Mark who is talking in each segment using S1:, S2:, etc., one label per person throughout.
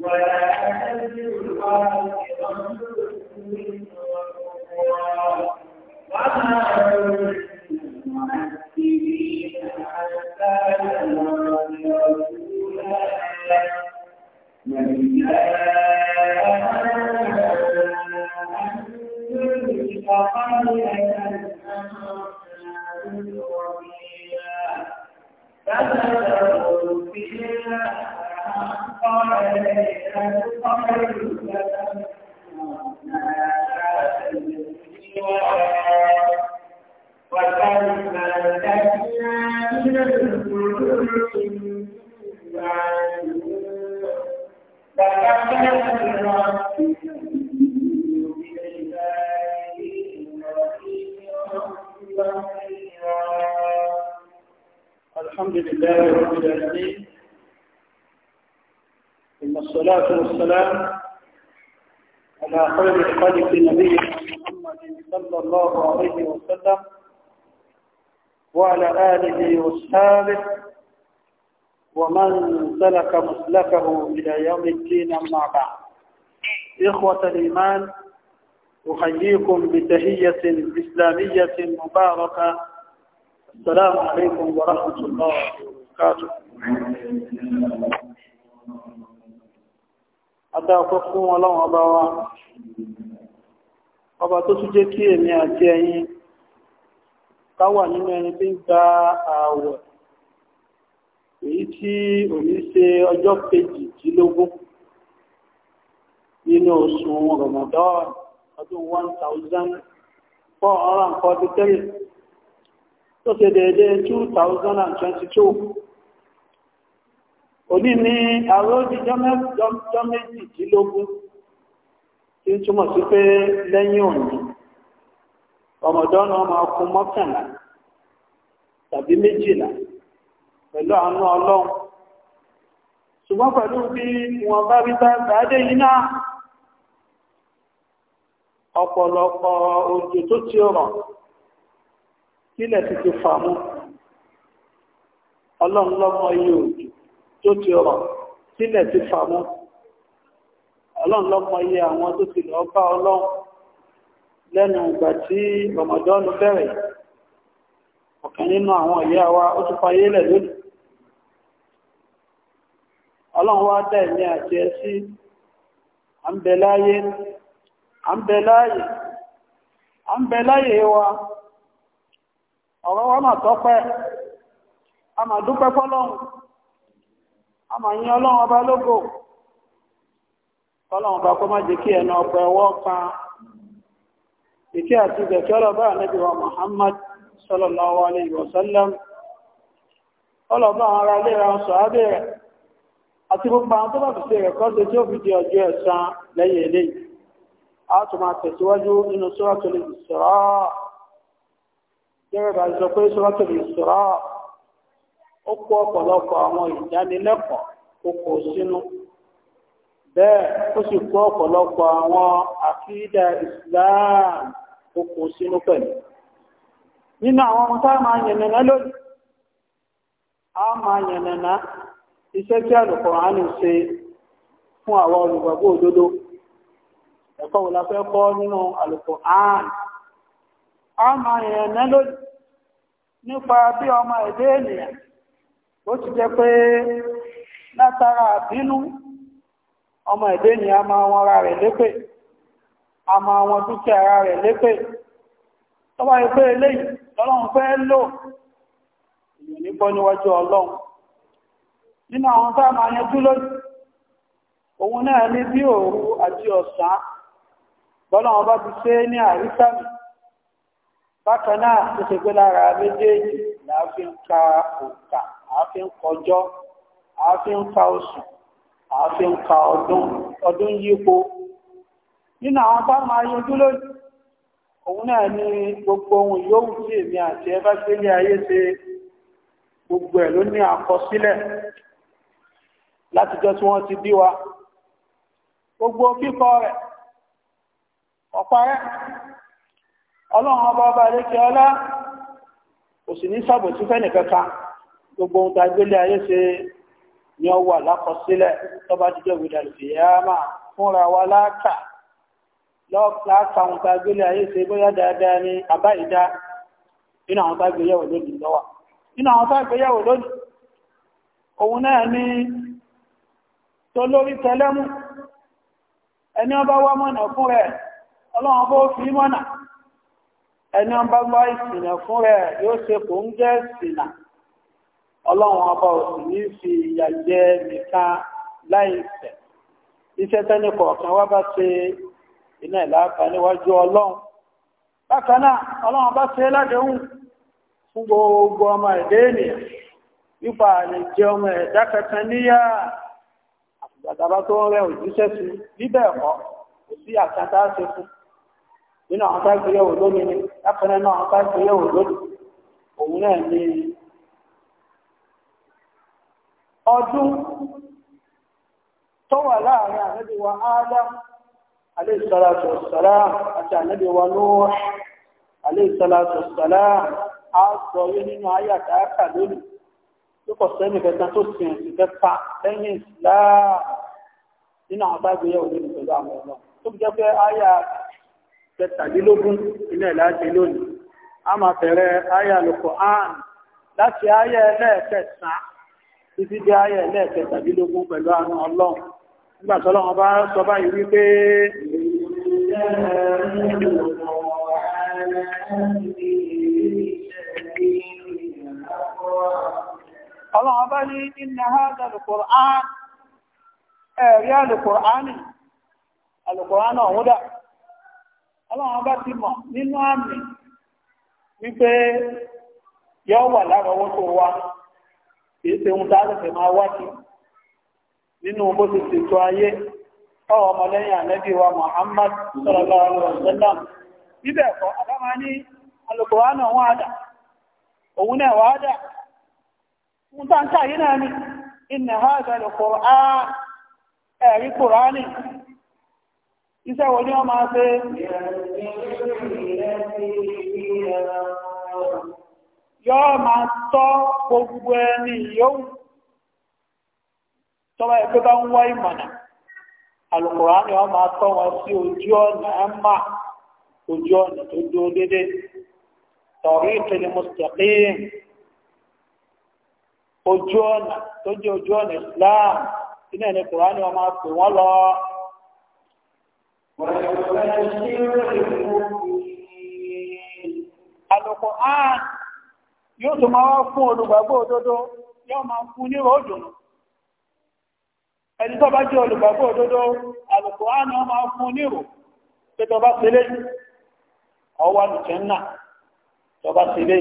S1: ولا تزر
S2: سلكه إلى يوم الدين أما بعد إخوة الإيمان أحييكم بتهية إسلامية مباركة السلام عليكم ورحمة الله وبركاته Adáàkọ́ fún ọlọ́run ọba wa, ọba tó tún jẹ́ kí èmi àti ẹ̀yin ká nínú ẹni tí ń gba ààwẹ̀ èyí tí òní ṣe ọjọ́ nínú oṣù Ramadan ọdún 1443 tó ṣe dédé 2022 òní ni àrójì jọ méjìdínlógún tí túmọ̀ sí pé lẹ́yìn òní Ramadan ọmọ ọkùn mọ́kànlá tàbí méjìlá pẹ̀lú àánú ọlọ́run ṣùgbọ́n pẹ̀lú bí wọn bá rí tàádé yìí náà ọ̀pọ̀lọpọ̀ òjò tó ti rọ̀ kílẹ̀ ti ti fàmú ọlọ́run lọ́mọ iye òjò tó ti rọ̀ kílẹ̀ ti fàmú ọlọ́run lọ́mọ iye àwọn tó ti lọ bá ọlọ́run lẹ́nu ìgbà tí rọmọdọ́nù bẹ̀rẹ̀ ọ̀kan nínú àwọn ìyá wa ó tún fayé lẹ̀ lónìí ọlọ́run wá dá ẹ̀mí àti ẹ̀sí àmbẹ̀láyé wa ọ̀rọ̀ wa tọ́pẹ́ a ma dúpẹ́ fọ́lọ́run a ma yìn ọba logo fọ́lọ́run ọba kó má jẹ́ kí ọpẹ́ ọwọ́ kan ìkẹ́ àti ìgbẹ̀kẹ́ Muhammad sallallahu alaihi wasallam ọlọ́bá àwọn ará àti gbogbo àwọn tó bá fi ṣe ẹ̀kọ́ tó tí ó fi di ọjọ́ ẹ̀san lẹ́yìn ilé a tó máa tẹ̀síwájú nínú Suratul Isra
S1: gẹ́gẹ́ bá sọ pé Suratul Isra
S2: ó kó ọ̀pọ̀lọpọ̀ àwọn ìdánilẹ́kọ̀ọ́ Islam ó kó sínú pẹ̀lú nínú àwọn ohun tá a máa yẹ̀nẹ̀ná iṣẹ́ tí àlùkùránì ṣe fún àwọn olùgbàgbò òdodo ẹ̀kọ́ wo nínú a máa yẹn ná nípa bí ọmọ ẹ̀dẹ́ ènìyàn ó ti jẹ́ pé látara àbínú ọmọ ẹ̀dẹ́ ènìyàn a máa wọn ara rẹ̀ lépè nínú àwọn tá máa yẹn dúró òun náà ní bí òru àti ọ̀sán bọ́lá wọn bá ti ṣe ní àrísàmì bákan náà tó ṣe gbé lára méjèèjì láàfin ka òǹkà àáfin kọjọ́ àáfin ka oṣù àáfin ka ọdún ọdún yípo nínú àwọn tá máa yẹn dúró òun náà ní gbogbo ohun yòówù tí èmi àti ẹ bá ayé ṣe gbogbo ẹ̀ ló ní àkọsílẹ̀ látijọ́ tí wọ́n ti bí wa gbogbo kíkọ rẹ̀ ọ̀parẹ́ ọlọ́run ọba ọba lékè ọlá kò sì ní sàbòtú fẹ́nìkẹta gbogbo ohun tàgbélé ayé ṣe ni ó wà lákọsílẹ̀ tó bá jíjọ́ ìdàlùfìyàmà fúnra wa láàkà lọ́pàá àwọn tàgbélé ayé ṣe bóyá dáadáa ní àbá ìdá nínú àwọn tàgbéyẹ̀wò lónìí lọ́wà nínú àwọn tàgbéyẹ̀wò lónìí òun náà ní tó lórí tẹlẹ́mú ẹni ọba wá mọ̀nà fún rẹ̀ ọlọ́run bó fi mọ́nà ẹni ọba wá ìsìnà fún rẹ̀ yóò ṣe kò ń jẹ́ ìsìnà ọba òsì ní fi ìyà nìkan láìsẹ̀ iṣẹ́ tẹ́ni kọ̀ọ̀kan wá bá iná ìlàáfà níwájú ọlọ́run bákan náà ọmọ ẹ̀dẹ́ ènìyàn nípa ọmọ ẹ̀dá bàtàbá tó ń rẹ òjíṣẹ́ sí bíbẹ̀ ẹ̀kọ́ kò sí àkàtà ṣe fún nínú àwọn tágbéyẹ̀wò lómi ni lápẹẹrẹ náà àwọn tágbéyẹ̀wò lómi òun náà ní ọdún tó wà láàrin wa Adam alayhi àti ànábì wa Nuh alayhi á sọ nínú tó kọ̀ sẹ́ni kẹta tó sì ń sì kẹta lẹ́yìn ìsìláà nínú àwọn bá gbéyàwó nínú pẹ̀lú àwọn ọ̀nà tó fi jẹ́ pé áyà kẹtàdínlógún ilẹ̀ láti lónìí a máa fẹ̀rẹ̀ áyà lòkọ̀ áàn láti áyà ẹlẹ́ẹ̀kẹsàn títí dé áyà ẹlẹ́ẹ̀kẹtàdínlógún pẹ̀lú àwọn ọlọ́run nígbà tọ́lọ́run bá sọ báyìí wípé ọlọ́run bá ní inna al ẹ̀rí alùkùránì alùkùránì ọ̀hún dà bá ti mọ̀ nínú àmì wípé yọ wà lárọwọ́ tó wá kìí ṣe ohun dáadọ́fẹ̀ máa wá sí nínú bó ti ayé ọmọlẹ́yìn ànẹ́bí wa ń nke a káyí ni inna hadha al a ẹ̀rí kòránì iṣẹ́ wo ni wọ́n máa ṣe yọ́ máa tọ́ gbogbo ẹni yóò tọ́wọ́ ẹgbẹ́ bá ń wá ìmọ̀nà alùkùránì wọ́n máa tọ́ wọn sí ojú ọ̀nà na ojú ọ̀nà tó dúró dédé tọ̀rí ojú ọ̀nà tó jẹ́ ojú ọ̀nà Islam iná ní kùránì ọmọ pè wọ́n lọ. àlùkò án yóò tó máa fún olùgbàgbọ́ òdodo yóò máa fún ní ròdùn ẹni tó bá jẹ́ olùgbàgbọ́ òdodo àlùkò máa fún ní rò pé tó bá sílé ọwọ́ àlùkò náà tó bá sílé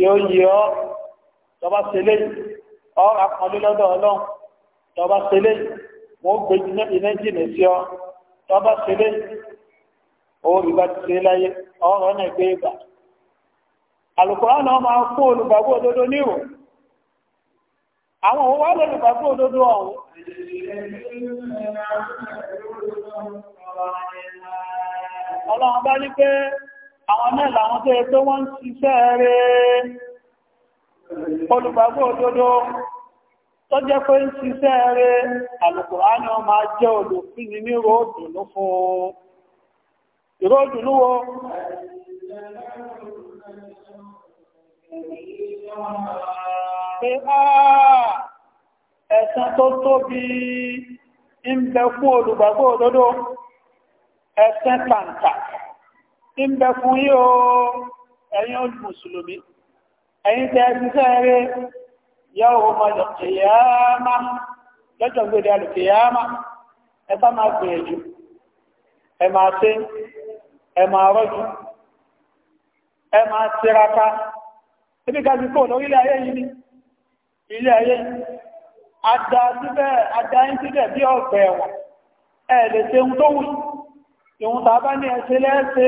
S2: yóò ọ́ tọba sẹlẹ̀ ọ̀rọ̀ àpọ̀lẹ́ lọ́dọ̀ ọlọ́run tọba sẹlẹ̀ wọ́n gbé iná jìnà sí ọ tọba sẹlẹ̀ owó ìgbà ti ṣe láyé ọ̀rọ̀ náà gbé ìgbà alùkùránì náà máa kó olùgbàgbọ́ òdodo níwò àwọn òun wá lọ́lùgbàgbọ́ òdodo ọ̀hún ọlọ́run bá ní pé àwọn náà làwọn tó yẹ pé wọ́n ń ṣiṣẹ́ rẹ̀ olùgbàgbọ́ òdodo tó jẹ́ pé ń ṣiṣẹ́ rẹ̀ Al-Kùránì ó máa jẹ́ olùfíni ní ròdùnú fún ìròdùnú wo pé àà ah, ẹ̀san tó tóbi ń bẹ fún olùgbàgbọ́ òdodo ẹ̀san tàǹtà ń bẹ fún yíò ẹ̀yin olùmùsùlùmí ẹ̀yin tẹ́ ṣiṣẹ́ rẹ̀ yóò mọ lọ́kìyàmá lọ́jọ́ gbèdé alùkìyàmá ẹ bá máa gbìyànjú ẹ máa ṣe ẹ máa rọ́jú ẹ máa tiraka ebi ká ti kó lórílẹ̀ ayé yìí ni ilé ayé adá síbẹ̀ adá yín síbẹ̀ bí ọ̀gbẹ̀ ẹ̀wọ̀n ẹ lè ṣe ohun tó wù ìhun tàbá ní ẹ ṣe lẹ́ẹ̀ṣe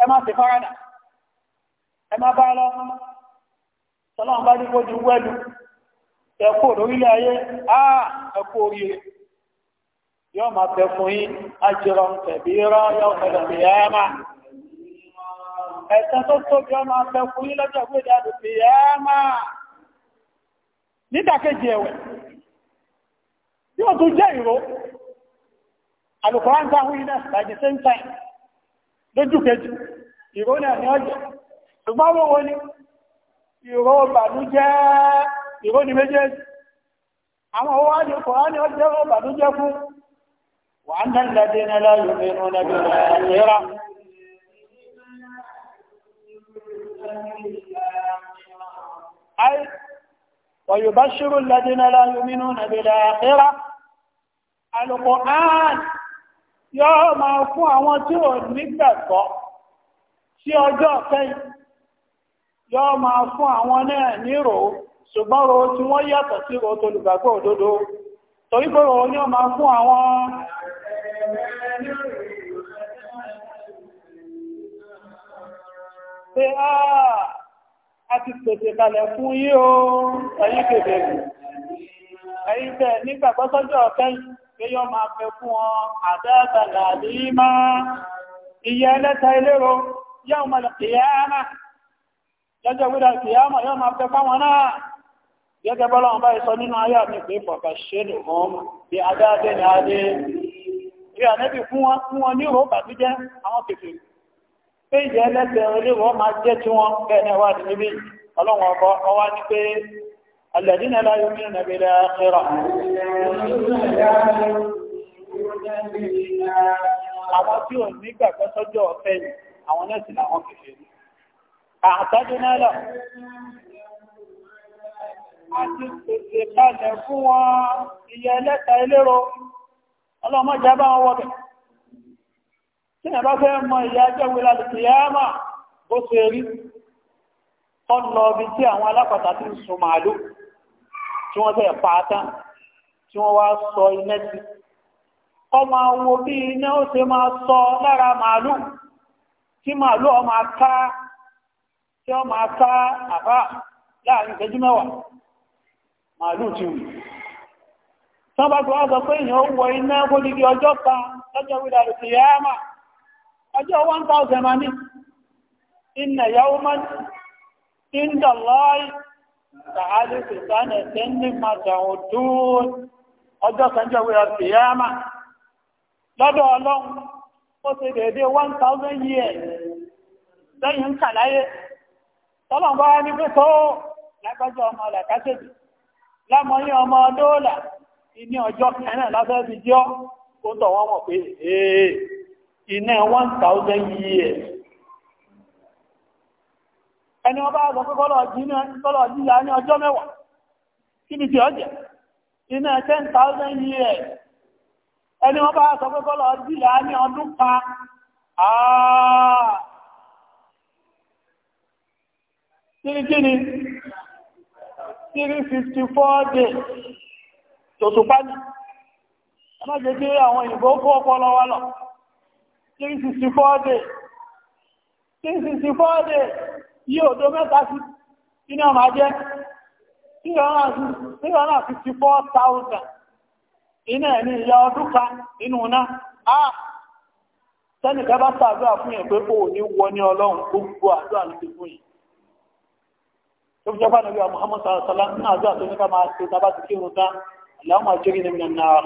S2: ẹ má ṣe fárádà ẹ má bá lọ́wọ́ tọ́lọ́wọ́n bá ní kójú wẹ́lú ẹ̀kọ́ orílẹ̀ ayé àà ẹ̀kọ́ oríire yóò máa tẹ fún yí ajẹ́rọ tẹ̀bí rọ́ yóò tẹ̀lẹ̀ bí yáàmà tó tóbi ọ máa tẹ fún lọ́jọ́ bí ìró ìbànújẹ́ ìró ni méjèèjì àwọn owó wájú kòránì ó jẹ́ ìbànújẹ́ fún wà ń dẹ́lẹ̀ dé nílẹ̀ nínú ẹbí ìrà ويبشر الذين لا يؤمنون بالآخرة القرآن yóò máa fún àwọn tí yọọ máa fún àwọn náà nírò ṣùgbọ́n ro tí wọ́n yàtọ̀ sí ro tó lùgbàgbọ́ òdodo torí ní ó fún àwọn pé a ti pèsè kalẹ̀ fún yí o ẹ̀yìn
S1: ẹ̀yìn
S2: ọ̀fẹ́ máa fẹ́ fún ọ lọ́jọ́ gbídà kìyàmọ̀ yóò máa fẹ́ fáwọn náà gẹ́gẹ́ bọ́lọ́wọ́n bá ìsọ nínú ayá mi pé pọ̀pọ̀ ṣẹ́lù wọn bí adáadé ní adé rí ànẹ́bì fún wọn fún wọn ní òhòbà tó jẹ́ àwọn kèfè pé ìjẹ́ ẹlẹ́sẹ̀ orí wọn máa jẹ́ tí wọ́n bẹ́ẹ̀ wà ní níbi ọlọ́wọ́n àtàdínà lọ a ti pèsè kalẹ̀ fún wọn iye ẹlẹ́ta ilérò ọlọ́mọ́já bá wọn wọ́bẹ̀ tí ẹ bá fẹ́ mọ ìyà jẹ́wé láti yáàmà bó ṣe rí ọlọ́ bí tí àwọn alápàtà ti ń sun màálù tí wọ́n fẹ́ pàátán tí wọ́n wá sọ iná sí ọmọ wo bí iná ó ṣe máa sọ lára màálù tí màálù ọmọ aká tí ó máa ká láàrin ìṣẹ́jú mẹ́wàá màálù ti wù tán bá gbọ́ sọ pé èèyàn ó iná kó ọjọ́ lọ́jọ́ ọjọ́ 1000 ma ní inna yawman inda Allahi tààlù sùsánà ẹ̀sẹ̀ ní màtàwọn dúró ọjọ́ kanjọ́ wíra sí tọ́lọ̀n bá wá ní pé tó lágbájá ọmọ làkásẹ̀dì lámọ́yí ọmọ dóòlà ní ọjọ́ kẹrin lábẹ́ fi jọ́ tọ̀ wọ́n mọ̀ pé ee iná 1000 years ẹni ọba àgbà pé ní ọjọ́ mẹ́wàá kí kíni kíni 354 day tòtùpá ní ọmọdé pé àwọn ìbò kó ọpọlọ wá lọ 364 day four days. yí òdó mẹ́ta sí kíní ọmọ ajẹ́ 364,000 iná ẹni ìyá ọdún kan nínú náà ah tẹ́nìkẹ́ bá sàdúrà fún ẹ̀ pé kò ní wọ ní ọlọ́run gbogbo àdúrà ní ti fún yìí tó fi jọba nàbí wa muhammad sallallahu alaihi wasallam náà zuwa tó ní ká máa ṣe tá a bá ti kírun tán aláwọ̀ àjẹ́rì ní mìíràn náà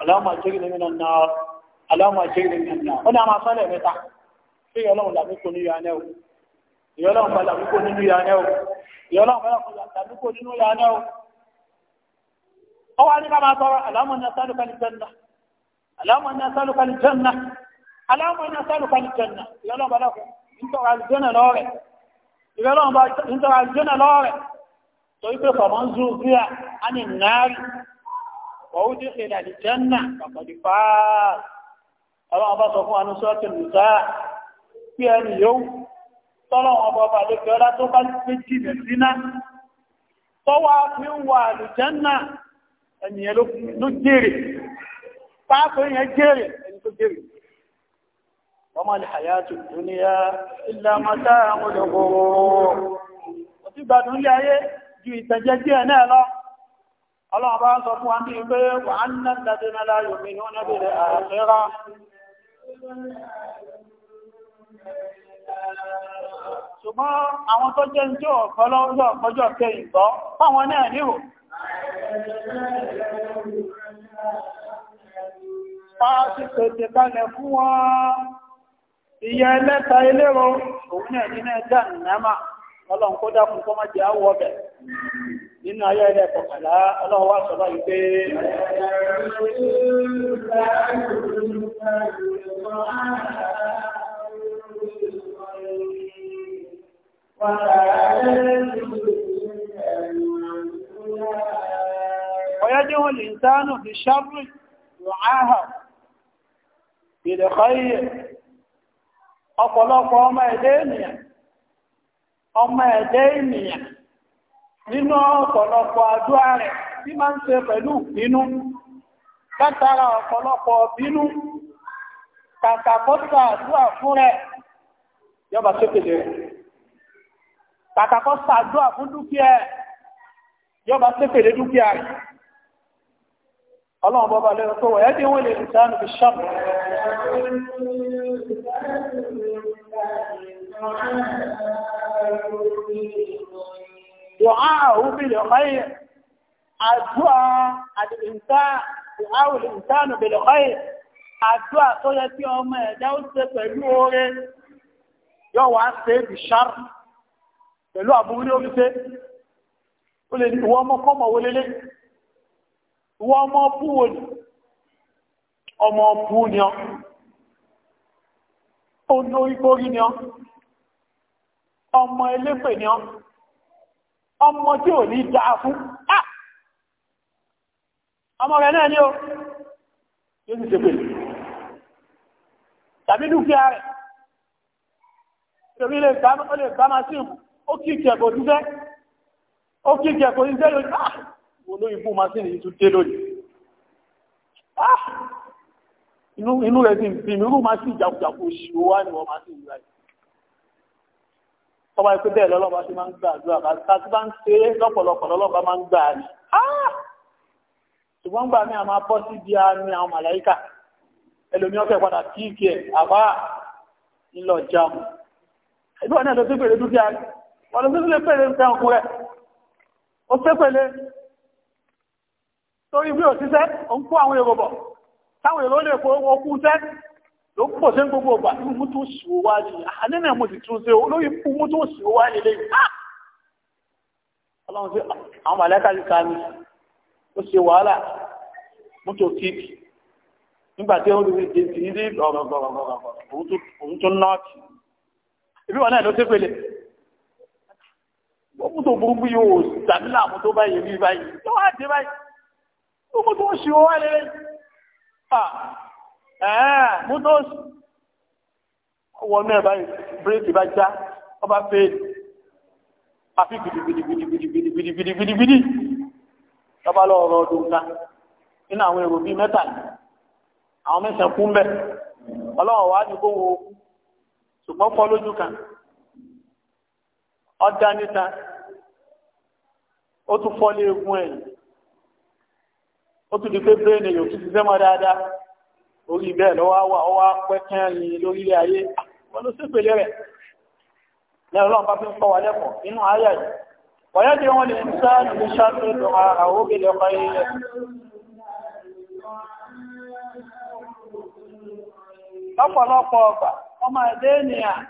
S2: aláwọ̀ àjẹ́rì ní mìíràn náà aláwọ̀ àjẹ́rì ní mìíràn náà ó ní a máa sọ́lẹ̀ mẹ́ta sí ìyọlọ́run làmíkò nínú yanẹ́ o ìyọlọ́run pa làmíkò nínú yanẹ́ o ìyọlọ́run pa làmíkò nínú yanẹ́ o ó wá ní ká máa sọ̀rọ̀ aláwọ̀ ní asálùkà ní jẹ́nà aláwọ̀ ní asálùkà ní jẹ́nà aláwọ̀ ní asálùkà ní jẹ́nà ìyọlọ́run pa làmíkò nínú yanẹ́ o ìrẹ́lọ́wọ́n bá ìtara jónà lọ́rẹ̀ tó wípé fọ̀mọ́ ń zúú bí a ní náàrí wọ́wú tí ṣe ìdàdì jẹ́nà pàpàdì fàá ọlọ́wọ́n bá sọ fún anú sọ́ọ̀tì lùsá pí ẹni yóò tọ́lọ́wọ́n bá bá lè fẹ́ọ́lá tó bá ti jìnà síná tọ́wọ́ fi ń wà àlùjẹ́nà ẹnìyàn ló jèrè pàápẹ́ yẹn jèrè ẹni tó jèrè وما الحياة الدنيا إلا متاع الغرور وتبعد لي جي تجدينا انا لا الله بقى صفوا عندي به وعن الذين لا يؤمنون بالآخرة ṣùgbọ́n àwọn tó jẹ́ tí ó kọlọ́rọ̀ ọjọ́ kẹyìn tọ́ fáwọn náà níhò
S1: fásitì
S2: tẹ̀kalẹ̀ fún wọn ìyá ẹlẹ́ta elérò òun náà nínú ẹja nàmà ọlọ́run kó dákun kó má jẹ́ àwọ̀ ọbẹ̀ nínú ayé ẹ̀rẹ́ kọ̀kànlá ọlọ́run wá sọ́lá yìí pé ọ̀yájẹ́ wọn lè ń tánù fi ṣáfù rùn áhà ìdẹ̀kọ́ yìí ọ̀pọ̀lọpọ̀ ọmọ ẹ̀dẹ́ ènìyàn ọmọ ẹ̀dẹ́ ènìyàn nínú ọ̀pọ̀lọpọ̀ àdúrà rẹ̀ tí máa ń ṣe pẹ̀lú ìbínú látara ọ̀pọ̀lọpọ̀ bínú kàkà kọ́sà àdúrà fún rẹ̀ yọba sókèlè rẹ̀ kàkà kọ́sà àdúrà fún dúkìá yọba sókèlè dúkìá rẹ̀ ọlọ́run bọ́ba lẹ́yìn tó wọ̀ ẹ́ دعاءه بالخير الدعاء الإنسان دعاء الإنسان بالخير الدعاء tó yẹ tí ọmọ ẹ̀dá ó ṣe pẹ̀lú oore yóò wá ṣe é bí ṣar pẹ̀lú àbúrú ní orí ṣe ó lè ní ìwọ ọmọ kọ́mọ̀ ọmọ elépè ni ọ ọmọ tí ò ní dáa fún à ah! ọmọ rẹ̀ náà ni ó yóò sì ṣe pèlè tàbí dúkìá rẹ̀ torí lè gbámá sí ó kí ìkẹ̀kọ̀ jíṣẹ́ ó kí ìkẹ̀kọ̀ jíṣẹ́ lórí ah olóyìn ibú ma sí ní ìtúté lónìí ah! inú rẹ̀ sí ìpínlẹ̀ rú ma sí ìjàkùjàkù òṣìṣẹ́ wá ní wọ́n ma sí ìrìnlẹ̀ ọba ìpé bẹ́ẹ̀ lọ́lọ́ba ṣe máa ń gbà àdúrà bá ta tí bá ń ṣe é lọ́pọ̀lọpọ̀ lọ́lọ́ba máa ń gbà á ní. ṣùgbọ́n gbà mí a máa bọ́ sí ibi àmì àwọn màláìkà ẹlòmí ọ̀fẹ́ padà kí kí ẹ̀ àbá ńlọ jáàmù. ìgbà náà lọ sí pèrè dúkìá rẹ̀ wọ́n lọ sí pèrè dúkìá ọkùn rẹ̀ ó sé pèlè torí bí òṣìṣẹ́ òun kó àwọn èrò bọ̀ táwọn èrò lè kó owó sẹ́ ló pọ̀ sí gbogbo ọgbà tí mo tó sì wá ní àhánẹ́ náà mo sì tún ṣe olóyè kú mo tó sì wá nílé ọlọ́run sí àwọn màlẹ́kà ti ka mi ó ṣe wàhálà mo tó kíkì nígbà tí ó rí ìdè sí ní ọ̀rọ̀gbọ̀rọ̀gbọ̀rọ̀ òun tó nọ́ọ̀tì ibi wọn náà ló tépele gbogbo tó burúkú yóò tàbí láàmú tó báyìí ní ẹ̀ẹ́ mútòsí wọ́n náà báyìí bírèkì bá já ọba pé àfi gidigidigidigidigidigidigidi ọba lọ ọ̀rọ̀ ọdún ká nínú àwọn èrò mẹ́ta àwọn mẹ́sàn kú wá ní gbóhùn ó tún egun ẹ̀yìn ó tún di pé orí bẹ́ẹ̀ lọ́wọ́ wà ọwá pẹ́kẹ́rin lórílẹ̀ ayé wọ́n ló sípèlé rẹ̀ lẹ́rọ̀lọ́n bá fi ń kọ́ wa lẹ́kọ̀ọ́ inú ayà yìí wọ́yẹ́ tí wọ́n lè ń sáàrì ní ṣáàtì lọ àwọn obìnrin ọkọ̀ ilẹ̀
S1: lọ́pọ̀lọpọ̀
S2: ọgbà ọmọ ẹ̀dẹ́ ènìyàn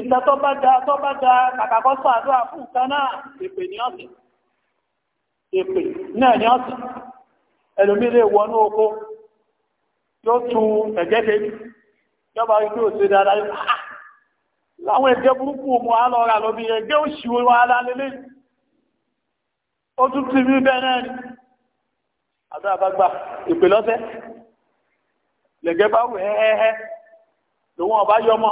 S2: nǹkan tó bá da tó bá da kàkàkọ́ sàdúrà fún nǹkan náà èpè ní ọ̀sìn èpè náà ní ọ̀sìn ẹlòmí wọnú oko yóò tu ẹ̀jẹ̀ ṣe yọba ikú òṣè dáadáa yóò ha ah, láwọn ẹ̀jẹ̀ burúkú mu á lọ rà lóbi ẹ̀jẹ̀ òṣìwò wa lálẹ́lẹ́ ó tún ti rí bẹ́ẹ̀ náà ni àdá àbágbà ìpè lọ́sẹ̀ lẹ̀jẹ̀ bá wù hẹ́hẹ́hẹ́ lòun ọba yọmọ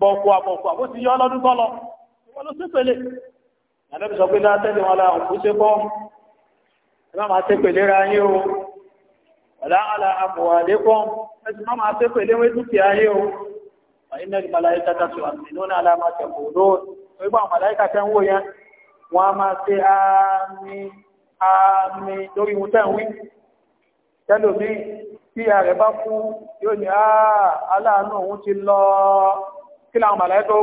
S2: bọ̀ǹkọ̀ àbọ̀ǹkọ̀ àbó ti yọ lọ́dún tọ́lọ wọn ló sépèlè àdébìsọ pé dáa tẹ́lẹ̀ wọn la òkú ṣe bọ́ ẹ má máa sépèlè ra yín o láàlá àmúwàlékún ẹ̀sùn máa máa pẹ́pẹ́ léwé dúkìá yé o iná ní màláíkà tàṣù àmìnú náà láàmà tẹ̀kù lóòrùn wípé àwọn màláíkà tẹ́ ń wò yẹn wọ́n a máa ṣe àmì àmì lórí ohun tẹ́wí tẹ́lòmí tí a rẹ̀ bá kú yóò ní aláàánú òun ti lọ kí làwọn màláíkà ó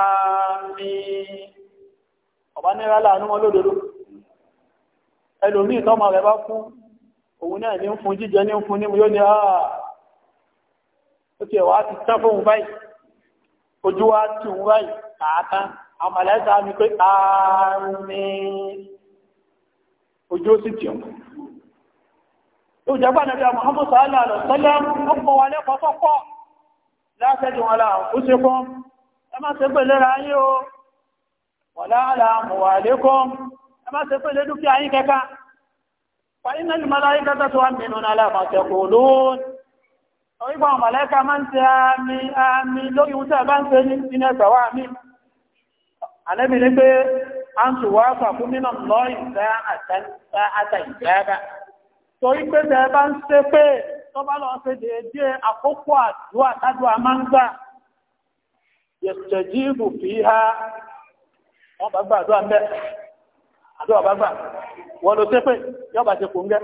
S1: àmì
S2: ọ̀bá ní wọn lódodo ẹlòmí ìtọ́mọ rẹ̀ bá kú òun náà ní ń fún jíjẹ ní ń fún nímú yóò ní àà ah! ó ti ẹ̀wà ti tán fóun báyìí ojú wa ti òun báyìí àátán àwọn màláìsà mi pé ààrùnmí ojú ó sì tì òun ó jẹ́ Muhammad sallallahu alaihi wasallam ó pọ̀ wà lẹ́kọ̀ọ́ tó pọ̀ láṣẹ́jú wọn láà ó ṣe fún ẹ má ṣe pé lẹ́ra ayé o wọ̀lá àlàmùwà lẹ́kọ́ ẹ má ṣe pé lẹ́dúkìá yín kẹ́kàá فإن الملائكة تؤمنون على ما تقولون Orígbà màlẹ́ka máa ń tẹ àmì àmì lórí ohun tí a bá ń tẹ ní ìpínlẹ̀ ẹ̀sàwà àmì. Àlẹ́bì ní pé a ń tùwà fàkún nínà lọ ìgbà àtà ìgbàdà. Torí pé tẹ bá ń ṣe pé tó bá lọ ṣe déédé àkókò àdúrà tádùá máa ń gbà. Yẹ̀sùtẹ̀jì ìbù fi ha, wọ́n bá àti ọ̀bá gbà wọ́n ló tẹ́pẹ̀ yóò bá ti kò ń gẹ́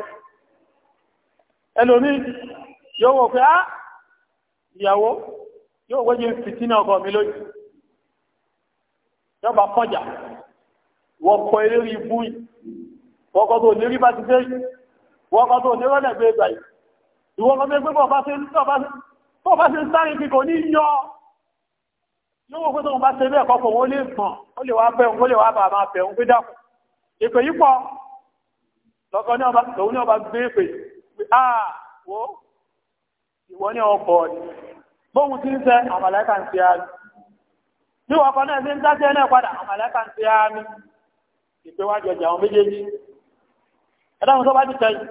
S2: ẹlòmí yóò wò pé á ah, ìyàwó yóò wéjì fìtínà ọkọ mi lónìí yóò bá kọjà wọ́n kọ eléré ibú yìí wọ́n kọ́ tó lérí bá ti dé yìí wọ́n kọ́ tó lérọ́nà gbé gbà yìí ìwọ́n kọ́ tó gbé bọ̀ bá ṣe ń sáré kíkọ ní yọ yóò wò pé tó ń bá ṣe bẹ́ẹ̀ kọ́kọ́ wọn ó lè fàn ó lè wá bẹ̀rùn ó lè wá bàbá bẹ̀rùn pé dákùn ìpè yìí pọ̀ lọ́kọ́ ní ọba tòun ní ọba gbé pè áà wo ìwọ ní ọkọ̀ ni bóhun ti ń sẹ́ àmàlẹ́kà ń ṣe àmì bí wọ́n náà ṣe ń dáṣẹ́ náà padà àmàlẹ́kà ń ṣe àmì ìpè wájú ọjà àwọn méjèèjì ẹ̀dáhùn tó bá ti ọjà náà ni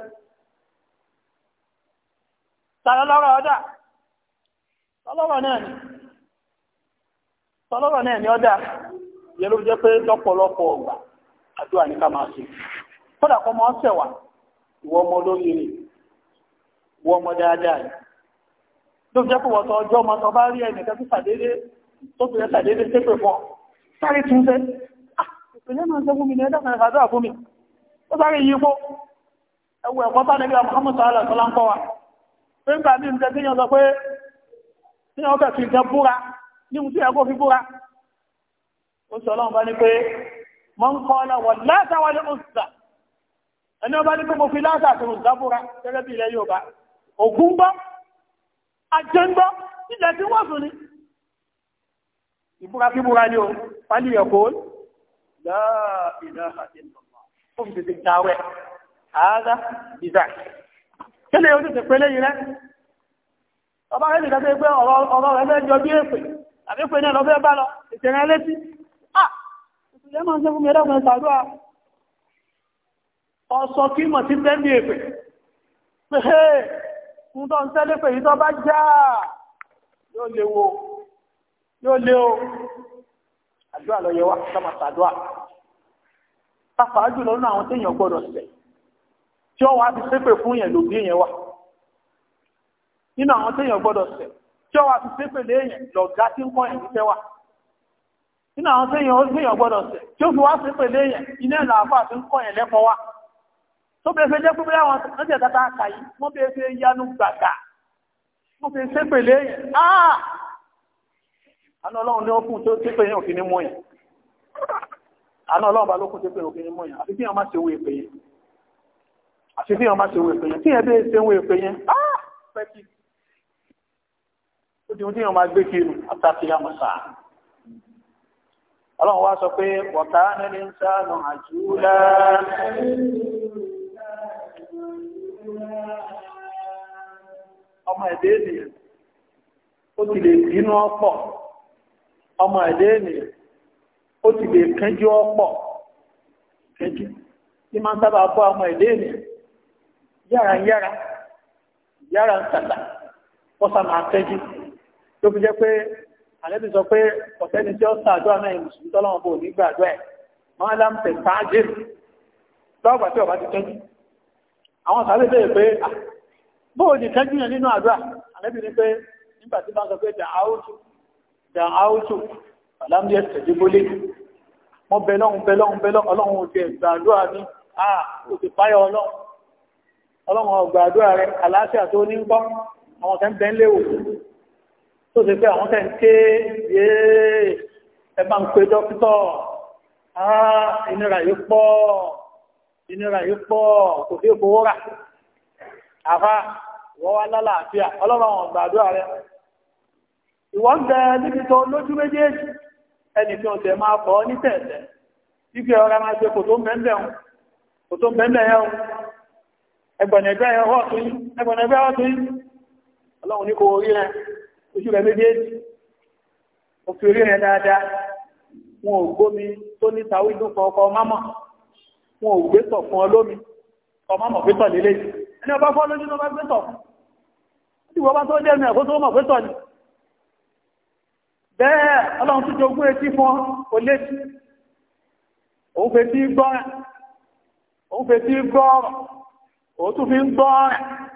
S2: tọ́lọ́rọ̀ náà ni ọjà ló jẹ́ àdúrà ní ká máa ṣe kódà kọ́ mọ́ ọ̀sẹ̀ ìwọ ọmọ olóyè rẹ̀ ìwọ ọmọ dáadáa rẹ̀ ló jẹ́ pé tọ́ ọjọ́ ọmọ tó bá rí ẹnìkan tó sàdédé tó fi sàdédé sépè fún ọ sáré tún fẹ́ ah, ìpínlẹ̀ náà sẹ́fún mi ní ẹ̀dá kan ìfàdúrà fún mi ó sáré yí ipò ẹwọ ẹ̀kọ́ bá nẹ́bí Muhammad sọ́lá sọ́lá ń kọ́ wa pé ń gbà ń tẹ́sí yàn sọ pé tí wọ́n fẹ́ fi nǹkan búra ní mo tí ẹ̀kọ́ fi búra ó sọ ọlọ́run bá ní pé man qala wal Lata wal Uzza ẹni ọba ní pé mo fi Lata àti Uzza búra gẹ́gẹ́ bí ilẹ̀ Yorùbá ògún gbọ́ ajẹ́ ń gbọ́ ilẹ̀ tí wọ́n sùn ni ìbúra kí búra ni o pálí ẹ̀kọ́ la ilaha illallah fún mi ti dáwẹ́ ààrẹ ìzà kí ni o ti tẹ̀pẹ́lẹ́ lẹ́mọ̀ sí fún mi ẹ̀dàkùn ẹ̀sàdúrà ọ̀sọ̀ kí mọ̀ sí tẹ́lì èpè pé pè yìí tọ́ bá já yóò lè o àdúrà lọ yẹ wá sọ́mà sàdúrà jùlọ nínú àwọn gbọ́dọ̀ sẹ̀ tí ọwọ́ ti fún yẹn lòbí yẹn wà nínú àwọn téèyàn sẹ̀ tí sépè lé lọ̀gá tí ń kọ́ yẹn nínú àwọn tó yàn ó gbìyàn sẹ̀ tí ó fi wá sí pèlé yẹn iná ìlà tí ń kọ́ yẹn lẹ́kọ́ wá tó bẹ́ẹ̀ fẹ́ jẹ́ pé àwọn ọjọ́ tata kà wọ́n bẹ́ẹ̀ fẹ́ yánú gbàgbà wọ́n fi sí pèlé yẹn áà àná ọlọ́run ní ah! ó kún tó sí pé yẹn òfin ní ọlọ́run wá sọ pé wọ̀ká nílé ń sáànù àjúlá ọmọ ẹ̀dẹ́ ènìyàn ó ti lè bínú ọ̀pọ̀ ọmọ ẹ̀dẹ́ ènìyàn ó ti lè kánjú ọ̀pọ̀ kánjú tí máa sábà bọ́ ọmọ ẹ̀dẹ́ ènìyàn yára yára yára ń tàtà wọ́n àlẹ́bí sọ pé ọ̀tẹ́ni tí ó sàdúrà náà mùsùlùmí tọ́lọ́wọ́n bò ní gbàdúrà ẹ̀ máa lám tẹ̀ sáájì lọ́gbà tí ọba ti tẹ́jú àwọn sàlẹ̀ bẹ́ẹ̀ pé bóò ní tẹ́jú yẹn nínú àdúrà àlẹ́bí ni pé nígbà tí bá sọ pé dà áwùtù dà áwùtù ọ̀làmúyẹ tẹ̀jú bólé mo bẹ lọ́hùn bẹ lọ́hùn bẹ lọ́hùn ọlọ́hun ò tó ṣe pé àwọn tẹ́ ń ké yéé ẹ bá ń pe dókítọ̀ ah ìnira yìí pọ̀ ìnira yìí pọ̀ kò sí ìfowó rà àfa wọ́n wá lálàáfíà ọlọ́run àwọn gbàdúrà rẹ ìwọ́n bẹ níbi tó lójú méjèèjì ẹni tí wọ́n tẹ̀ máa kọ́ ní tẹ̀ẹ̀tẹ̀ ìfẹ́ ọ̀rá máa ṣe kò tó mẹ́mẹ́ ọ̀hún kò tó mẹ́mẹ́ ọ̀hún ẹgbọ̀nẹ̀gbẹ́ ọ̀tún ẹgbọ̀nẹ̀gbẹ́ ọ̀tún ọlọ́run ní kò rí rẹ̀ ojú rẹ̀ méjèèjì òfin orí rẹ̀ dáadáa wọn ò gbómi tó ní tàwídùn kan ọkọ̀ mámọ̀ wọn ò gbé tọ̀ fún ọ lómi ọmọ mọ̀ pé tọ̀ nílé ẹni ọba fọ́ lójú ló bá gbé tọ̀ fún tí wọ́n bá tó jẹ́ ẹ̀mí ẹ̀kọ́ tó mọ̀ pé tọ̀ ni bẹ́ẹ̀ ọlọ́run tó jogún etí fún ọ létí òun fẹ́ tí gbọ́ òun fẹ́ tí gbọ́ òun tún fi ń gbọ́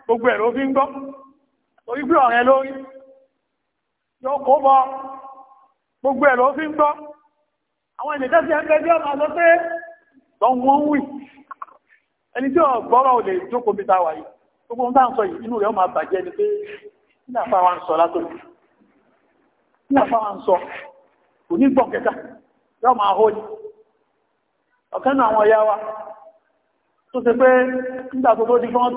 S2: gbogbo ẹ̀rọ fi ń gbọ́ orí gbé ọ̀rẹ́ lórí yóò kó bọ́ gbogbo ẹ̀ ló fi ń gbọ́ àwọn ènìyàn sí ẹgbẹ́ bí ọmọ sọ pé lọ́wọ́n wì ẹni tí ọ̀gbọ́rọ̀ ò lè jókòó bí táwà yìí gbogbo ń bá ń sọ yìí inú rẹ̀ ó máa bàjẹ́ ni pé
S1: nígbà fáwọn ń sọ
S2: látòkù nígbà fáwọn ń sọ kò ní gbọ̀n kẹta yóò máa hó ní ọ̀kan náà àwọn ọ̀yá wa tó ṣe pé nígbà tó tó di fún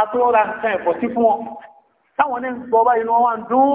S2: atúrọ́ra nǹkan ẹ̀fọ́ sí fún wọn táwọn ní gbọ́ báyìí wọn wá ń dún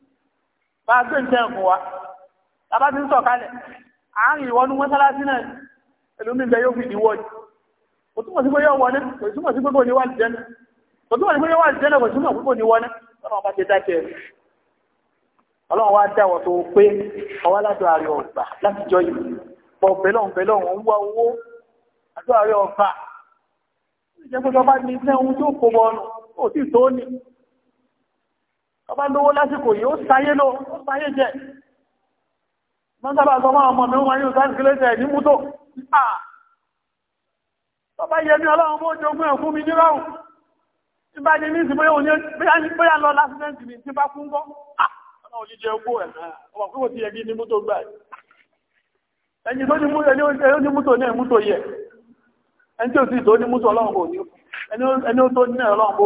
S2: bá gbé ń tẹ́ ẹ̀kùn wa tàbá ti ń sọ̀ kalẹ̀ àárín ìwọ́nú mọ́sálásí náà ẹlòmí bẹ yóò fi ìwọ́ yìí kò túmọ̀ sí pé yóò wọlé kò túmọ̀ sí pé kò ní wà lìjẹ́nà kò túmọ̀ sí pé yóò wà lìjẹ́nà kò túmọ̀ sí pé kò ní wọlé ọlọ́run bá ti dákẹ́ rẹ̀ ọlọ́run wá dáwọ̀ tó pé ọwá látọ̀ àrẹ ọ̀gbà láti jọ yìí pọ̀ bẹ́lọ̀ bẹ́lọ̀ wọ́n wá owó àtọ̀ àrẹ ọ̀gbà ìjẹ́pẹ́ tó bá ní iṣẹ́ ohun tó kó bọ́ọ̀nù ó sì tó ní ọba lówó lásìkò yóò sáyé lọ ó sáyé jẹ mọ́sábà sọ máa ọmọ mi wọ́n yóò sáyé kílẹ̀ ní mútó ọba yẹ ní ọlọ́run mọ́ jogún ẹ̀ fún mi ní ráhùn tí bá ní ní ìsinmi òní bóyá lọ lásìdẹ́ntì mi tí bá kún gọ́ ọ̀nà òjíjẹ ogó ẹ̀ ọmọ kúrò ti ẹgbẹ́ ní mútó gbà ẹni tó ní mútó ní tó ní mútó ọlọ́run ní ẹni tó ní ọlọ́run kò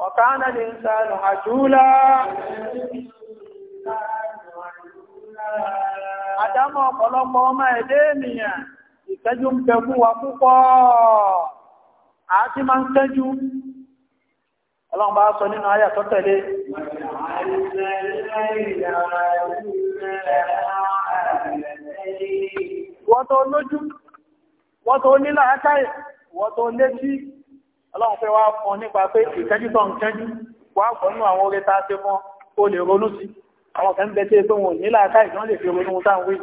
S2: وكان الإنسان عجولا Àdámọ̀ ọ̀pọ̀lọpọ̀ ọmọ ẹ̀dẹ́ ènìyàn ìtẹ́jú ń bẹ fún wa púpọ̀. Àti máa ń tẹ́jú. Ọlọ́run bá sọ nínú ayà tó tẹ̀lé. Wọ́n tó lójú, wọ́n tó nílà ákáyẹ̀, ọlọ́run fẹ́ wá fún nípa pé ìtẹ́jú tó ń tẹ́jú wá pọ̀nú àwọn orí tá a ṣe fún ó lè ronú sí àwọn kan bẹ tí pé wọn ní láàká ìdán lè fi ronú táwọn wí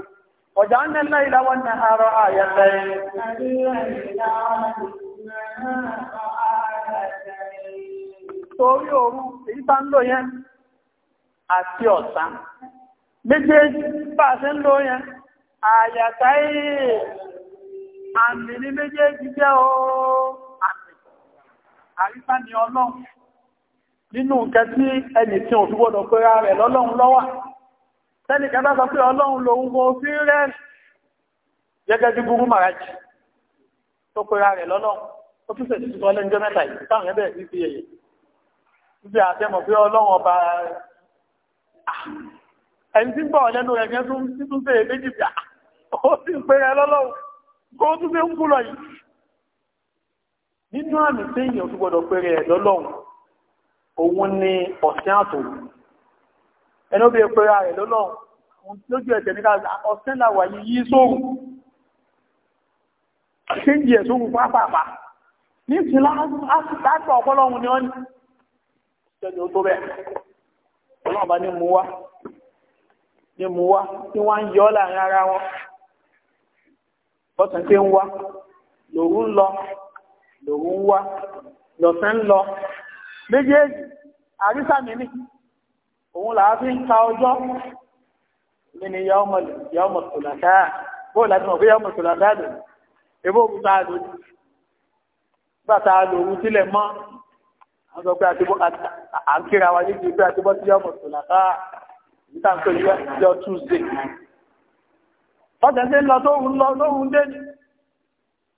S2: ọjà ń lẹ́lẹ́ ìdáwọ́ ní àárọ̀ àyẹ̀lẹ́ àmì ní méjèèjì jẹ́ ooo àrífà ni ọlọ́run nínú nǹkan tí ẹnì tí òfin gbọ́dọ̀ pé ra rẹ̀ lọ́lọ́run lọ́wà tẹ́nì kan bá sọ pé ọlọ́run lòun kò fi rẹ̀ gẹ́gẹ́ bí gúrú màrájì tó pé ra rẹ̀ lọ́lọ́run ó tún fèsì tuntun ọlẹ́njọ́ mẹ́ta yìí táwọn ẹbẹ̀ rí fi èyẹ níbi àtẹmọ̀ pé ọlọ́run ọba ẹni tí ń bọ̀ lẹ́nu rẹ̀ gẹ́gẹ́ tún fèé méjì bíà ó sì ń pé rẹ̀ lọ́lọ́run kó tún fi ń kú lọ yìí nínú àmì tí èèyàn tó gbọdọ̀ pẹ̀rẹ̀ ẹ̀ òun ni ọ̀sìn àtòrò ẹni ó bí pẹ̀rẹ̀ rẹ̀ lọ́lọ́run lójú ẹ̀tẹ̀ ní ọ̀sìn làwà yìí sóòrùn kéjì ẹ̀ sóòrùn pápápá ní ti láàpá ni ó ní ṣẹ́ni ó tó bẹ́ẹ̀ ọlọ́run bá ní mú wá ní mú wá tí wọ́n ń yọ́ láàrin ara wọn bọ́sàn lọ lòun ń wá lọ̀sẹ̀ ń lọ méjèèjì àrísàmì ní òun làá fi ń ka ọjọ́ nínú yàwó tòlàtáà bóò láti mọ̀ pé yàwó tòlàtáà dùn ebó òkúta àdó bàtà lòru sílẹ̀ mọ́ àwọn sọ pé àkíra wa níbi pé àti bọ́ sí yàwó tòlàtáà níta ń pè ní ọjọ́ Tuesday ọ̀sẹ̀ ń lọ tó ń lọ lóhun dé ni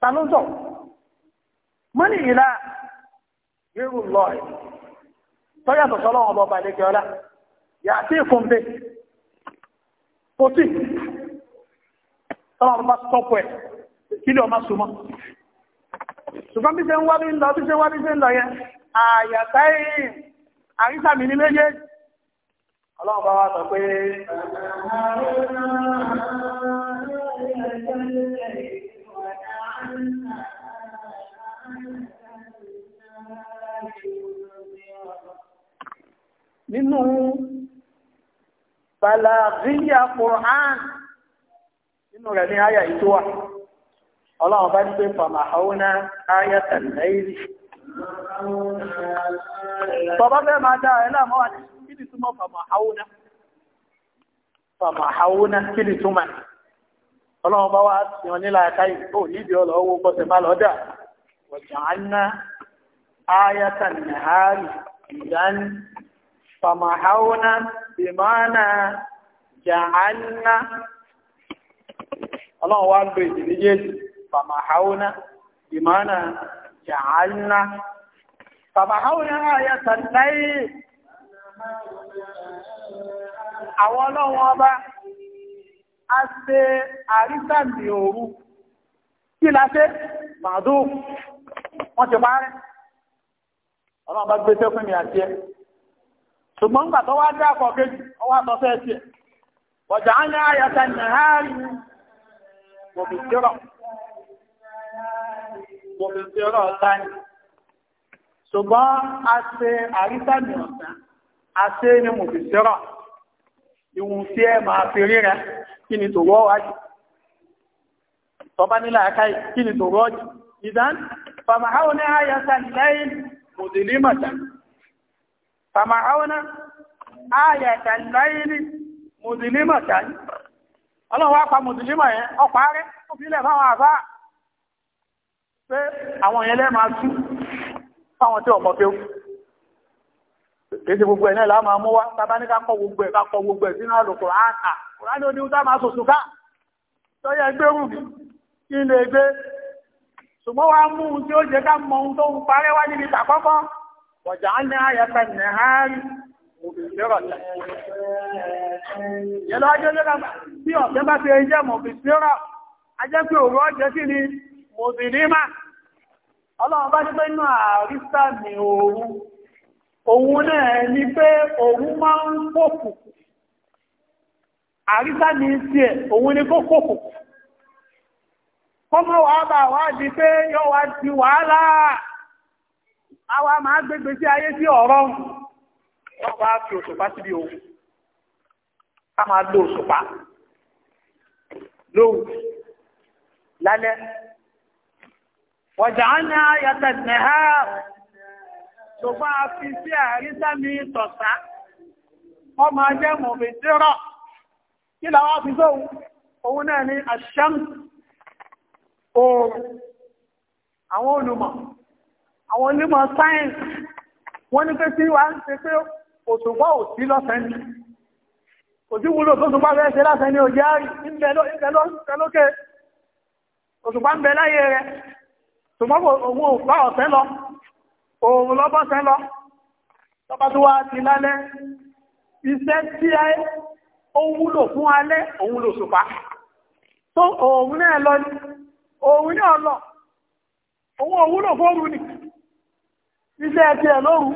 S2: ta ló tọ̀ mọ́ ìlà irú lọ ẹ̀ ọba ìlékẹ́ ọlá yàtí ìfúnbe pọ̀tí tọ́lọ́wọ́n bá stọ́pù ẹ̀ kí lè ọmá súnmọ́ ṣùgbọ́n bí ṣe ń lọ bí ṣe ṣe ń lọ yẹn àyàtá nínú balaghiya Qur'an nínú rẹ̀ ní àyà yìí tó wà ọlọ́run bá ní pé fàmà àwọn ayata lẹ́yìnrì bàbá bẹ́ẹ̀ máa dá ẹ̀ láàmọ́ wà ní kí ni túmọ̀ fàmà àwọn fàmà àwọn kí ni túmọ̀ ọlọ́run bá wá sí ọ nílà ẹ̀ka yìí ọlọ́wọ́ bọ́sẹ̀ má lọ́dà wọ̀jà فمحونا بمعنى جعلنا الله وعن بيجي فمحونا بمعنى جعلنا فمحونا آية الليل àwọn ọlọ́run ọba a ṣe àrísàmì òru kí la ṣe màdùn wọ́n ti gbé àti ẹ ṣùgbọ́n gbà tó wá dá ọkọ̀ kejì ọwá tọ́ fẹ́ sí ẹ̀ ọjà á ní ayẹta nàárì mọ̀bìsírọ̀ mọ̀bìsírọ̀ láì ṣùgbọ́n a ṣe àrísàmì ọ̀sá a ṣe ní mọ̀bìsírọ̀ ìwùn tí ẹ máa fi ríra kí ni tòrọ wájú tọba nílà àkáì kí ni tòrọ jù ìdán fàmàháwọn ní ayẹta lẹ́yìn fàmàáwọ́ná ayàtà láìrí mùsùlùmọ̀ tàbí ọlọ́run wá pa mùsùlùmọ̀ yẹn ọpa rẹ̀ ó fi lẹ̀ fáwọn àfá pé àwọn yẹn lẹ́ẹ̀ máa tú fáwọn tí ọmọ pẹ́wú èsì gbogbo ẹ̀ náà láàmà mú wá tàbá ní kákọ gbogbo ẹ̀ kákọ gbogbo ẹ̀ sínú àlò kòránà kòránà ó ní ó má sòsù ká tó yẹ gbé rù kí ilé gbé ṣùgbọ́n wá mú un tí ó jẹ ká mọ ohun tó ń parẹ́ wá níbi tàkọ́kọ́ وجعلنا آية النهار مبصرة yẹlọ ajẹ́ lọ́nà bí ọ̀sẹ̀ bá fi ẹjẹ́ mọ̀bìsírọ̀ ajẹ́ pé òru ọjẹ́ sí ni mọ̀bìnímà ọlọ́run bá ní inú àrísà ní òru àwa máa gbégbé sí ayé sí ọ̀rọ̀ ọ̀pá fi òṣùpá síbi o ká máa lo òṣùpá lóhùn lálẹ́ wọ̀jà ń ní ayàtẹ̀ nìhá ṣùgbọ́n a fi sí àrísàmì tọ̀sá wọ́n máa jẹ́ mọ̀mí dírọ̀ kí làwọn fi sóhun òun náà ni àṣẹ́m oòrùn àwọn olùmọ̀ àwọn onímọ̀ sáyẹ̀nsì wọ́n ní pé tí wà ń ṣe pé òṣùpá ò sí lọ́sẹ̀ ní òjú wúlò tó ṣùpá rẹ̀ ṣe lásẹ̀ ní òjá ìbẹ̀lókè òṣùpá ń bẹ láyé rẹ̀ tòmọ́bò òun ò bá ọ̀sẹ̀ lọ òun lọ́bọ̀sẹ̀ lọ tọba tó wá ti lálẹ́ iṣẹ́ tí ó wúlò fún alẹ́ òun lò ṣùpá tó òun náà lọ ní òun náà lọ òun òwúlò fóòrùn nìkan iṣẹ́ ẹ̀tí ẹ̀ lóru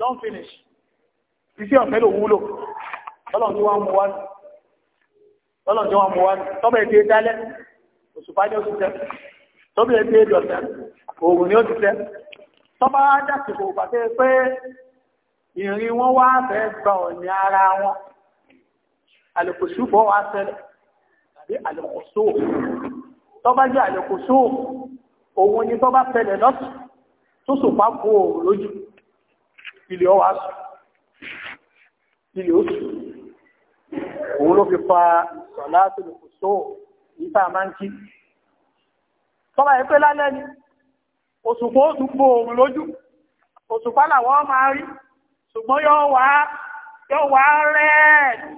S2: don't finish iṣẹ́ ọ̀fẹ́ ló wúlò ọlọ́run tí wọ́n mú wá ní tọ́bẹ̀ ètè dálẹ́ òṣùpá ní òṣìṣẹ́ tọ́bẹ̀ ètè dọ̀tẹ́ òòrùn ní òṣìṣẹ́ tọ́bá dàsìkò pàtẹ́ pé ìrìn wọn wá fẹ́ gba ọ̀nì ara wọn àlòkòṣùfọ́ wá ṣẹlẹ̀ tàbí àlòkòṣò tọ́bá jẹ́ àlòkòṣò òun ni tọ́bá ṣẹlẹ̀ lọ́sùn tó sòpá kó òòrùn lójú ilẹ̀ ọwà sùn ilẹ̀ oṣù òun ló fi fa sọ̀lá tó lè kò sóò ní tá a máa ń kí tọ́ba yìí pé lálẹ́ ni òṣùpá oṣù bo òòrùn lójú òṣùpá làwọn máa rí ṣùgbọ́n yóò wá yóò wá rẹ́ẹ̀dì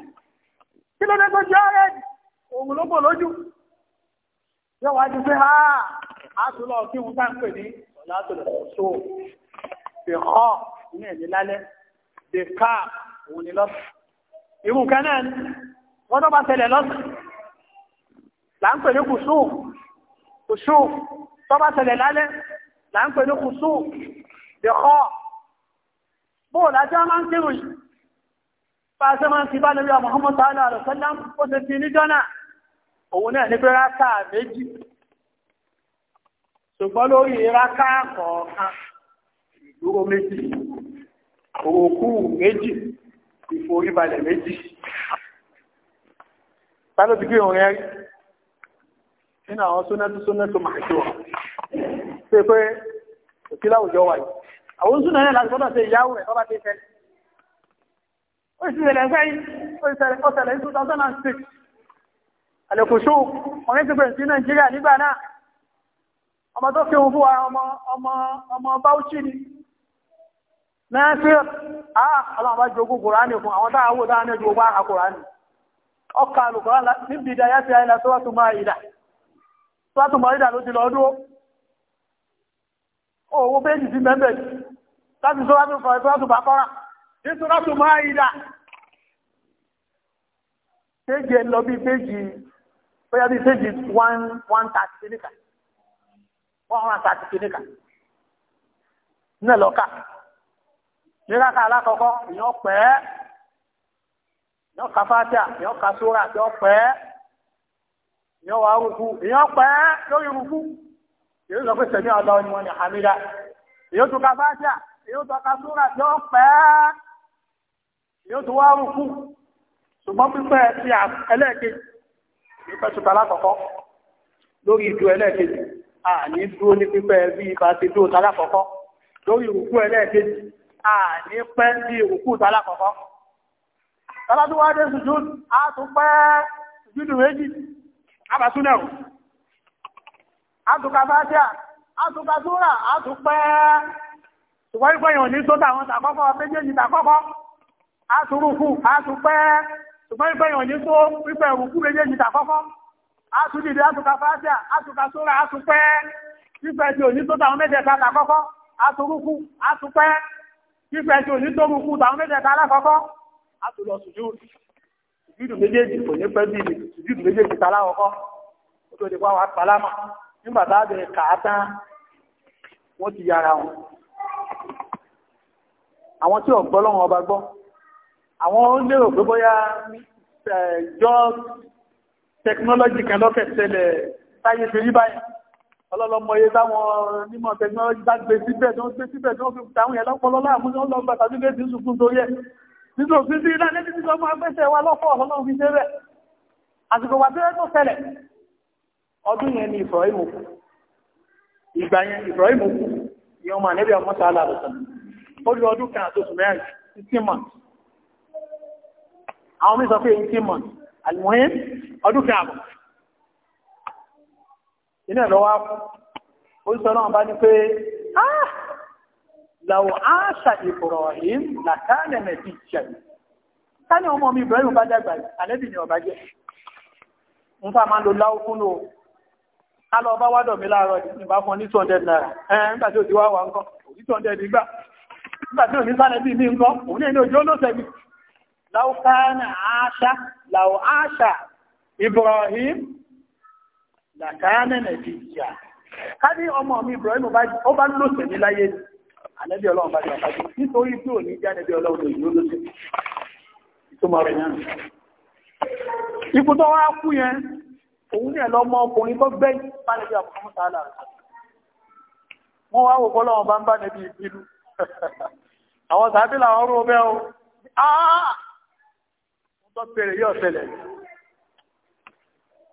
S2: kí ló dé tó jẹ́ rẹ́ẹ̀dì òun ló bò lójú yóò wá ju pé ha tún lọ kí òun sáà ń pè ní látòlù tó ìkọ́ ní ẹ̀mí lálẹ́ the car òun ni lọ́sàn irú nǹkan náà ni wọ́n tó bá tẹ̀lẹ̀ lọ́sàn là ń pè ní kùsù kùsù tó bá tẹ̀lẹ̀ lálẹ́ là ń pè ní kùsù the car bóò lájọ́ máa ń kírun yìí bá ṣe máa ń ti bá lórí ọmọ ọmọ sàálà rẹ̀ ó ti fi níjọ́ náà òun náà ní pé rákà méjì ṣùgbọ́n lórí ìraká kọ̀ọ̀kan ìdúró méjì òkú méjì ìforíbalẹ̀ méjì tàbí ti gbé òun rẹ̀ nínú àwọn sónẹ́tù sónẹ́tù màájọ́ pé pé òkí láwùjọ wà yìí àwọn súnà náà láti gbọ́dọ̀ sí ìyáwó rẹ̀ tọ́bá tẹ́ fẹ́lẹ̀ ó sì ṣẹlẹ̀ fẹ́ yìí ó ṣẹlẹ̀ ó ṣẹlẹ̀ ní 2006 àlẹ́kùnṣó ọ̀rẹ́ ti pẹ̀lú sí Nàìjíríà nígbà náà ọmọ tó fi fún wa ọmọ báúchí ni Nasir àà ah, ọlọ́mọ bá jogún kòránì fún àwọn táàwò dáánà jogún àà kòránì ọkà alùkòrán níbi ìdáyà ti àìlà sọ́wọ́tù máa ìdà sọ́wọ́tù máa ìdà ló ti lọ́dún owó péjì sí mẹ́bẹ̀ láti sọ́wọ́tù fọ̀rẹ̀ sọ́wọ́tù bá kọ́rà ní sọ́wọ́tù máa ìdà péjì ẹ̀ lọ bí péjì bóyá bí péjì 130 níkàá wọ́n hàn àti àti kìnìkà náà lọ́kà nígbà ká alákọ̀ọ́kọ́ èèyàn pẹ́ èèyàn ka fátíà èèyàn ka sóra èèyàn pẹ́ èèyàn wà rúkú èèyàn pẹ́ lórí rúkú èèyàn sọ pé sẹ̀mí ọ̀dọ́ ni wọ́n ní hamida èèyàn tún ka fátíà èèyàn tún ka sóra èèyàn pẹ́ èèyàn tún wá rúkú ṣùgbọ́n pípẹ́ ti ẹlẹ́ẹ̀kejì pípẹ́ tuntun alákọ̀ọ́kọ́ lórí ìdú ẹlẹ́ẹ̀kejì àní dúró ní pípẹ́ bí ipa ti dúró tálákọ̀ọ́kọ́ lórí ìrùkú ẹlẹ́ẹ̀kejì àní pẹ́ bí ìrùkú tálákọ̀ọ́kọ́ tọ́lọ́dúnwádé sùjúd á tún pẹ́ sùjúdù méjì abàtúnẹ̀rù á tún ká fásíà á tún ká súrà á tún pẹ́ ṣùgbọ́n ìgbẹ̀yàn ní sódà wọn tàkọ́kọ́ méjèèjì tàkọ́kọ́ á tún rúkú á tún pẹ́ ṣùgbọ́n ìgbẹ̀yàn ní só pípẹ̀ rúkú méjèèjì tàkọ́kọ́ àtúndìdì àtúkà fájà àtúkà sóra àtúpẹ́ fífẹ́ tí òní tó tàwọn mẹ́tẹ̀ẹ̀ta àkọ́kọ́ àtúrúkú àtúpẹ́ fífẹ́ tí òní tó rúkú tàwọn mẹ́tẹ̀ẹ̀ta alákọ́kọ́ àtúlọ
S1: sùjúdù
S2: méjèèjì kò ní pẹ́ bí sùjúdù méjèèjì talákọ́kọ́ ó tó di pa wà pálámà nígbà tá a bẹ̀rẹ̀ kàá tán wọ́n ti yára wọn àwọn tí ọ̀gbọ́lọ́wọ́ ọba gbọ́ àwọn lérò pé bóyá jọ́ technology kan lọ́kẹ̀ tẹ́lẹ̀ táyé ṣe rí báyìí ọlọ́lọ́mọye táwọn onímọ̀ technology bá gbé síbẹ̀ tó ń gbé síbẹ̀ tó ń fi táwọn yẹn lọ́pọ̀lọ́ láàmú ní ọlọ́gbà tàbí lè dín sùkún tó yẹ nítorí òfin sí ilá lẹ́tí nígbà máa gbẹ́sẹ̀ wa lọ́pọ̀ ọlọ́run fi ṣe bẹ̀ àsìkò wà tẹ́lẹ̀ tó ṣẹlẹ̀ ọdún yẹn ni Ibrahim kú ìgbà yẹn Ibrahim kú ni ọmọ ànẹ́bí ọmọ sàálà lọ́sàn ó lọ ọdún kan àtòsù mẹ́rin sixteen months àwọn mi sọ pé eighteen months àlùmọ́yé ọdún kan àbọ̀ iná lọ́wọ́ oúnjẹ náà bá ní pé ah Ibrahim ọmọ mi Ibrahim bá dàgbà ni ọba jẹ́ fà máa lo láwọ́ fún lò lọ bá wádọ̀ mi láàárọ̀ fún ní 200 naira ẹ̀ẹ́n nígbà tí ó ti wá wà ńkọ́ 200 nígbà nígbà tí ní sálẹ̀ bí mi ńkọ́ òun ní ẹni ojú olóṣèlú láwọ́ Ibrahim làkánẹ̀nẹ̀ ti jà ká ní ọmọ mi Ibrahim ó bá lóṣẹ̀ ní láyé ni ànẹ́bí ọlọ́run bá jẹ́ àpájú nítorí tí ò ní jánẹ́bí ọlọ́run ìlú lóṣẹ̀ ìtumọ̀ rẹ̀ yánà ikú tó wá kú yẹn òun ní ẹ̀lọ ọmọ ọkùnrin tó gbẹ́ àwọn sàábí làwọn ọbẹ̀ o ah tó bẹ̀rẹ̀ yóò ṣẹlẹ̀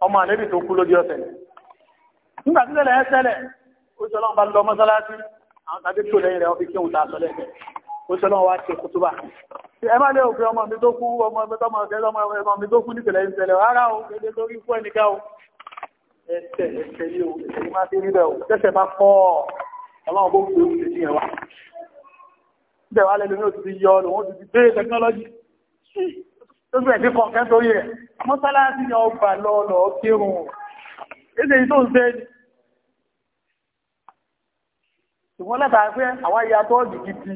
S2: ọmọ ànẹ́bì tó kú lójú ọ̀sẹ̀ nígbà tí lẹ́lẹ̀ ẹ́sẹ̀lẹ̀ ó sọ lọ́n bá lọ mọ́sálásí àwọn tàbí tó lẹ́yìn rẹ̀ ọ́fíkí òun tàà sọlẹ̀ ó sọ lọ́n wá ṣe kútúbà ẹ má lé òfin ọmọ mi tó kú ọmọ mi tó kú nípìnlẹ̀ ìṣẹ̀lẹ̀ rárá o gẹ́gẹ́ lórí fún ẹnìká o ẹsẹ̀ ẹsẹ̀ yìí o ẹsẹ̀ yìí máa fi rí bẹ́ẹ̀ o tẹ́sẹ̀ bá kọ́ ọlọ́run bó fi oṣù tètè wa bẹ́ẹ̀ wá lẹ́nu ní òtútù yọ ọ́ lòun ó ti ti dé tẹkinọ́lọ́jì tó bẹ̀rẹ̀ sí kọ̀ọ̀kẹ́ sórí rẹ̀ mọ́sálásí ni ọgbà lọ́ọ̀lọ́ kírun èdè tó ń sẹ́ ni ṣùgbọ́n látàá pé àwọn ìyá tó ọ̀dì gidi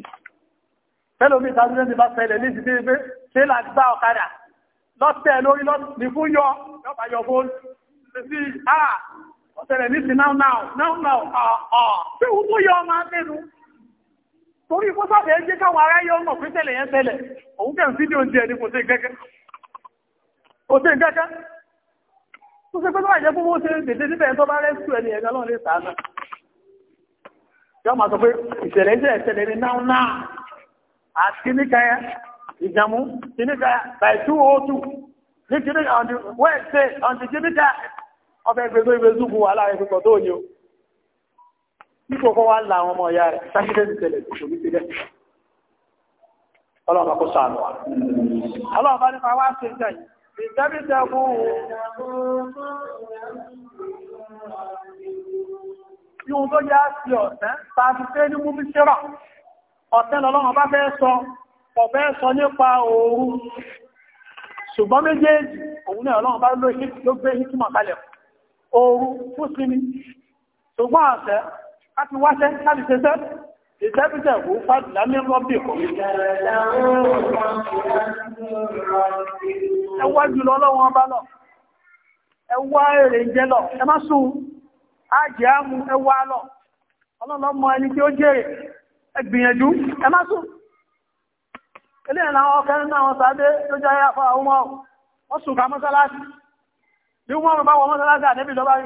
S2: fẹ́lómi ìtàdúrẹ́ ti bá fẹ́lẹ̀ ní ìsìnkú pé ṣe láti bá ọ̀kadà lọ́tẹ̀ lórí ní fún yọ yọba yọ fún sí àà ah, ọ̀tẹ̀lẹ̀ ní sí náà náà náà náà àà ah, pé ah. òun tó yọ ọmọ abẹ́nu torí kó sábẹ̀ ẹ́ jẹ́ káwọn aráyé ọmọ pín tẹ́lẹ̀ yẹn tẹ́lẹ̀ òun kẹ́ sí ní oúnjẹ ní kò sí gẹ́gẹ́ tó ṣe pé tó àìjẹ́ fún ó dédé níbẹ̀ tó bá rẹ́sù ẹni ẹ̀gá lọ́n lè sàánà yọ́ sọ pé ìṣẹ̀lẹ̀ jẹ́ ìṣẹ̀lẹ̀ ní náà àti ìjàmú by two oh two ní nípò kọ́ wá la àwọn ọmọ ìyá rẹ̀ sáṣídẹ́sì tẹ̀lẹ̀ òṣèlú ti rẹ̀ ọlọ́run kó sàánù wa ọlọ́run bá nípa wá sí ìjà yìí ìjẹ́bíjẹ́ fún ohun tó yá sí ọ̀tẹ́ tàbí pé ní mú bíṣẹ́rà ọ̀tẹ́ lọ́lọ́run bá fẹ́ sọ ọ̀fẹ́ sọ nípa òru ṣùgbọ́n méjèèjì òun náà ọlọ́run bá ló gbé hikima kalẹ̀ òru fún sinmi ṣùgbọ́n àṣẹ a ti wáṣẹ́ láti ṣeṣẹ́ ìṣẹ́bíṣẹ́ kò fàdìlá mẹ́rọ bí kò ẹwà jùlọ lọ́wọ́n bá lọ ọlọ́lọ́mọ ẹni tí ó jẹ́rẹ̀ ẹgbìyànjú ẹ sùn ilé ìlànà ọkẹ́ nínú àwọn sàádé tó jẹ́ àfà àwọn sùn ká mọ́sálásí bí wọ́n bá wọ mọ́sálásí àdébì lọ́bá rí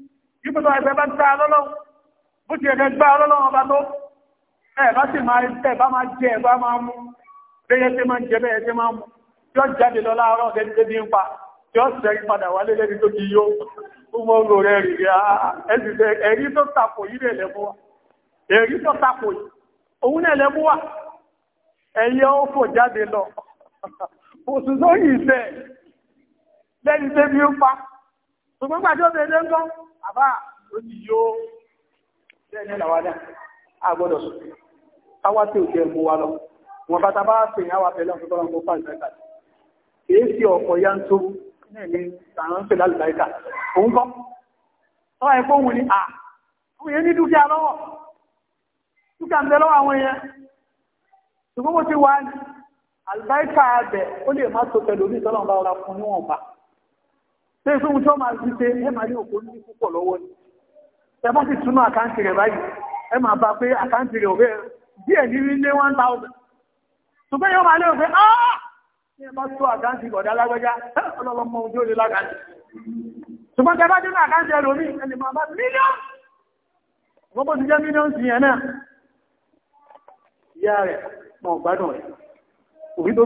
S2: yíkòtò ẹgbẹ́ bá gbá lọ́lọ́wọ́ bó ti ẹgbẹ́ gbá lọ́lọ́wọ́ ọba tó ẹ̀bá sì máa ẹgbẹ́ bá máa jẹ ẹ̀bá máa mú bẹ́yẹ tí máa ń jẹ bẹ́yẹ tí máa mú tí ó jáde lọ láàárọ̀ gẹ́gẹ́ bí ń pa tí ó sẹ́rí padà wálé lẹ́ni tó ti yó fúnmọ́ orò rẹ̀ rí rí ah, ah, ah, ẹ̀rí tó tapò yí rẹ̀ lẹ́mú wa ẹ̀rí tó tapò yí òun náà lẹ́mú wa ẹ̀yẹ ó fò jáde lọ òṣùṣọ́ yìí sẹ́ lẹ́ni tó bí ń pa ṣùgbọ́n gbàjọ́ bẹ̀rẹ̀ ń àbá ó ti yó bẹ́ẹ̀ ní àwádà àgbọ́dọ̀ sùn káwá tí ò jẹ́ mú wa lọ wọn bá ta bá pè ní àwọn abẹ́lẹ́ ọ̀tọ́ tọ́lọ́ ń kó fàlùbáríkà kìí sí ọ̀pọ̀ ya ń tó
S1: náà ní àwọn
S2: pè lálùbáríkà òun kọ́ tọ́wọ́ ẹ̀kọ́ òun ni à òun yẹn ní dúkìá lọ́wọ́ dúkìá ń bẹ lọ́wọ́ àwọn èèyàn ṣùgbọ́n mo ti wá ní àlùbáríkà abẹ ó lè má tó pẹ̀lú orí tọ́lọ́ ṣé fún un tó máa fi ṣe ẹ máa rí òkú ní púpọ̀ lọ́wọ́ ni ẹ bá sì túnú àkáǹtì rẹ̀ báyìí ẹ máa bá pé àkáǹtì rẹ̀ ọ̀rẹ́ díẹ̀ ní rí lé one thousand ṣùgbọ́n yóò máa lérò pé áá ní ẹ bá tó àkáǹtì ìbọ̀dá lágbẹ́já ọlọ́lọ́mọ ojú ó lè lágbàtì ṣùgbọ́n tẹ bá dínú àkáǹtì ẹlòmí ẹni máa bá mílíọ̀n gbogbo ti jẹ́ mílíọ̀n sí ẹ̀ náà ìyá rẹ̀ mọ̀ gbádùn rẹ̀ òbí tó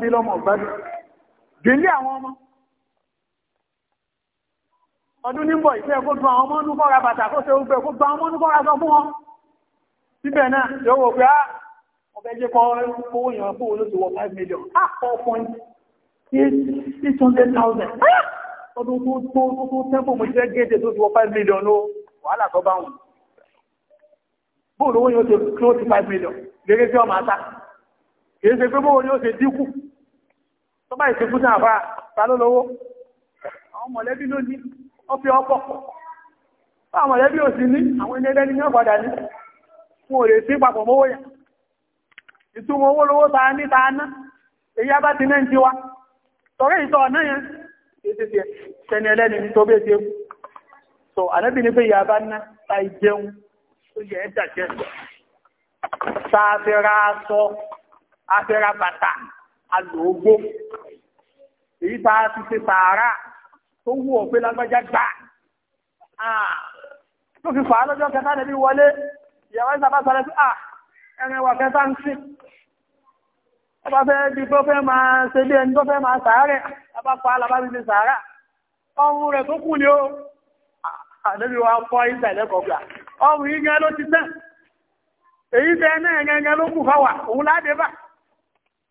S2: bí lọ́mọ̀ délé àwọn ọmọ ọdún níbọ̀ ìfẹ́ kó àwọn ọmọ núkọ́ra bàtà kó tẹ ogun kó àwọn ọmọ núkọ́ra sọ fún wọn síbẹ̀ náà yóò pé á ah, ọ̀fẹ́ jẹ́ kọ́ owó ìyàn fún olóṣù wọ 5 million á kọ́ fún 600,000 ọdún tó tó tẹ́bù mú jẹ́ gẹ́ẹ̀tẹ̀ tó ti wọ 5 million ló wàhálà tó bá wọn bóòlówó yóò ti 5 million gẹ́gẹ́ tí ọmọ àtà kìí ṣe pé bóòlówó yóò ti tó bá ìsìnkú náà bá ta ló lówó àwọn mọ̀lẹ́bí ló ní ọfẹ́ ọpọ̀ àwọn mọ̀lẹ́bí ò sí ní àwọn ilé ẹlẹ́ni yóò padà ní wọn ò lè sí papọ̀ mówó yà ìtumọ̀ owó lówó ta ní ta ná èyí a bá ti náà ń ti wá tọ́rẹ́ ìtọ́ ọ̀nà yẹn ìsìnkú tẹni ẹlẹ́ni ní tó bẹ́ẹ̀ ti ẹkù so ànábì ní pé ìyá bá ná ta ìjẹun tó yẹ ẹ́ dàjẹ́ ta fi ra aṣọ a fi ra bàtà alòógbó èyí tá a ti ṣe sàárà tó wú ọ̀pẹ lágbájá gbà tó fi fà á lọ́jọ́ kẹta níbi wọlé ìyàwó ìsàbá sọ̀rọ̀ sí à ẹ̀rìn ìwà kẹta ń sí ọba fẹ́ di tó fẹ́ máa ṣe bí ẹni tó fẹ́ máa sàárẹ̀ ọba pa alábá fi ṣe sàárà ọrùn rẹ̀ tó kù ni ó àdébí wa fọ́ ìsàlẹ̀ kọ̀ọ̀gbà ọrùn yìí gẹ́ ló ti tẹ́ èyí tẹ́ náà gẹ́gẹ́ ló kù fáwà òun ládé bá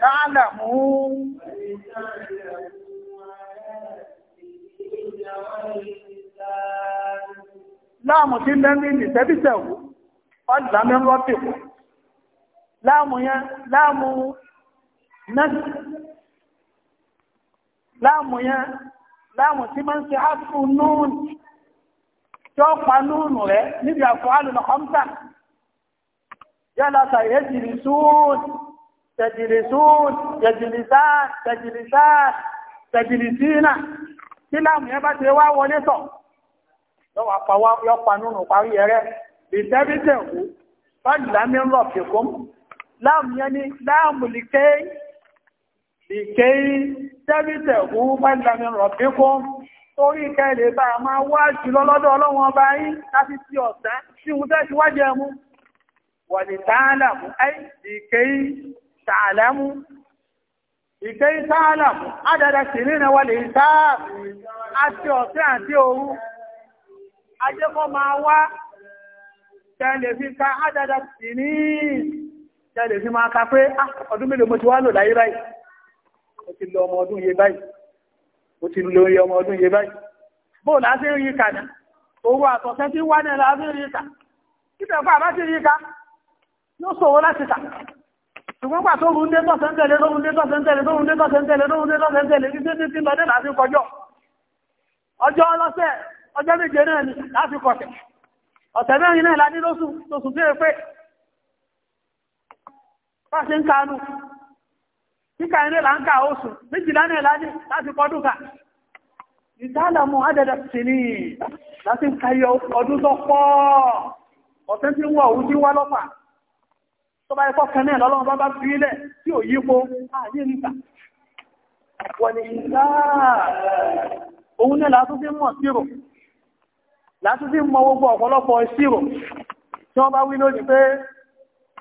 S1: تعلموا
S2: láàmù tí lẹ́mí ìtẹ́bìtẹ̀wò ọdìlámi rọ́pìkù láàmù yẹn láàmù náà láàmù yẹn láàmù tí máa ń ṣe ápù núùn tí ó pa núùn rẹ̀ níbi àfọ́ alùnà kọ́mtà yálà tàyẹ́sì rí súùn tẹ̀jìlìsún tẹ̀jìlìsán tẹ̀jìlìsán tẹ̀jìlìsínà tí láàmù yẹn bá ti wá wọlé sọ lọ́wọ́ àpàwọ́ yọpa nínú parí ẹrẹ́ ìtẹ́bítẹ̀ wù fàdìlámí ń lọ fìkún láàmù yẹn ni láàmù lìkẹ́ lìkẹ́ tẹ́bítẹ̀ wù fàdìlámí ń lọ fìkún torí kẹ́lẹ̀ bá a máa wá jùlọ lọ́dọ̀ ọlọ́wọ́n ọba yín láti ti ọ̀sán tí wọ́n tẹ́ ti wájẹ̀ mú wà ní tààlà mú ẹ́ lìkẹ́ تعلموا لكي تعلموا عدد السنين والحساب àti ọ̀sẹ̀ àti òru ajẹ́kọ́ máa wá tẹ́lẹ̀ fi ka àdádá sinin tẹ́lẹ̀ fi máa ka pé ọdún mélòó mo ti wá lò láyé báyìí mo ti lọ ọmọ ọdún yé báyìí mo ti lọ ṣùgbọ́n pàtó òun dé tọ́sẹ̀ ń tẹ̀lé dé tọ́sẹ̀ ń tẹ̀lé dé tọ́sẹ̀ ń tẹ̀lé dé tọ́sẹ̀ ní títí tí láti kọjọ́ ọjọ́ ọlọ́sẹ̀ ọjọ́ méje náà ni láti ọ̀tẹ̀ mẹ́rin náà láti ka oṣù méjìlá náà láti láti kọdún sí ni láti ń tó bá ẹkọ́ kan náà lọ́lọ́wọ́ bá bá fi ilẹ̀ tí ò yípo ààyè níta wọ́n ni láàá òun náà látúfí mọ̀ sírò látúfí mọ̀ gbogbo ọ̀pọ̀lọpọ̀ sírò tí wọ́n bá wí lónìí pé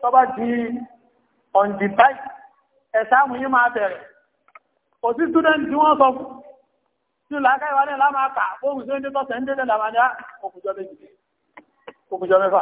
S2: tó bá di on ẹ̀sáàmù yí máa bẹ̀rẹ̀ kò student tí wọ́n sọ fún tí mẹ́fà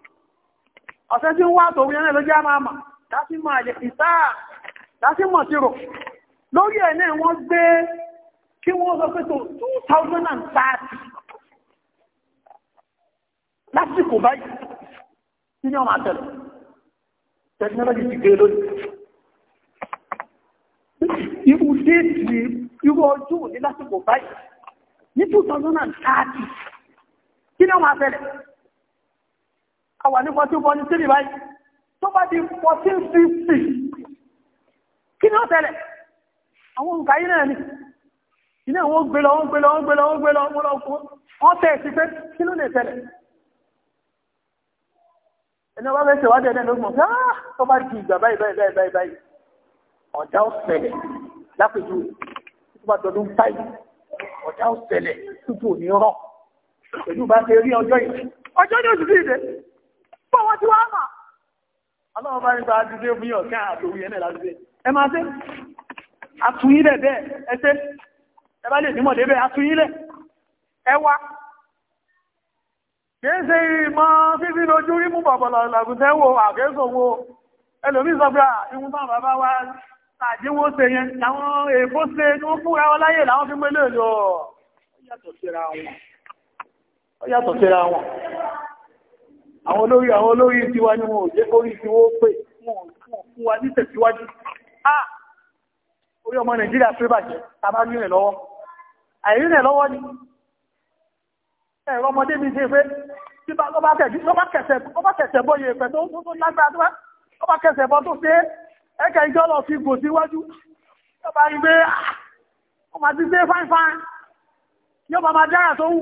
S2: ọ̀sẹ̀ tí ń wá tòun yẹn ló já máa mà láti mọ̀ àlè ìsáà láti mọ̀ sí rò lórí ẹ̀ náà wọ́n gbé kí wọ́n sọ pé tó 2030 lásìkò báyìí tí ní ọmọ àtẹ̀lẹ̀ technology ti gbé lórí irú déètì irú ọjọ́ òní lásìkò báyìí ní 2030 tí ní ọmọ àtẹ̀lẹ̀ a wà ní 1443 báyìí tó bá di 1450 kí ni ó tẹ̀lẹ̀ àwọn òǹkà yìí náà ni iná wọ́n gbé lọ wọ́n gbé lọ wọ́n gbé lọ wọ́n gbé lọ wọ́n lọ fún wọ́n tẹ̀ sí pé kí ló lè tẹ̀lẹ̀ ẹni ọba fẹ́ ṣèwádìí ẹ̀dẹ́ ló mọ̀ ah tó bá di ìgbà báyìí báyìí báyìí báyìí ọ̀dá ó ṣẹlẹ̀ lápẹjù tó bá dọdún báyìí ọ̀dá ó ṣẹlẹ̀ tútù ò ní rọ̀ pẹ̀lú bá ṣe rí ọjọ́ yìí ọjọ́ ní oṣù tí ì pọ̀ wọ́n ti wá mà ọlọ́run bá ní bá dúdé mú yàn ká àtòwú yẹn náà láti ẹ máa ṣe àtúnyílẹ̀ bẹ́ẹ̀ ẹsẹ́ ẹ bá lè nímọ̀ débẹ̀ àtúnyílẹ̀ ẹ wá kìí ṣe ìmọ̀ fífi lójú rí mú bọ̀bọ̀lọ̀ làgùnṣẹ́ wo àgẹ́sọ̀ wo ẹlòmí sọ pé ìwọ̀n bá bàbá wa tàjíwó ṣe yẹn láwọn èèkó ṣe tí wọ́n fúnra wọn láyé láwọn fi mẹ́lẹ̀ lọ ó yàtọ̀ síra wọn àwọn olórí àwọn olórí tiwa ni wọn ò jẹ́ kórí tí wọ́n pè fún wa ní tẹ̀síwájú ah orí ọmọ nàìjíríà pé bàjẹ́ ta bá rí rẹ̀ lọ́wọ́ àìrí rẹ̀ lọ́wọ́ ni ẹ̀rọ ọmọdé mi ṣe pé tí bá kẹsẹ̀ bọ́ yẹ pẹ̀ tó lágbára tó bá kẹsẹ̀ bọ́ tó ṣe ẹ̀kẹ́ ìjọ lọ fi gò síwájú yọba rí pé ó máa ti ṣe fáìfáì yọba máa dára tó wù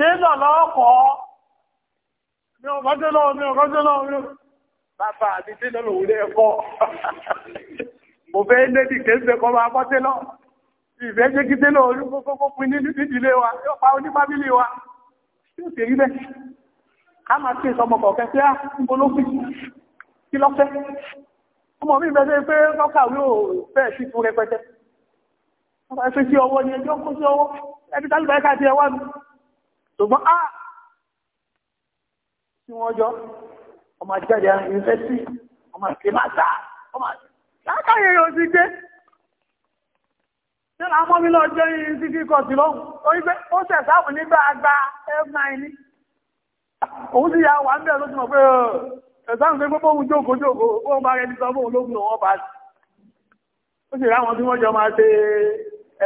S2: tẹ́lọ̀ lọ́ọ̀kọ́ ní ọgọ́jọ́ lọ́wọ́ ní ọgọ́jọ́ lọ́wọ́ ní bàbá àti tẹ́lọ̀ lòun lé ẹ̀kọ́ mo fẹ́ lẹ́dì kéèsẹ̀ kọ́ máa kọ́ tẹ́lọ̀ ìfẹ́ jẹ́ kí tẹ́lọ̀ olúkókókó pin ní ìdílé wa yóò pa onífábílì wa yóò sì rí bẹ́ẹ̀ ká máa tí ìsọmọ kọ̀ọ̀kẹ́ sí á kí lọ́fẹ́ ọmọ mi bẹ́ẹ̀ pé lọ́kàwé ò bẹ́ẹ̀ sí fún rẹpẹtẹ ọmọ ẹgbẹ́ sí ọwọ́ ni ẹjọ́ kó sí ọwọ́ ẹbí tálùbáyé káàkiri ẹwà mi ṣùgbọ́n a ah! tí wọ́n jọ ọmọ jáde yunifásitì ọmọ ìkèmásà ọmọ látàrí èrò ti gbé tí wọ́n mọ́ mi lọ jẹ́ yìí sí kíkọ́ sí lọ́hùn orí ó sẹ̀ sáàmù nígbà àgbà f9 ní òun sì yà wà ń lóṣùmọ̀ pé ẹ̀sáàmù pé gbogbo ohun jókòó jókòó ohun bá rẹ̀ ní sọ fún lọ́wọ́ bá ó sì ráwọn tí wọ́n jọ máa ṣe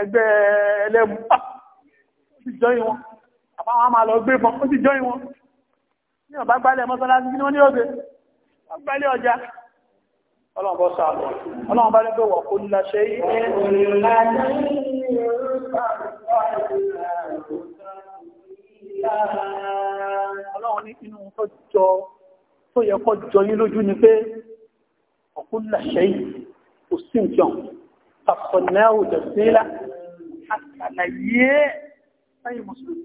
S2: ẹgbẹ́ ẹlẹ́mú ah! ìjọyìn wọn àbáwọn máa lọ gbé fún ó sì jọyìn wọn ní ọ̀bá gbálẹ̀ mọ́sálásí kí wọ́n ní òde gbálẹ̀ ọjà ọlọ́run bọ́ sáà lọ wọ̀ kó nílá yìí ọlọ́run ní òjò sílá àtàlàyé ẹ̀yìn mùsùlùmí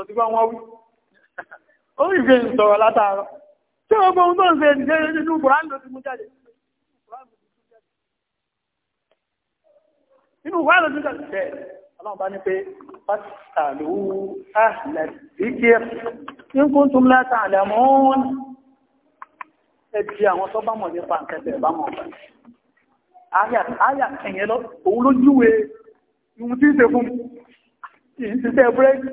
S2: tó ti bá wọn wí ó rí ìfẹ́ ìsọ̀rọ̀ látàárọ̀ tí ó bọ́ ohun tó ń fẹ́ ìdíje nínú Kùránì ló ti mú jáde nínú Kùránì ló ti jáde bẹ́ẹ̀ ọlọ́run bá ní pé pásítàlú àhlẹ̀ ìkẹ́ ń kún tún látà àlẹ́mọ́ọ́nì ẹbí àwọn tó bá mọ̀ nípa nkẹsẹ̀ bá mọ̀ ọ̀pá ayà ẹ̀yẹ lọ òun ló júwe ìhun tí ń ṣe fún ìhun ti ṣe búrẹ́dì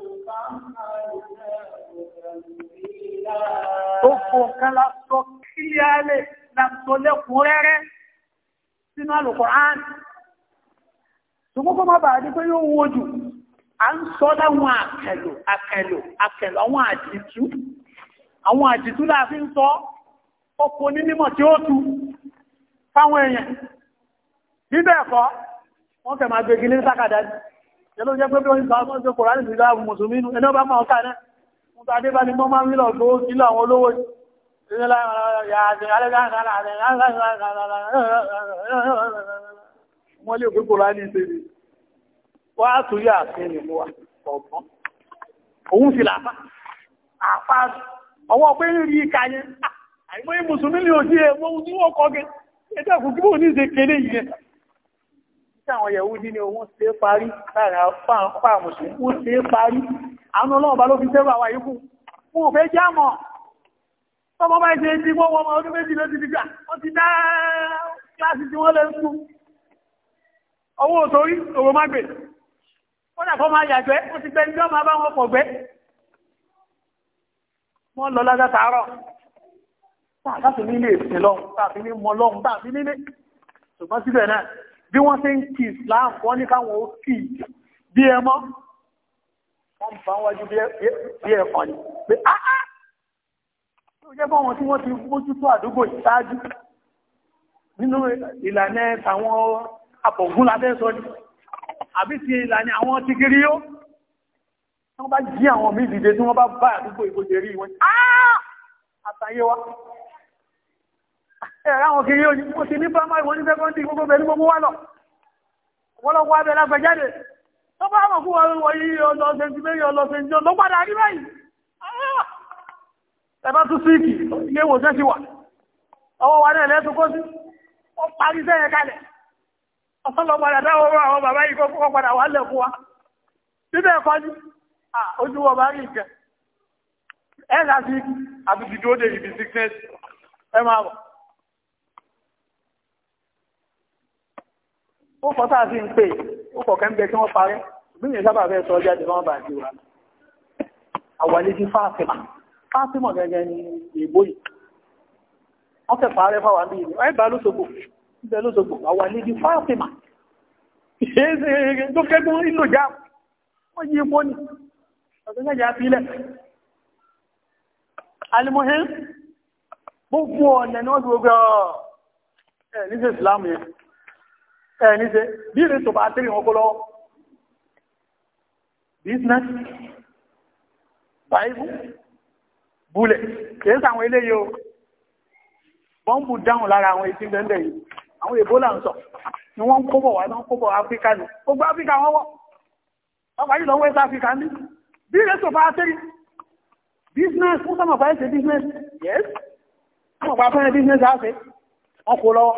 S2: Òfò nǹkan la sọ kílíálẹ̀ la sọ lẹ́kùn rẹ́rẹ́ sínú Al-Qur'an. Ṣùgbọ́n kó má bàá di pé yóò wo jù. À ń sọ láwọn àkẹlò, àkẹlò, àkẹlò, àwọn àdìtú. Àwọn àdìtú la fi ń sọ ọkọ̀ ní mímọ̀ tí ó tu fáwọn èèyàn. Bíbẹ̀ ẹ̀kọ́, wọ́n fẹ̀ máa gbé gílé sákàdá. Ẹlọ́ jẹ́ pé bí wọ́n ń bá ọmọ Mọ́ta òun sì làpá àpá ọwọ́ pé ń rí ìka yẹn àìmọ́ ìmùsùn nílé òjí ẹ̀mọ́ ohun tí wọ́n kọ́ gẹ ẹjọ́ ìkùnkú bóò ní ìṣe kéde yẹn tí àwọn yẹ̀wú dí ni òun ṣe parí láàrin àpá àmùsùn ó ṣe parí àánú ọlọ́run bá ló fi sẹ́rù àwa yìí kú fún òfẹ́ jẹ́ àmọ́ tọ́mọ bá ṣe ti wọ́n wọ́n ọdún méjì ló ti fi gbà wọ́n ti dá kíláàsì tí wọ́n lẹ́ ń kú owó òtórí òwò má gbè wọ́n dàkọ́ máa yàgbẹ́ wọ́n ti gbẹ́ ní ọmọ bá wọn pọ̀ gbẹ́ wọ́n lọ lájá tààrọ̀ tààtàfin nílé ìsìn lọ́hùn tààfin ní mọ́ lọ́hùn tààfin nílé ṣùgbọ́n síbẹ̀ náà bí wọ́n ṣe ń kí Islam wọ́n ní káwọn wọ́n bá wájú bí ẹ̀kan ni pé áá ah, tó ah! jẹ́ báwọn tí wọ́n ti mójútó àdúgbò yìí ṣáájú nínú ìlànà àwọn abọ̀gún lábẹ́ sọ ni àbí ti ìlànà àwọn ti kiri yó wọ́n bá jí àwọn míì dìde tí wọ́n bá bá àdúgbò ìbòjè rí wọn áá ah! àtàyé wa ẹ̀rọ àwọn kiri yóò ní ní primary wọn ní secondary gbogbo bẹ̀rù gbogbo wà lọ tó bá mọ̀ fún wọn wọ́n yí ọlọ́sẹ̀ tí méjì ọlọ́sẹ̀ tí ó padà rí báyìí ẹ̀bá tún síìkì ilé ìwòsàn sí wà ọwọ́ wa náà lẹ́tún kó sí ó parí sẹ́yẹ kalẹ̀ ọ̀sọ́lọ́padà dáwọ́rọ́ àwọn bàbá yìí kọ́kọ́ padà wà lẹ̀ fún wa níbẹ̀ kọ́ ní ojú wọn bá rí ìkẹ́ ẹ̀ láti àbùkù dúró dé ibi ó fọ́tà sí ń pè é púpọ̀ kẹ́ńbẹ́ kí wọ́n parẹ́ gbígbé sábà fẹ́ sọ jáde fún ọba àti ìwàlú àwàlejì fásimà fásimà gẹ́gẹ́ ni èbó yìí wọ́n fẹ́ parẹ́ fáwà bí ìlú ẹ̀bà lóṣogbo ìbẹ̀ lóṣogbo àwàlejì é tó kẹ́gbọ́n ìlò já wọ́n yí ipò ní ọ̀sẹ̀gẹ́jà sílẹ̀ alimohin gbogbo ọ̀nà ni wọ́n ti gbogbo ẹ̀ ní sí ìsìlámù yẹn ẹni ṣe bí ìrìn tó bá tẹ́rì wọn kó lọ́wọ́ business bible bullet kìí sàwọn ilé yóò bọ́m̀bù dáhùn lára àwọn etí bẹ́ẹ̀ yìí àwọn Ebola ń sọ ni wọ́n ń kó bọ̀ wá tán kó bọ̀ Áfíríkà ní gbogbo Áfíríkà wọ́n wọ́ ọgbà yìí lọ West Africa ní bí ìrìn tó bá tẹ́rì business fún sọmọ̀ fẹ́ ṣe business yes sọmọ̀ fẹ́ business á ṣe wọ́n kó lọ́wọ́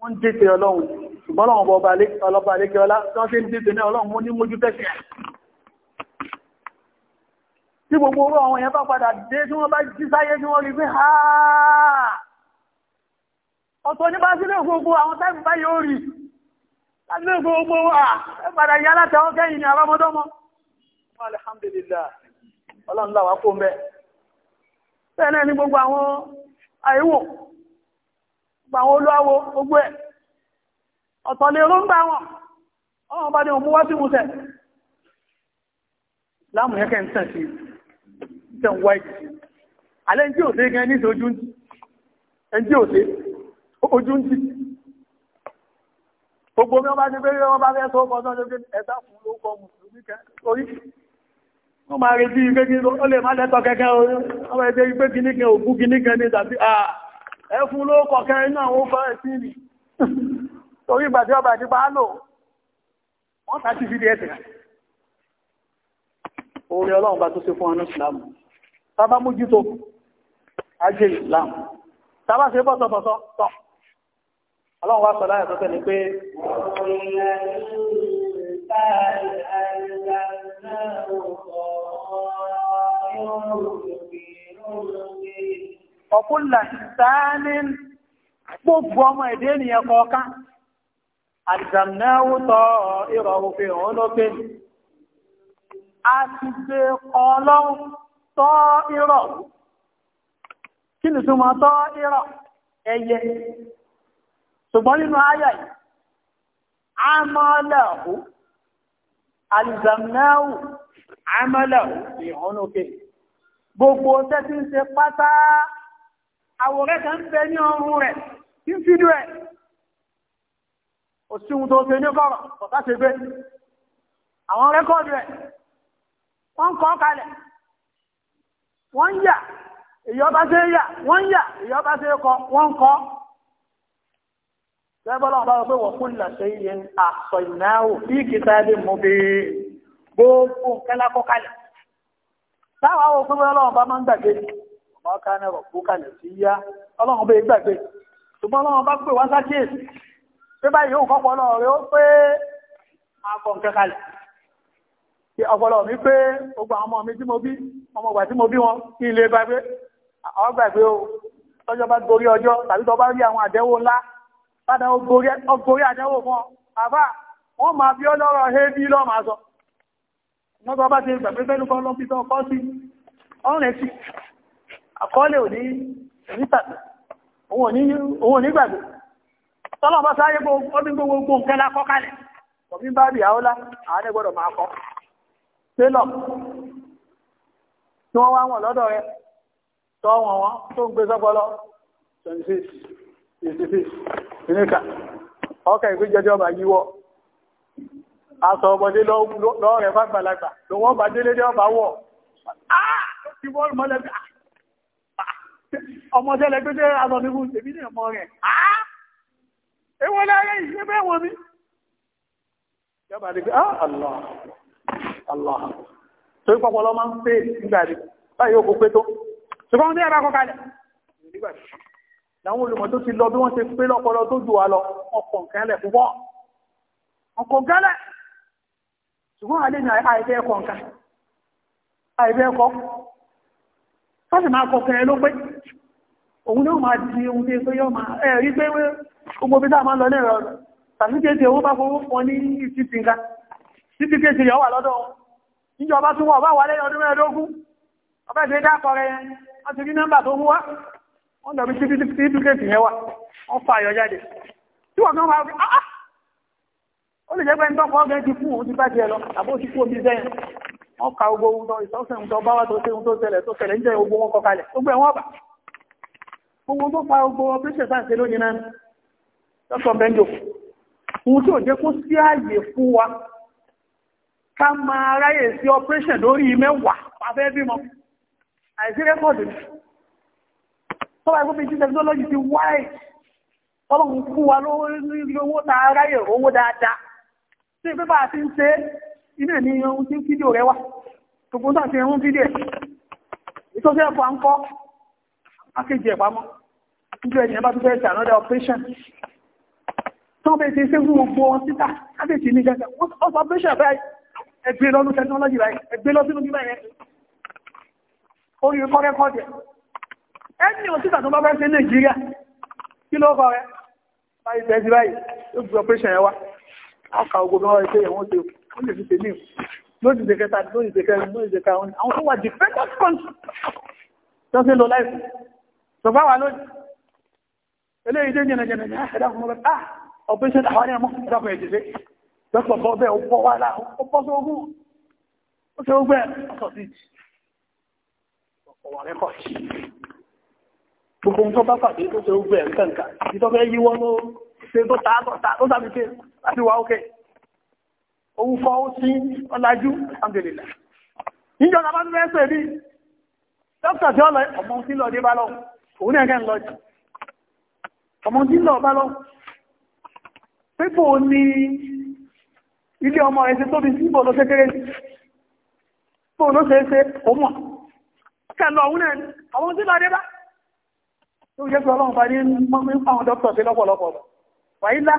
S2: wọ́n dìtẹ̀ ọlọ́run ṣùgbọ́n ọlọ́run ọba alékẹ́ ọlá tó ṣe ń dìtẹ̀ ní ọlọ́run wọ́n ní mójú tẹ́sì tí gbogbo orú àwọn èèyàn bá padà dé tí wọ́n bá jí sáyé tí wọ́n rí pé ha ọ̀tọ̀ ní bá sílé gbogbo àwọn táìmù bá yóò rí lábílé gbogbo à padà yá láti àwọn kẹ́yìn ní àbámọ́dọ́mọ́ alhamdulillah ọlọ́run láwá kó mẹ́ bẹ́ẹ̀ náà ní gbogbo àwọn àìwò gbàwọn olúwáwó gbogbo ẹ̀ ọ̀tọ̀lẹ̀ oró ń gbà wọn ọmọ bá ní òmúwá sí musẹ̀ láàmù yẹ́kẹ́ ń tàn sí tàn wáìtì alẹ́ ń tí ò sí gan ní ojú ń tí ẹn tí ò sí ojú ń tí gbogbo mi ọba ti pé wọ́n bá fẹ́ sọ ọkọ̀ náà lókè ẹ̀dá fún lókọ mùsùlùmí kẹ́ orí wọ́n máa rí bí i pé kí ó lè má lẹ́tọ̀ kẹ́kẹ́ orí ọmọ ẹgbẹ́ ipé kìíní kan òkú kìíní kan ní tàbí àà ẹfún ló kọ̀kẹ́ iná àwọn fẹ́rẹ̀ sí ni torí ìgbàdí ọba ìdípa lò wọ́n tàbí fídí ẹ̀sẹ̀ orí ọlọ́run bá tó ṣe fún ọ̀nà ìsìlámù tàbá mójútó ajé ìsìlámù tàbá ṣe bọ́sọ̀bọ̀sọ̀ tọ́ ọlọ́run wá sọ̀lá ẹ̀sọ́ tẹ́lẹ̀ pé ọ̀rọ̀ ọ̀kúnlà ìsáánì gbogbo ọmọ èdè ènìyàn kọ̀ọ̀kan àjàm̀náwó tọ ìrọ̀ òfin òun ló pé a ti gbé ọlọ́run tọ́ ìrọ̀ kí ni túnmọ̀ tọ́ ìrọ̀ ẹyẹ ṣùgbọ́n nínú ayà yìí a máa lẹ́ọ̀kú àjàm̀náwó àmọ́lẹ̀ òfin òun ló pé gbogbo tẹ́tí àwòrẹ́ kan bẹ ní ọrùn rẹ̀ tí ń fídíò ẹ̀ òsìhun tó ṣe ní kọ́rọ̀ ọ̀tá ṣe gbé àwọn rẹ́kọ́ọ̀dù ẹ̀ wọ́n kọ́ kalẹ̀ wọ́n yà èyí ọba ṣe yà wọ́n yà èyí ọba ṣe kọ wọ́n kọ́ lẹ́gbọ́n ọba wọ́n pé wọ́n kú làṣẹ iye àṣọ ìnáwó bí kìtà lè mú bí gbogbo nǹkan lákọ́ kalẹ̀ táwọn àwọn òpin ọlọ́run bá máa ń gbàgbé ọmọ ká ní ọ̀rọ̀ kúkà lè sí yá ọlọ́run bẹ́ẹ̀ gbàgbé ṣùgbọ́n ọlọ́run bá pè wá sákèèsì pé báyìí yóò kọ́pọ̀ náà rẹ ó pé máa kọ̀ nǹkan kalẹ̀ kí ọpọlọ mi pé gbogbo àwọn ọmọ mi tí mo bí ọmọ ìgbà tí mo bí wọn kí ilé gbàgbé àwọn gbàgbé o tọ́jọ́ bá gorí ọjọ́ tàbí tọ́ rí àwọn àdẹ́wò ńlá bádà ọgorí àdẹ́wò fún ọ àbá wọ́n máa bí ọlọ́rọ̀ hébí lọ́ máa sọ wọ́n bá ti gbàgbé fẹ́ lúkọ́ lọ́pítọ́ pọ́ sí ọ̀rẹ́ sí àkọọ́lẹ̀ òní ìrítàtà òun òní gbàgbé tọ́lọ̀ bá sáyé ọdún gbogbo nǹkan lákọ́ kalẹ̀ ọ̀bí bá bí àọ́lá àádẹ́ gbọ́dọ̀ máa kọ́ tẹ́lọ̀ tí wọ́n wá wọn lọ́dọ̀ rẹ tọ́ wọn wọn tó ń gbé sọ́pọlọ 26 56 ìníkà ọkà ìgbéjọjọ́ bá yíwọ́ aṣọ ọmọdé lọ́rẹ̀ fàgbàlagbà lọ́wọ́ bá délé dé ọba wọ̀ ah ti bọ́ọ̀lù mọ́lẹ́gbà ah! ọmọ tẹ́lẹ̀ pé jẹ́ azọ mi fún èmi ní ọmọ rẹ̀ àá ewé lẹ́rẹ́ yìí ṣe bẹ́ẹ̀ wọ́n yọba ni pé ah allah allah torí pọpọ lọ máa ń pè nígbà rí báyìí ó kó pé tó ṣùgbọ́n ní ẹ̀rọ akọkalẹ̀ nígbà tí làwọn olùmọ̀ tó ti lọ bí wọ́n ṣe pé lọ́pọlọ sáàsì máa kọkẹrẹ ló pé òun ló máa di ohun tí pé yọ́ máa ẹ̀rí pé gbogbo bí sáà máa lọ lẹ́rọ tàbí kéèkéè owó bá fowó fún ní títí nǹkan títí kéèkéè yọ́ wà lọ́dọ̀ wọn tún wọ́n bá wà lẹ́yìn ọdún mẹ́ẹ̀ẹ́dógún ọbẹ̀ wọ́n ka gbogbo ohun tó tó bá wà tó ṣe ohun tó ṣẹlẹ̀ tó ṣẹlẹ̀ ń jẹ́ gbogbo wọn kọkalẹ̀ gbogbo ẹ̀wọ̀n ọ̀bà gbogbo tó fa gbogbo ọpẹ́ṣẹ̀ sáàṣẹ lónìí náà lọ́sọ̀ bẹ́ńdò ohun tí ò jẹ́ kó sí ààyè fún wa ká máa ráyè sí ọpẹ́ṣẹ̀ lórí mẹ́wàá pàfẹ́ bímọ àìsí rẹ́kọ̀dù tó bá gbóbi jí tẹkinọ́lọ́jì ti wáì ọlọ́run fún wa lówó tààráyè owó dáadáa sí pépà àti ń ṣe é iná ní ohun tí fídíò rẹ wà tòkún tàbí ẹ̀hún fídíò ìtọ́sẹ́ ẹ̀kọ́ à ń kọ́ akéjì ẹ̀pamọ́ ẹni òtítà tó bá fẹ́ ṣe Nàìjíríà kí ló kọ́ rẹ̀ báyìí tẹ́sí báyìí ó gbé operation yẹn ọkà ogun náà ṣe ẹ̀wọ̀n ṣe òkú wọ́n lè fi ṣe ní lóòjì ìṣe kẹta lóòjì ìṣe kẹrin lóòjì ìṣe kẹrin àwọn tó wà different country tó ṣe lọ láìsí sọfá wà lóòjì eléyìí dé jẹnẹjẹnẹ ní àṣẹdá fún ọgbẹ ah operation àwọn ọmọ ìdáfún ẹjẹ ṣe dọkítọ bọ bẹ́ẹ̀ ó bọ wà láà ó bọ sí ogún ó ṣe ogún ẹ ọsọ sí ọwọ́ rẹ òun fọ́ ó sí ọlájú alhamdulillah níjọ́ ta bá tún fẹ́ sọ èdè dókítà tí ọlọ ọmọ tí lọ dé bá lọ òun ẹ̀kẹ́ ń lọ jù ọmọ tí lọ bá lọ pípò ní ilé ọmọ ẹ̀ṣẹ́ tó fi síbò lọ kékeré pípò ló ṣe é ṣe òmò kẹlọ òun ẹ̀ ọmọ tí lọ dé bá tó jẹ́ pé ọlọ́run bá ní mọ́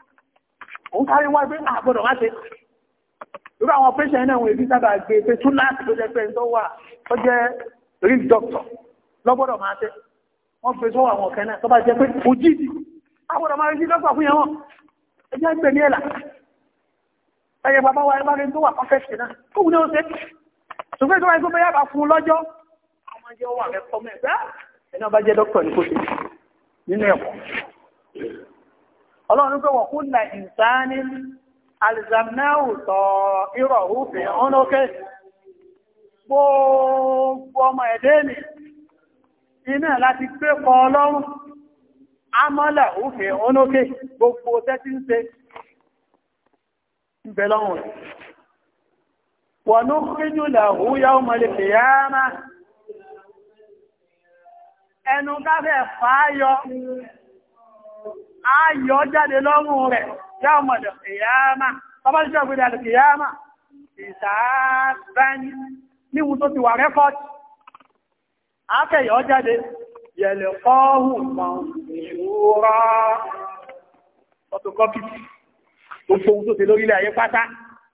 S2: òun sáré wá pé àgbọ̀dọ̀ ah, wá ṣe irú àwọn pẹ́ṣẹ̀ náà wọ́n èbí sábà gbé pé tún láti ló jẹ́ pé tó wà tó jẹ́ real doctor lọ́gbọ́dọ̀ máa tẹ́ wọ́n gbé sọ́wọ́ àwọn ọ̀kẹ́ náà tó bá jẹ́ pé ojú ìdí àgbọ̀dọ̀ máa rí sí dọ́kítà fún yẹn wọ́n ẹjẹ́ ń gbé ní ẹ̀là ẹyẹ bàbá wa ẹbá rí tó wà pọ́fẹ́ṣẹ̀ náà kó wù ní ó ṣe ṣùgbọ́n ìjọba ìgbó bẹ́yà bá fún lọ́jọ́ ọmọ jẹ́ wà mẹ́kọ́ mẹ́ ọlọ́run pé wọ́n kún na ìsáni alzamnáhù tọ́ irọ̀ òfin ọ̀nà òkè gbogbo ọmọ ẹ̀dẹ́ ni iná láti pé kọ ọlọ́run amọ́là òfin ọ̀nà òkè gbogbo tẹ́tí ń ṣe ìbẹ̀ lọ́run wọ̀nú kíjú làwú ọmọlẹ̀ kìyàmá ẹnu káfẹ́ fàáyọ ayọ̀ jáde lọ́rùn rẹ̀ yá ọmọdé kìyàmá tọ́bọ́lẹ́sẹ̀ ògbèdè àti kìyàmá ìsáàbẹ́ni níwú tó ti wà rẹ́kọ́tì ákẹ̀yọ̀ jáde yẹ̀lẹ̀ kọ́hù mọ̀ ìṣúra ọ̀tọ̀kọ́pì gbogbo ohun tó ti lórílẹ̀ ayé pátá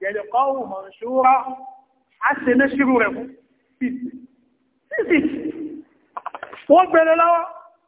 S2: yẹ̀lẹ̀ kọ́hù mọ̀ ìṣúra á se ní wọ́n gbẹ̀rẹ̀ lọ́wọ́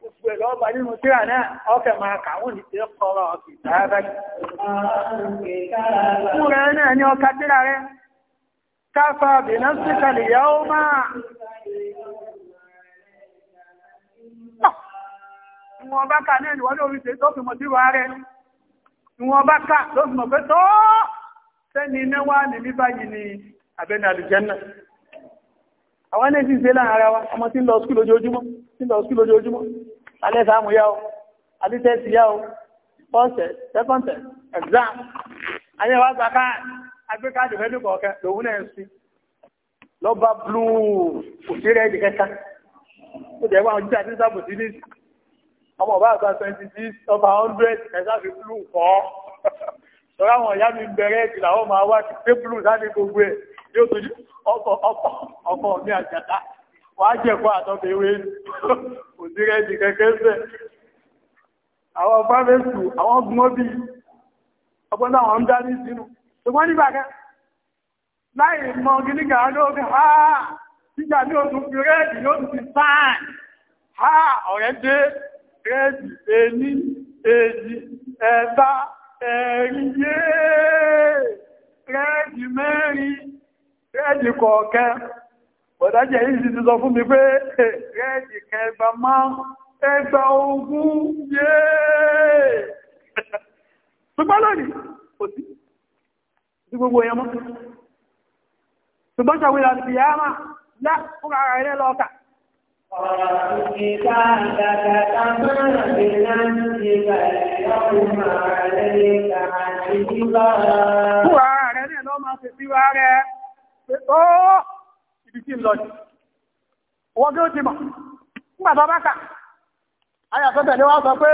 S2: gbogbo ẹ̀ lọ́ọ́ bá nínú tíra náà ọkẹ̀ máa kàwọn ní tíra kọ́rọ̀ ọ̀kì tààbáyì. fúnra ẹ náà ní ọkà tíra rẹ káfà bìnà síkàlì yà ó máa ìwọ̀n bá kà náà ìwọ́n lórí ṣe tó fi mọ̀ síwá rẹ ìwọ̀n bá kà ló fi mọ̀ pé tó sẹ́ni iná wà ní báyìí ni àbẹ́ni àlùjẹ́nà àwọn ẹni tí ń ṣe láàárín wa ọmọ tí ń lọ skúl lójoojúmọ́ alẹ́ sáàmù yá o alítẹ́sì yá o fọ́ọ̀sẹ̀ sẹ́kọ̀ǹtẹ̀ exam ayé wa gba ká agbé káàdì fẹ́ dùkọ̀ ọ̀kẹ́ lòun náà ń sí lọ́ba blue òṣèré ẹ̀dì kẹta ó jẹ́ wọn jíjà ní sábò sí nísì ọmọ ọba àgbà twenty six ọba hundred ẹ̀sà fi blue kọ́ sọ̀rọ̀ àwọn ìyá mi bẹ̀rẹ̀ ẹ̀dì làwọn máa wá pé blue sáré gbogbo ẹ̀ yóò tó ọkọ̀ mi àjàdá wàá jẹ̀kọ́ àtọ́bẹ̀ ewé kò sí rẹ́ẹ̀dì kẹ́kẹ́ sẹ̀ àwọn fáfẹ́sù àwọn gbọ́bí ọgbọ́n àwọn ń dání sínú ṣùgbọ́n nígbà kẹ́ láì mọ gíníkà lóògùn ha títà ní oṣù fi rẹ́ẹ̀dì ló ti sáàn ha ọ̀rẹ́ dé rẹ́ẹ̀dì ẹni èjì ẹ̀ta ẹ̀rin yéé rẹ́ẹ̀dì mẹ́rin rẹ́ẹ̀dì kọ̀ọ̀kẹ́ bọ̀dájẹ̀ yìí sì ti sọ fún mi pé rẹ́ẹ̀dì kẹgbà máa ẹgbà ogún yéé ṣùgbọ́n lónìí kò sí sí gbogbo èèyàn mọ́ ṣùgbọ́n ṣàwìlà ti yá máa lá fún ara ilé lọ́ọ̀kà Fúra rẹ̀ ní ẹ̀lọ́ máa fi ibi tí ń lọ yìí wọ́n bí ó ti mọ̀ nígbà tó bá kà
S1: ayà sọ pé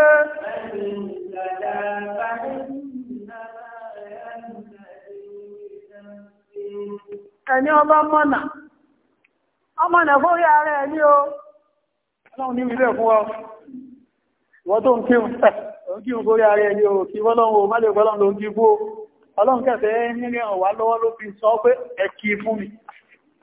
S2: ẹni ọba mọ́nà fún o ọlọ́run ní ilé fún ọ ìwọ́n tó ń kírun tẹ̀ òun nke ẹni o kí wọ́lọ́run o má lè gbọ́lọ́run ló ń kí fún o ọlọ́run kẹfẹ́ lọ́wọ́ ló fi sọ pé fún mi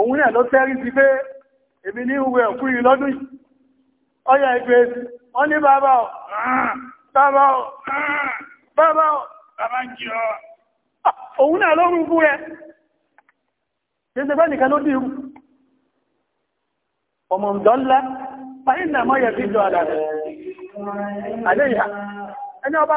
S2: òun náà ló tẹ́rí sí pé èmi ní ìwé ẹ̀kú yìí ọyà ìgbé wọ́n ní bàbá ọ̀ ah. bàbá ọ̀ ah. bàbá ọ̀ bàbá ń jẹ́ ọ̀ ah, òun náà ló rú fún ẹ nìkan ló dìrú ọmọ ǹdọ́lá fàyínà mọ́ yẹ àdàrẹ̀ ẹni ọba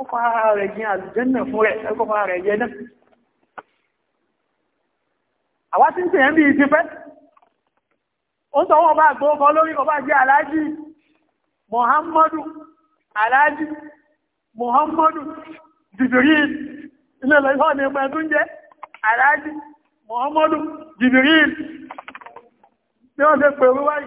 S2: ó fara rẹ̀ jẹ àlùjẹ́nà fún rẹ̀ ẹgbọ́ fara rẹ̀ jẹ náà àwa tí ń tẹ̀yẹ́ bí i ti pẹ́ ó sọ wọ́n bá gbóòkọ́ lórí ọba jẹ́ aláàjì Muhammadu aláàjì Muhammadu Jibril ilé lọ́yọ́ ní ẹgbẹ́ tó ń jẹ́ aláàjì Muhammadu Jibril tí wọ́n ṣe pẹ̀lú wáyé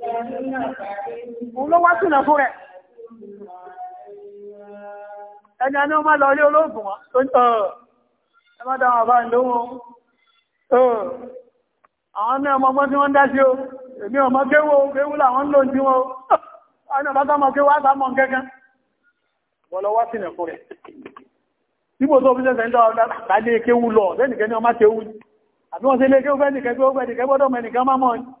S1: òun ló fún rẹ̀
S2: ẹni a ní ọmọ lọ ilé olóògùn wọn tó ń tọ́ ẹ má dáwọn àbá ìlówó àwọn ní ọmọ ọmọ tí wọ́n dá sí o èmi ọmọ kéwò kéwù làwọn lò ní wọn o ọ̀nà bá kéwà sámọ kẹ́kẹ́ bọ́lọ wá sínú rẹ̀ ibò tó fi sẹ́sẹ̀ ń dá ọ̀dá kéwù lọ lẹ́nìkẹ́ ní ọmọ kéwù àbí wọ́n sí ilé kéwù fẹ́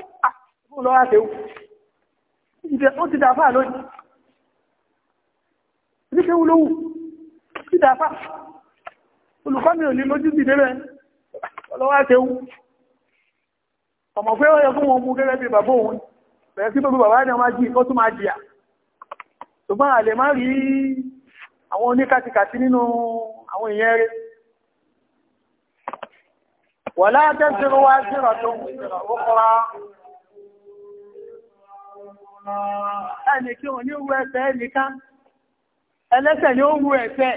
S2: wá ṣe ó ti dàfà lónìí ní ṣe wúlówù ti dàfà olùkọ́ mi ò ní lójú sí dẹ́rẹ́ ọlọ́wà ṣe wú ọmọ pé ọyọ fún wọn mú gẹ́gẹ́ bí bàbá òun bẹ̀rẹ̀ sí gbogbo bàbá ẹni ọmọ jí ó tún máa jìyà ṣùgbọ́n àlè má rí àwọn oníkàtìkàtì nínú àwọn èèyàn rẹ̀ wọ̀lá tẹ́sí wá sí ọ̀tọ̀ òkúra ẹni kí wọ́n ní wú ẹ̀fẹ́ nìkan ẹlẹ́sẹ̀ ni ó wú ẹ̀fẹ́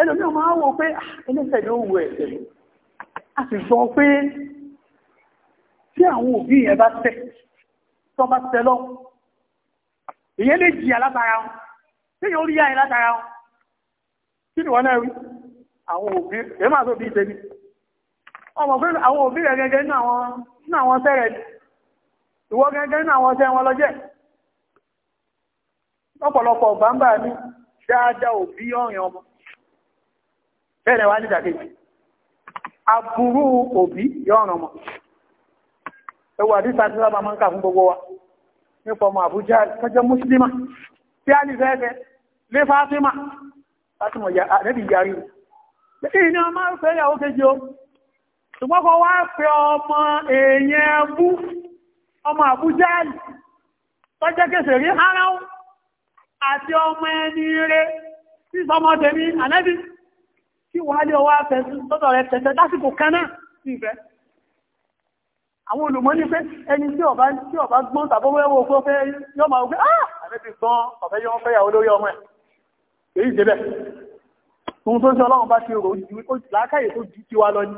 S2: ẹlòmí máa wò pé ah, ẹlẹ́sẹ̀ ni ó wú ẹ̀fẹ́ a sì sọ pé tí àwọn òbí yẹn bá tẹ́ tó bá tẹ́ lọ èyẹ lè jìyà látara wọn tí yóò rí àyè látara wọn kí ni wọ́n náà rí àwọn òbí rẹ̀ máa tó bí ìtẹ́ni ọmọ pé àwọn òbí rẹ̀ gẹ́gẹ́ nínú àwọn sẹ́rẹ̀ ni ìwọ gẹ́gẹ́ nínú àwọn ọṣẹ́ wọn lọ́jẹ́ lọ́pọ̀lọpọ̀ bàbá mi dáadáa òbí ọ̀yàn ọmọ bẹ́ẹ̀ wá nídàkejì aburú òbí yọ̀ràn ọmọ ẹwà àdísà tí lábàá máa ń kà fún gbogbo wa nípa ọmọ àbújá tọ́jọ́ mùsùlùmá tí a lè fẹ́ẹ́fẹ́ lé fátímà láti mọ̀ àdẹ́bì yarí lẹ́yìn ni ọmọ fẹ́ ìyàwó kejì o ṣùgbọ́n wá fẹ́ ọmọ èèyàn ẹbú ọmọ àbújá tọ́jẹ́ kèsè rí haram àti ọmọ ẹni rẹ̀ tí sọmọdé ní ànẹ́bí kí wà lé ọwá tọ́tọ̀ rẹ̀ tẹ̀tẹ̀ lásìkò kaná sí ìfẹ́ àwọn olùmọ́ ní pé ẹni tí ọba tí ọba gbọ́n tàbọ́wẹ́wọ́ òkú fẹ́ yọ́ ma ogbé ah ànẹ́bí gbọ́n ọ̀fẹ́ yọ́ fẹ́ yàwó lórí ọmọ ẹ̀ èyí jẹ́ bẹ́ẹ̀ ohun tó ń sọ ọlọ́run bá ti rò ó láákàyè tó ju tiwa lọ ni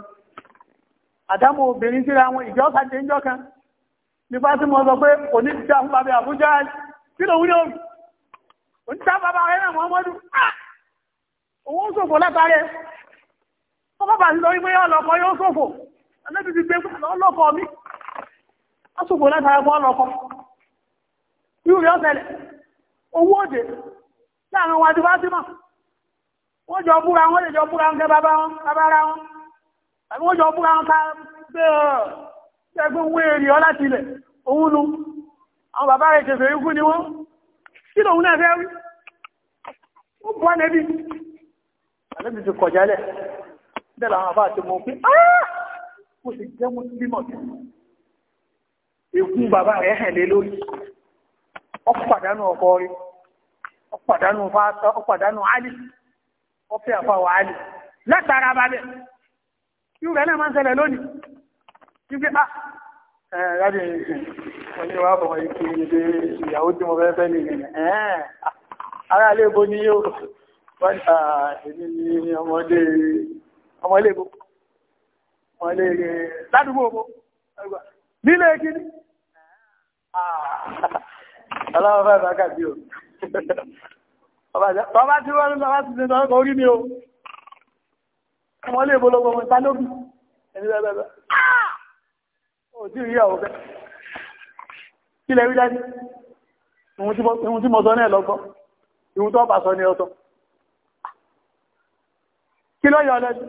S2: àdámọ̀ obìnrin síra wọn ìjọ́ kan nípa tí mo sọ pé òní dá fún bàbá àbújá kí lòun ní òbí òní dá bàbá ẹ̀rẹ̀ mọ́mọ́dù owó ah! ṣòfò látàrí ọkọ̀ bàbá lórí pé ọlọ́kọ̀ yóò ṣòfò ẹlẹ́bí ti gbé ọlọ́kọ̀ mi ó ṣòfò látàrí ọkọ̀ ọlọ́kọ̀ yóò rí ọ̀sẹ̀lẹ̀ owó òde láàrin wọn àti fásímọ̀ wọ́n jọ búra wọn lè jọ búra wọn kẹ bàbá wọn bàbá ara wọn tàbí wọ́n jọ búra wọn ká gbé ọ̀rọ̀ ṣẹ́gbẹ́ wé èrè ọ láti ilẹ̀ òun nu àwọn bàbá rẹ̀ kẹfẹ́ ikú ni wọ́n kí lòun náà fẹ́ rí ó bọ́ nẹ́bí àlébì ti kọ̀ jálẹ̀ bẹ́ẹ̀ àwọn àbá ti mọ̀ pé ó sì jẹ́ mú bímọ̀ sí ikú bàbá rẹ̀ hẹ̀ lé lórí ọ̀pàdánù ọkọ rí ọ̀pàdánù kíkẹ́ á
S1: rádi ẹ̀yìn wọ́n ah, ní
S2: aláwọ̀ ah, fẹ́ kàbí o ọba tí wọ́n lọ́wọ́ sí ṣe tọ́lọ́kọ̀ orí mi o ọmọ ilé ìbò lọ́gbọ̀n ẹni bẹ́ẹ̀ ah! òtí rí ìyàwó bẹ́ kí lẹ rí dájú ìhun tí mo sọ náà lọ́gbọ́ ìhun tó bá sọ ní ọ̀tọ̀ kí ló yọ lẹ́jú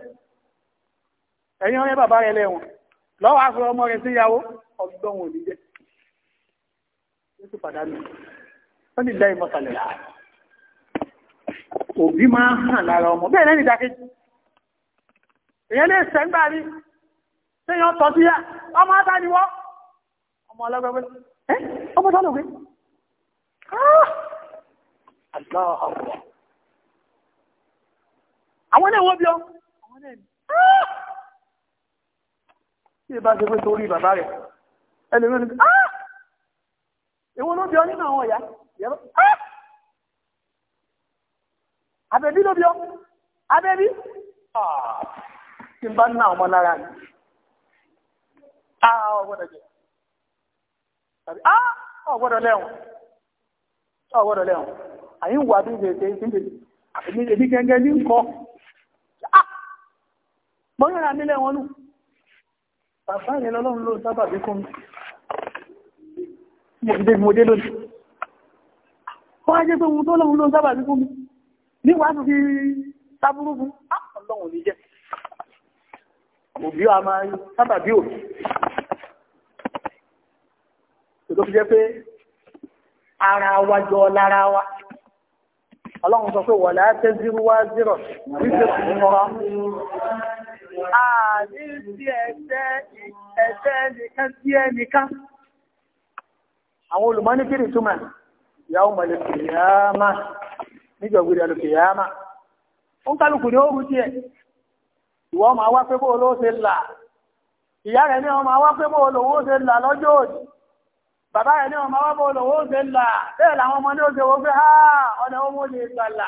S2: ẹ̀yìn ọyẹ́ bàbá rẹ̀ lẹ́wọ̀n lọ́wọ́ aṣọ ọmọ rẹ̀ sí ìyàwó ọgbọ́n òní jẹ́ ó sì pàdánù ó ní lẹ́yìn mọ́sàlẹ̀ láàrín òbí máa hàn lára ọmọ bẹ́ẹ̀ lẹ́nìí dákejì èèyàn lè sẹ́ńgbà téèyàn tọ́ sí yá ọmọ ata ni wọ́ ọmọ ọlọ́gbẹ́gbẹ́ ẹ́ ọmọ tọ́lọ̀ gbé ah! àwọn náà bí ọ
S1: àwọn náà ni tí ah!
S2: ṣe pé torí bàbá rẹ̀ ẹlẹ́mẹ́ ni ah! ló bí ọ nínú àwọn ń bá ní àwọn ọmọ lára ni a ah, ọgbọ́dọ̀ jẹ tàbí a ah, ọgbọ́dọ̀ lẹ́wọ̀n ọgbọ́dọ̀ lẹ́wọ̀n àyí wà bí ìgbèsè ìgbèsè èmi gẹ́gẹ́ ní nǹkan mọ́ ah! yọ́ra nílẹ̀ wọn nù bàbá rẹ̀ lọ́lọ́run ló sábà bí kún mo dé lónìí wọ́n á jẹ́ pé ohun tó lọ́run ló sábà bí kún mi ní wàá tún fi sábúrú fún ọlọ́run ní jẹ́ òbí a máa sábà bí òbí tó fi jẹ́ pé ara wa jọ lára wa ọlọ́run sọ pé wọ̀lá tẹ́zírú wá zírọ̀ wípé kò ń rọ
S1: àní
S2: sí ẹ̀ṣẹ̀ nìkan sí ẹnìkan àwọn olùmọ́níkìrì túmọ̀ ìyàwó mọ̀lẹ̀kìyàmá níjọ̀gbìrì alùkìyàmá ó ń kálùkù ní oòrùn tí ẹ̀ ìwọ ọmọ awá pé bóòló ṣe là ìyá rẹ̀ ní ọmọ awá pé bóòló ṣe là lọ́jọ́ òdì bàbá rẹ̀ ní ọmọ wọ́pọ̀ olówó ṣe ń là bẹ́ẹ̀ làwọn ọmọ ní ó ṣe wó ha ọ̀nà owó lè gbà là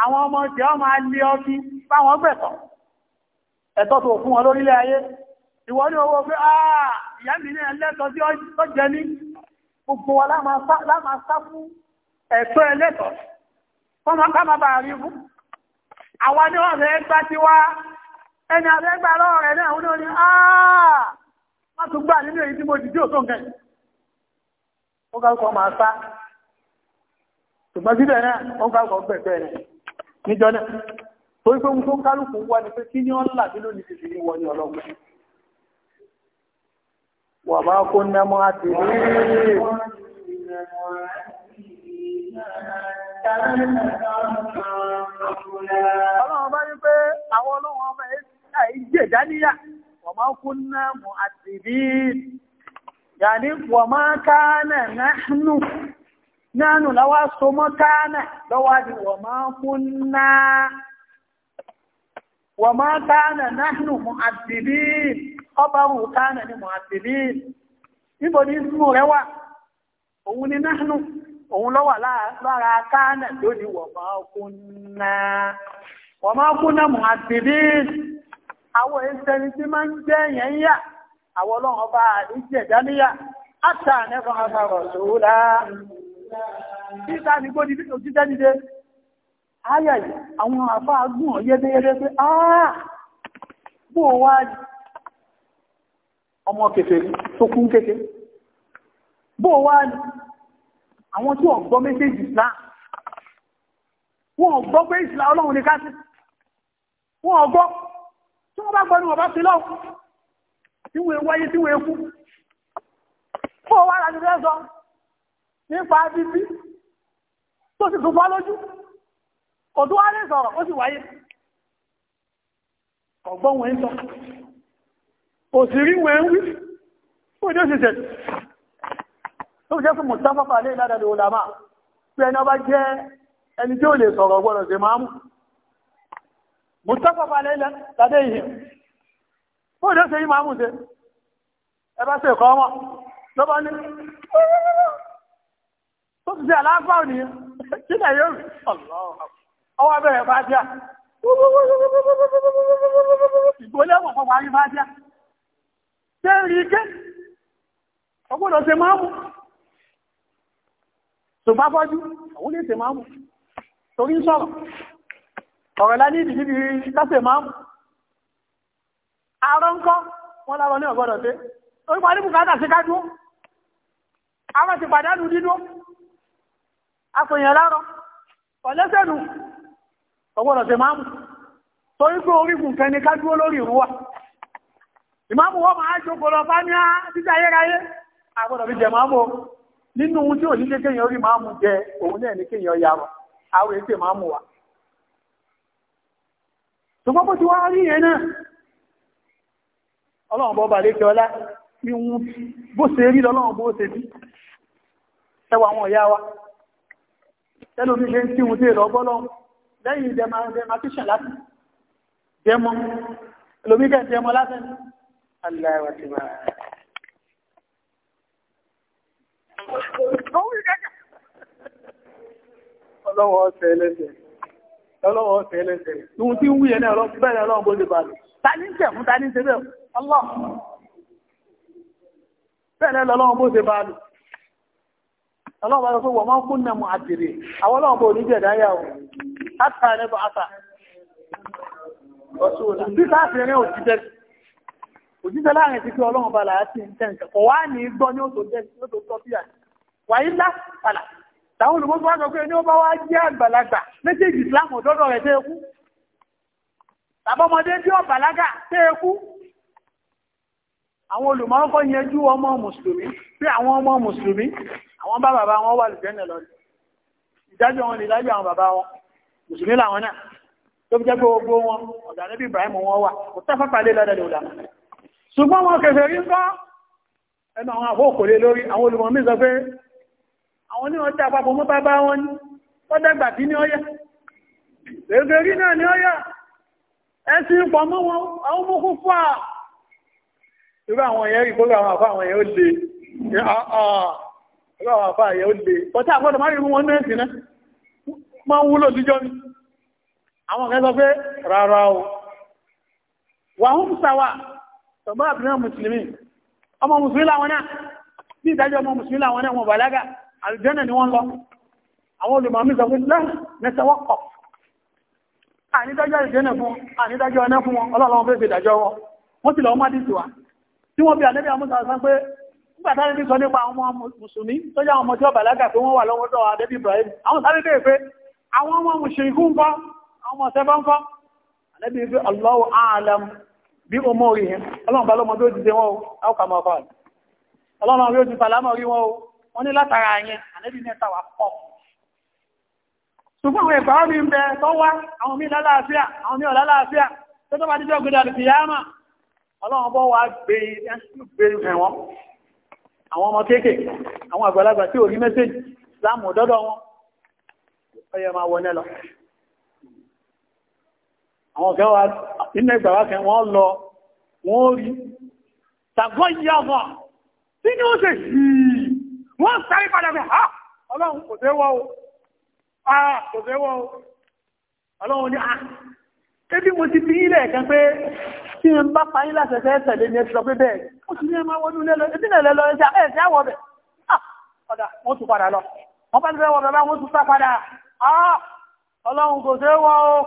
S2: àwọn ọmọ tí ọmọ alẹ́ ọtí fáwọn gbẹ̀tọ̀ ẹ̀tọ́ tó fún wọn lórílẹ̀ ayé ìwọ ní owó pé ha ìyá mi ní ẹlẹ́tọ̀ tí ó jẹ ní gbogbo wa láma sá fún ẹ̀tọ́ ẹlẹ́tọ̀ fọmọ ká má bàa rí fún àwa ní ọ̀rẹ́ gbá ti wá ẹni àrẹ́gbà lọ́rẹ̀ náà ó ní ó ní ah má mo dìde òtó ó kálùkọ́ máa sá ṣùgbọ́n síbẹ̀ náà ó kálùkọ́ bẹ̀bẹ̀ rẹ̀ níjọ́ náà tó ipé ohun tó kálùkù wá ni pé kí ní ọ́n là nínú ní ṣìṣì wọ ní ọlọ́gbọ̀n wà bá kó nẹ́mọ́ àti rí yàní wọ̀mọ́ káánà náànù náànù lọ́wọ́ sọmọ́ káánà lọ́wọ́ di wọ̀mọ́ kúnná wọ̀mọ́ káánà náànù mọ̀ àdìbí ọbárù káánà ni mọ̀ àdìbí níbo ní ìsmù rẹ wà òun ni náànù òun lọ́wọ́ lára káánà lónìí wọ̀mọ́ kúnná wọ̀mọ́ kúnná mọ̀ àdìbí àwọn èsẹ̀ ni tí máa ń jẹ́ yẹn yà àwọn ọlọ́run ọba àríjẹ̀ ìdáníyà àtà nẹ́fọn afárọ̀ ṣòwúlá títà ní gbódi bí òjíjẹ́ dìde ayà yìí àwọn àfá agún ọ̀yẹ́dẹ́yẹ́dẹ́ pé àà bó wá ọmọ kèfèrí tó kún kéke bó wá àwọn tí wọ́n gbọ́ méjèèjì Islam pé Islam ọlọ́run ní ká wọ́n gbọ́ tí wọ́n bá gbọ́ ní wọ́n tí wọ́n wáyé tí wọ́n kú fún ọwọ́ ara ti fẹ́ sọ nípa bíbí tó sì tún fọ́ lójú kò tó wá lè sọ̀rọ̀ ó sì wáyé ọ̀gbọ́n wọn ń sọ òsìrí wọn ń wí fún ìdí òṣìṣẹ́ tó jẹ́ fún mùsàfàfà lè ládàlè olàmà pé ẹni ọba jẹ́ ẹni bóò ṣe yí máa mú ṣe ẹ ṣe ẹ̀kọ́ ọmọ ló ní tó ti ṣe àlàáfà ò kí lẹ̀ yóò rí ọwọ́ abẹ́rẹ́ bá díà ìgbóléwọ̀n pọ̀ ṣe rí ike ọgbọ́dọ̀ àárọ̀ ńkọ́ wọn láwọn ní ọ̀gbọ́dọ̀ sí orúkọ ní bùkátà sí kájú àwọn ti pàdánù dídú àpèyàn lárọ ọ̀lẹ́sẹ̀nù ọ̀gbọ́dọ̀ sí máàmù torí pé orígun kẹni kájú olórí ìrúwà ìmáàmù wọ́n máa jókòó lọ bá ní ti wá rí náà ọlọ́run bọ́ bà lékẹ́ ọlá ihun bó ṣe rí lọ́lọ́run bó ṣe bí ẹwà àwọn ọ̀yá wa tẹ́lómi ṣe ń tí hun tí èrò ọgbọ́lọ́run lẹ́yìn dẹmatíṣà láti dẹmọ ẹlòmíkẹ́ dẹmọ látẹ́ni
S1: aláìwàtíwà
S2: ọlọ́wọ́ ọ̀sẹ̀ ẹlẹ́sẹ̀ ọlọ́wọ́ ọ̀sẹ̀ ẹlẹ́sẹ̀ Allah bẹ́ẹ̀ lọ́wọ́ bó ṣe bá lù ọlọ́wọ́ bá sọ pé wọ́n máa ń kún nà mú àdìrí àwọn ọlọ́wọ́ bó ní jẹ̀dá yà ó àtà ẹ̀lẹ́bà àtà títà sí rẹ̀ òjíjẹ́ òjíjẹ́ láàrin ti pé ọlọ́wọ́ bá làá sí ìtẹ́ǹkẹ́ kọ̀ wá ní gbọ́ ní rẹ̀ tẹ́ àwọn olùmọ́ọ́kọ́ yẹjú ọmọ mùsùlùmí pé àwọn ọmọ mùsùlùmí àwọn bá bàbá wọn wà lùjẹ́nà lọ ìdájọ́ wọn ìdájọ́ àwọn bàbá wọn mùsùlùmí làwọn náà tó fi jẹ́ pé ogbó wọn ọ̀dà níbi Ibrahim wọn wà kò tẹ́fà pàdé lọ́dọ̀ lè wùlà ṣùgbọ́n wọn kẹfẹ́ rí ńkọ́ ẹnu àwọn àbó kò lé lórí àwọn olùmọ̀ mi sọ pé àwọn ní wọn tẹ́ àpapọ̀ mọ́ bàbá wọn ni wọ́n dẹ́gbà bí ní ọyá ègbèrí náà ní ọyá ẹ̀sìn pọ̀ mọ́ wọn àwọn mú irú àwọn èèyàn rí gbogbo àwọn àfá àwọn èèyàn ó le
S1: ọ̀rọ̀ ah, ah.
S2: àwọn àfá èèyàn ó le pọ̀tá àgbọ́dọ̀ má rí wọn náà sí náà máa ń wúlò díjọ́ ni àwọn ọ̀gá sọ pé rárá o wà hún sáwà tọ̀bá àbìnrin mùsùlùmí ọmọ mùsùlùmí làwọn náà bí ìdájọ́ ọmọ mùsùlùmí làwọn náà wọn bàlágà àlùjànnà ni wọ́n lọ àwọn olùmọ̀mí sọ pé lẹ́rìn mẹ́sẹ̀wọ́ kọ̀ ànídájọ́ àlùjànnà fún ànídájọ́ ọ̀nà fún wọn ọlọ́run fẹ́ fi ìdájọ́ wọn wọ́n ti lọ mọ́ tí wọ́n bí ànẹ́bí àmúsà sán pé nígbàtàrí ní sọ nípa àwọn ọmọ mùsùlùmí tó yá ọmọ tí ó bàlágà pé wọ́n wà lọ́wọ́dọ̀ ànẹ́bí Ibrahim àwọn sáré dé pé àwọn ọmọ mùsùlùmí ń kọ́ àwọn ọ̀sẹ̀ bá ń kọ́ ànẹ́bí pé Allahu a'lam bí o mọ́ orí yẹn ọlọ́run bá lọ́mọ bí o áwùkà máa fà ọlọ́run bí ó ti fàlámọ̀ o wọ́n ní látara yẹn ànẹ́bí mẹ́ta wà pọ̀ ṣùgbọ́n àwọn ẹ̀gbà wọn bí ń bẹ tó wá àwọn mí lálàáfíà àwọn mí ọ̀lálàáfíà tó tó bá dídí ọlọ́run bọ́ wá gbé ẹ̀wọ̀n àwọn ọmọ kéèkè àwọn àgbàlagbà tí ò rí mẹ́sẹ̀jì láàmù dọ́dọ̀ wọn ọyẹ máa wọlé lọ àwọn ọ̀gá wa nínú ẹgbà wá kẹwọn lọ wọ́n rí tàgbọ́ ìyàmọ̀ tí ni ó ṣe sí wọ́n sáré padà bẹ̀ ha ah, ọlọ́run kò tẹ́wọ́ o ah kò tẹ́wọ́ o ọlọ́run ní ah ebi mo ti fi ilẹ̀ kan pé tí ń bá fayín lásẹ̀fẹ́ tẹ̀lé ní ẹ̀ṣọ́ pé bẹ́ẹ̀ ó ti ní ẹ máa wọnú lẹ́lọ ẹbí náà lẹ́lọ ẹ̀ṣẹ́ ẹ̀ ṣe àwọ̀ bẹ̀ ọ̀dà wọ́n tún padà lọ wọ́n bá ti fẹ́ wọ bàbá wọ́n tún sá padà ọlọ́run kò ṣe wọ́n o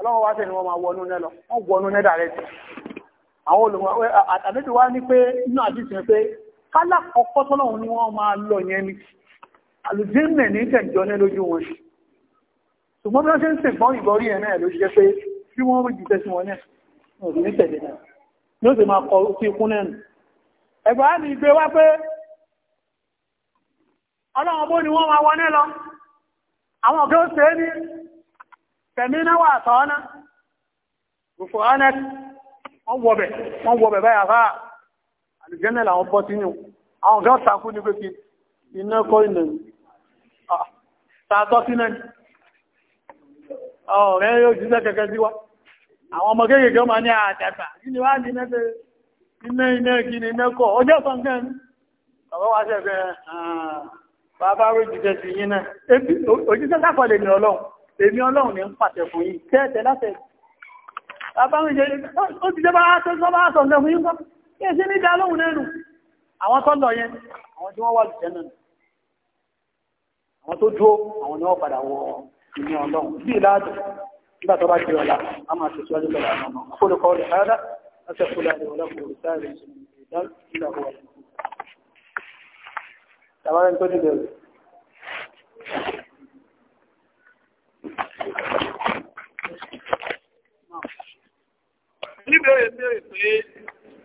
S2: ọlọ́run wá tẹ̀lé wọn máa wọnú lẹ́lọ wọ́n wọnú lẹ́dà rẹ̀ tì àwọn olùwọ́ àtàbẹ́tì wá ní pé inú àdìsí pé kálá ọkọ́ tọ́lọ́run ni wọ́n máa lọ yẹn ni àlùjẹ́mẹ̀ ní tẹ̀jọ́ ní lójú wọn ṣùgbọ́n bí wọ́n ṣe ń sìnkọ́ ìgbọ́rí ẹ̀ náà ló ṣe pé bí wọ́n rí jìtẹ́ sí wọn náà òsì ní tẹ̀lé náà ní ó sì máa kọ sí ni wọ́n máa wọ́n nílọ àwọn ọ̀gá òṣè ní tẹ̀mí náwà àtọ́ọ́ná gbogbo anet wọ́n wọ̀bẹ̀ wọ́n wọ̀bẹ̀ báyà fáà àlùjẹ́nẹ̀ làwọn bọ́ sí yìí àwọn ọ̀gá òṣàkú ní pé kí iná kọ́ ìnà ah, tààtọ́ sí náà ọ̀rẹ́ yóò jíṣẹ́ wa àwọn ọmọ kéèkéé ma ní àtàtà ah, nínú wá ní mẹ́fẹ́ iná iná kí mẹ́kọ̀ ọjọ́ kọ̀ọ̀kan ọ̀rọ̀ wá sẹ́fẹ́ bàbá rí ah, sí yín òjíṣẹ́ sákọ̀lẹ̀ ní ọlọ́run èmi ọlọ́run ní ń pàtẹ fún yín tẹ́ẹ̀tẹ́ látẹ̀ nígbà tó bá di ọ̀la a máa tẹ̀síwájú pẹ̀lú àwọn ọmọ akólókọ́ ọ̀lẹ̀ rárá láti ẹ̀kọ́ láti ọ̀la kò rí sáré ìdáhùn Tabaran tó dìde rẹ̀. Níbẹ̀rẹ̀ bẹ̀rẹ̀ pé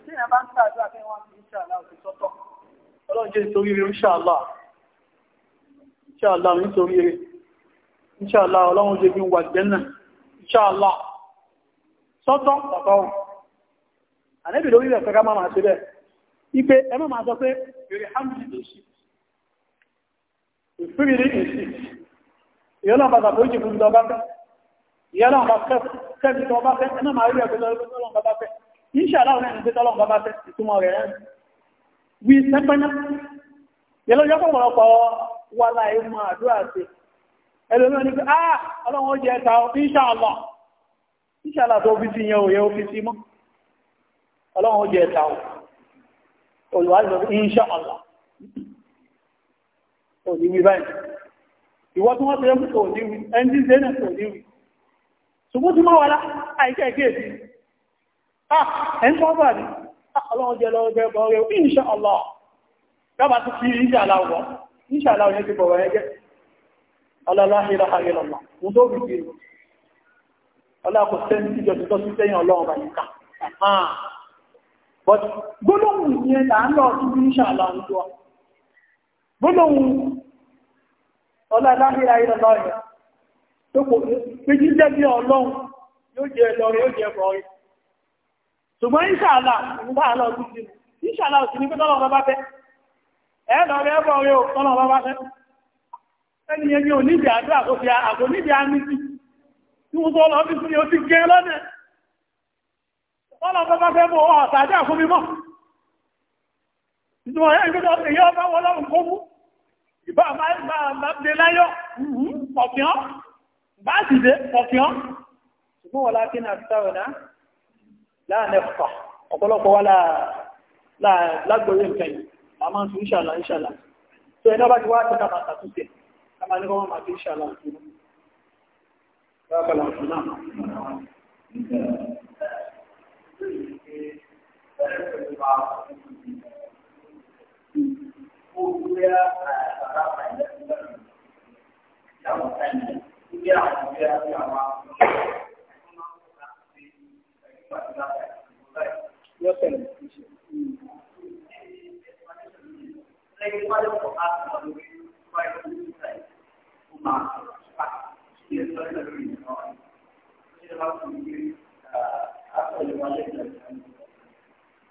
S2: tí ẹ bá ń gbàdúrà fẹ́ wọn fi ṣàlá òfin sọ́tọ̀. Ọlọ́run jẹ́ nítorí rẹ̀ ṣàlá. Ṣàlá nítorí rẹ̀. Ṣàlá ọlọ́run jẹ́ bí wà jẹ́ náà ṣáàlá sọ́tọ́ ọ̀tọ́ ànẹ́bì lórí rẹ̀ fẹ́ká máa ṣe bẹ́ẹ̀ ipé ẹmọ́ máa sọ pé yìí hàmìlì lè ṣe ìfìrìlì ìsì ìyọ́nà bàtà tó jì fún ọba fẹ́ ìyọ́nà bàtà kẹ́bí tó ọba fẹ́ ẹmọ́ máa rí ẹ̀kọ́ tọ́lọ́ bàbá fẹ́ ìṣàlá ọ̀rẹ́ ẹni pé tọ́lọ́ bàbá fẹ́ ìtumọ̀ rẹ̀ rẹ̀ ẹlòmí ní pé ah jẹ ẹta inṣàlá inṣàlá tó fi sí yẹn òye ó fi sí mọ́ ọlọ́run jẹ ẹta olùwàlọ́ inṣàlá òní wí báyìí ìwọ́ tí wọ́n tẹ́lẹ̀ kò ní wí ẹni tí zẹ́nà kò ní wí ṣùgbọ́n tí máa wà lá àìkẹ́ ìkéèsì ah ẹni tó bà ní ọlọ́run jẹ́ lọ́wọ́ jẹ́ bọ́ rẹ̀ inṣàlá yọba ti fi inṣàlá ọgbọ̀ inṣàlá òyìn ti bọ̀rọ̀ ẹgẹ́ ọlọ́láhìrá àrílọ́lá mú tó bí kí ọlọ́kù sẹ́ni tí jọsí tó sí sẹ́yìn ọlọ́run bá nìkan but gbólóhùn yẹn là ń lọ sí ní ṣàlá ń lọ gbólóhùn ọlọ́láhìrá àrílọ́lá rẹ̀ tó kò péjú jẹ́ bí ọlọ́run yóò jẹ ẹlọrin yóò jẹ ẹbọrin ṣùgbọ́n ìṣàlá ìmúbà lọ sí ìṣàlá òsì ní pé tọ́lọ́ ẹni ẹni onídìí àdó àkófí àkónídìí amísí tí wọ́n tó lọ bí sí ni ó ti gẹ́ e lọ́nà ọlọ́pọ̀ bá fẹ́ mọ́ ọ̀tàdé àkómi mọ́ ìtumọ̀ ẹ̀yẹ́ ìgbẹ́ta èyí ọba wọlọ́run kó mú ìbá àbábdé láyọ́ pọ̀kíán bá sì dé pọ̀kíán ṣùgbọ́n wọ́n láti náà sáré náà láàrẹ́fà ọ̀pọ̀lọpọ̀ wá lágbóyé nǹkan yìí àmàlẹ́kọ́ máa fi ṣàlà òkúrú lábàlá òkúrú náà
S1: Yes, sir. Thank you.
S2: 不满足吧，也是这个理由。这个他属于呃，他属于关键的人。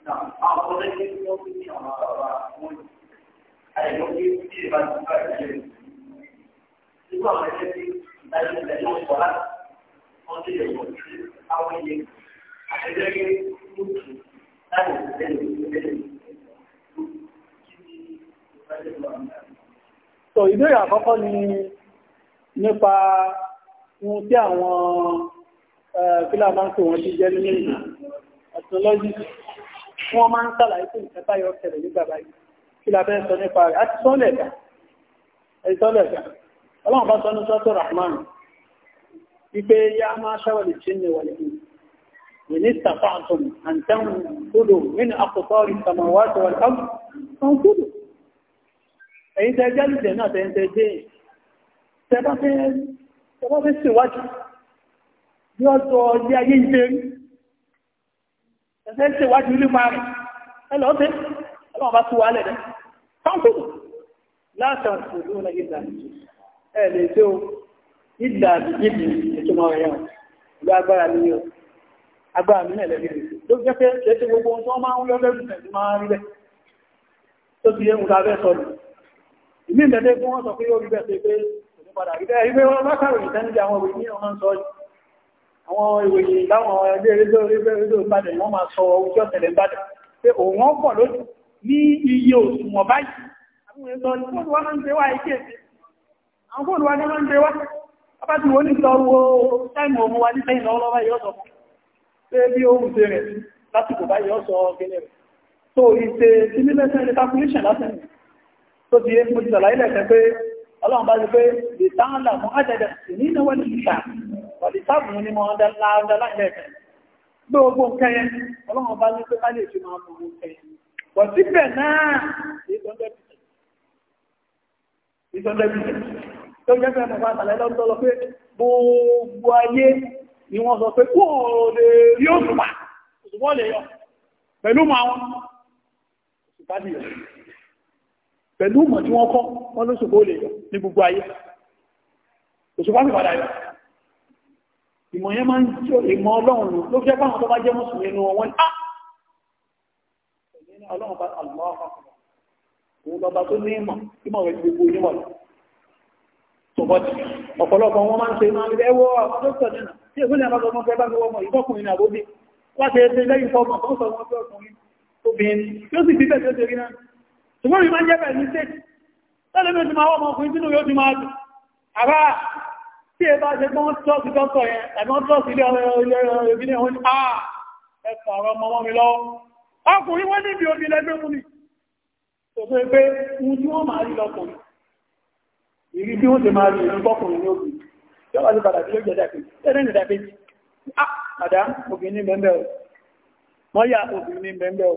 S2: 那啊，我的心中是想到了，我还有一地方不在这里，如果我这里在在中国呢，我这有我是他会赢，还是这个不
S1: 止，但是这里这里。
S2: So ìbéèrè àkọ́kọ́ ni nípa ohun tí àwọn eh, kílàmáńtò wọn ti jẹ́ nínú ìlú ethnology wọ́n máa ń sàlàyé fún ìfẹ́ta yọ kẹrẹ nígbà báyìí kí la fẹ́ sọ nípa rẹ̀ àti sọ́lẹ̀ ẹ̀dá ẹ̀sọ́lẹ̀ ẹ̀dá ọlọ́run bá sọ́nú sọ́tọ̀ rahman wípé yá máa ṣẹ́wàlì tí ní wàlẹ̀ minista fa'atun an tan kudu min aqtari samawati wal ard tan kudu ẹ̀yin tẹ́ jẹ́ lùdẹ̀ náà tẹ́ tẹ́ jẹ́ tẹ́bá síwájú bí ó sọ ilé ayé ìgbérí ẹ̀fẹ́ síwájú nípa rẹ̀ ẹlọ́ọ̀fẹ́ ọlọ́ọ̀bá tó wà lẹ́rẹ̀ káńkùn látàn agbára ní yóò agbára ní ló jẹ́ pé ṣe gbogbo ohun tó máa ń lọ́lẹ́ ìrìnlẹ̀ máa rí bẹ́ tó ti yẹ́ mú lábẹ́ sọ́dọ̀ ìmí ìdẹ́dẹ́ fún wọ́n sọ pé yóò rí bẹ́ẹ̀ padà rí bẹ́ẹ̀ ibẹ́ wọn mákàrò ìtẹ́nìjì àwọn ìwé ní ọmọ sọ àwọn ìwòye láwọn ẹgbẹ́ rédíò rédíò ìbàdàn wọ́n máa sọ ojú ọ̀tẹ̀lẹ̀ ìbàdàn pé òun ọ̀pọ̀ lójú ní iye òṣùwọ̀n báyìí àwọn ẹ̀sọ́ ní fóònù wá máa ń gbé wá ẹ̀kẹ́ ẹ̀sẹ̀ àwọn fóònù wá ní máa ń gbé wá bá ti wọ́n ní ọlọ́run bá ti pé ìtànlá mọ́ àjẹ́dẹ̀ sí nínú wọ́n ní ìṣà ọ̀dí sáàbùn ní mọ́ ọ̀dá lájẹ́ẹ̀kẹ́ gbogbo kẹyẹ ọlọ́run bá ní pé ká lè fi máa mọ̀ ọ̀hún kẹyẹ wọ́n ti bẹ̀ náà ìtọ́jẹ́bìtì tó jẹ́ pé ẹ̀mọ̀ bá tàlẹ́ lọ́tọ́ lọ pé gbogbo ayé ni wọ́n sọ pé kó lè rí òṣùpá òṣùpá lè yọ pẹ̀lú mọ́ àwọn
S1: òṣùpá
S2: yọ pẹ̀lú mọ̀ tí wọ́n kọ́ wọ́n ló ṣùgbọ́ lè yọ ní gbogbo ayé òṣùpá sì padà yọ ìmọ̀ yẹn máa ń jọ ìmọ̀ ọlọ́run ló jẹ́ báwọn tó bá jẹ́ mùsùlùmí nínú wọn á ah! ọlọ́run bá àlùmọ́ ọkọ̀ òun lọba tó ní ìmọ̀ ìmọ̀ rẹ̀ gbogbo onímọ̀ lọ tọ̀bọ̀tì ọ̀pọ̀lọpọ̀ wọn máa ń ṣe máa ń rí ẹwọ́ ọ̀pọ̀lọpọ̀ nínú tí èkúnlẹ̀ àbájọ ọmọ fẹ́ bá gbogbo ọmọ ìfọkùnrin àbóbi wá ṣe ṣùgbọ́n mi máa ń jẹ́bẹ̀ ní stéèkì tẹ́lẹ̀ mi ti máa wọ́n ọmọkùnrin sínú yóò ti máa dùn àbá tí ẹ bá ṣe pọ́n tọ́sí dọ́tọ̀ yẹn ẹ̀mọ́ tọ́sí ilé obìnrin ọ̀hún ah ẹ̀fà ọ̀rọ̀ ọmọ mi lọ́wọ́ ọkùnrin wọ́n níbi obì lẹ́gbẹ́ mú ni tó pé pé ohun tí wọ́n máa rí lọ́kùnrin ìrí bí wọ́n ti máa rí ìrìn bọ́kùnrin ní obì tí wọ́n ti padà sí lóògbé dàpé tẹ́lẹ̀ ní dàpé ah madam obìnrin bẹ́ẹ̀ bẹ́ẹ̀ o wọ́n yà obìnrin bẹ́ẹ̀ bẹ́ẹ̀ o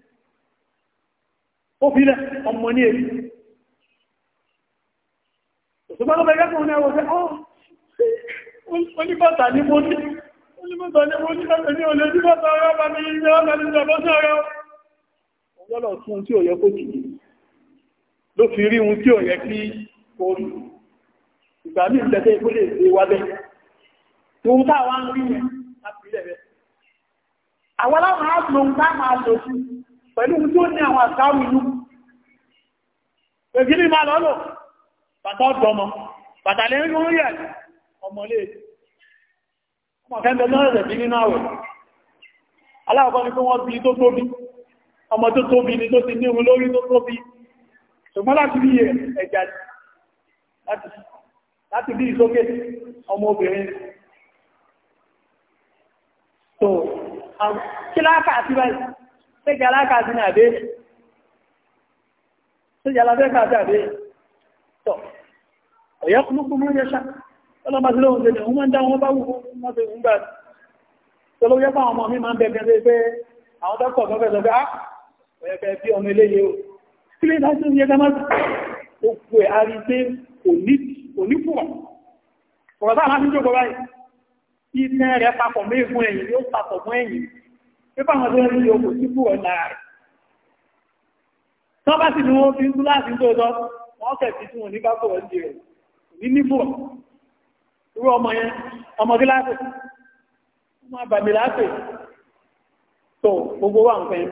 S2: ó fílẹ̀ ọmọ ní èyí òṣùgbọ́n ló bẹ̀rẹ̀ fún ẹwọ́ fẹ́ ní mo ní oníbọ̀tà ní mo ní lọ́pẹ̀ ní olè oníbọ̀tà ọ̀rọ̀ bá mi ní ọmọ ní ìjọba sí ọ̀rọ̀ ọlọ́lọ̀ tún tí ò yẹ kó kìí ló fi rí ohun tí ò yẹ kí kó rí ìgbà mí ìtẹ́tẹ́ ikú lè ṣe wá bẹ́ẹ̀ ohun táwa ń pẹ̀lú tó ní àwọn àkáwù inú ògiri máa lọ́lọ́ bàtà ọ̀dọ́mọ bàtà lè rí orí ẹ̀ ọmọlé ọmọ kẹ́ndẹ̀ náà rẹ̀ bí nínú àwẹ̀ aláwọ̀kọ́ ni kí wọ́n bí tó tóbi ọmọ tó tóbi ni tó ti ní ohun lórí tó tóbi ṣùgbọ́n láti bí ẹ̀jà láti bí ìsókè ọmọ obìnrin tó kí láàkà àti báyìí Séjà alákàtí ní àbí? Séjà alákàtí àbí? Tọ̀, ọ̀yẹ́ kúrúkú mú yẹ ṣá. Ọlọ́mọdé lóhun tẹ̀lé, wọ́n máa ń dá wọn bá wù fún wọn tẹ̀lé ń gbà. Tọ́lọ́ yẹ fáwọn ọmọ mi máa ń bẹ gẹ́gẹ́ pé àwọn tọ́kọ̀ tó fẹ́ sọ pé, "Ah, ọ̀yẹ́ fẹ́ bí ọmọ eléyé o." Kí lè dájú yẹ ká máa gbogbo ẹ̀ arí pé kò ní fún ẹ̀yìn yóò papọ̀ pípa àwọn tó ń rí okò sí fún ọ̀nà rẹ̀ tó sì ní wọ́n fi ń tú láti tó tọ́ wọ́n kẹ̀ sí fún òní bá kọ̀ wọ́n rẹ̀ òní ní fún irú ọmọ yẹn ọmọ gíláàsì ọmọ àbàmì láàpè tó gbogbo wa ń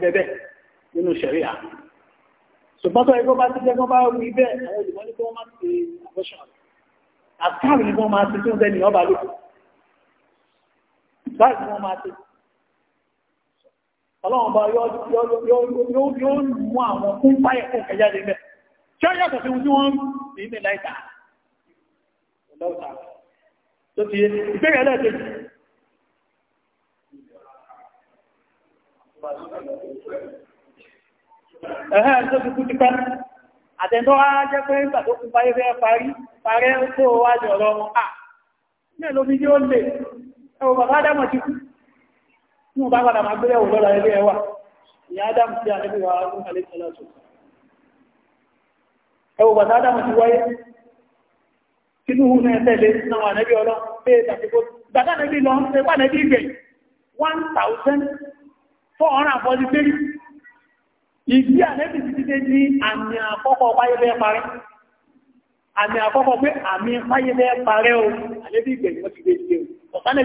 S2: tẹ́ ọlọ́run tó ti kú ti pẹ́ àtẹ́ntọ́ á jẹ́ pé ìgbà tó kún báyé fẹ́ parí parẹ́ tó wájọ̀ ọlọ́run à mẹ́lómi yóò lè ẹwọ bàbá dámọ̀ ti kú tí wọ́n bá padà máa gbéyàwó lọ́la ilé ẹwà ìyá Ádámù sí àdébí wa ọdún alẹ́ sọlá sọ ẹwọ bàtà Ádámù ti wáyé kínú hù náà tẹ̀lé náà ànẹ́bí ọlọ́ pé tàbíkó bàtà ànẹ́bí lọ ṣe wà ànẹ́bí ìgbẹ̀
S1: 1443
S2: ìgbé ànẹ́bí ti ti dé ní àmì àkọ́kọ́ wáyé bẹ́ẹ̀ parí àmì àkọ́kọ́ pé àmì wáyé bẹ́ẹ̀ parí o ànẹ́bí ìgbẹ̀ ni wọ́n ti dé ìgbẹ̀ ọ̀sán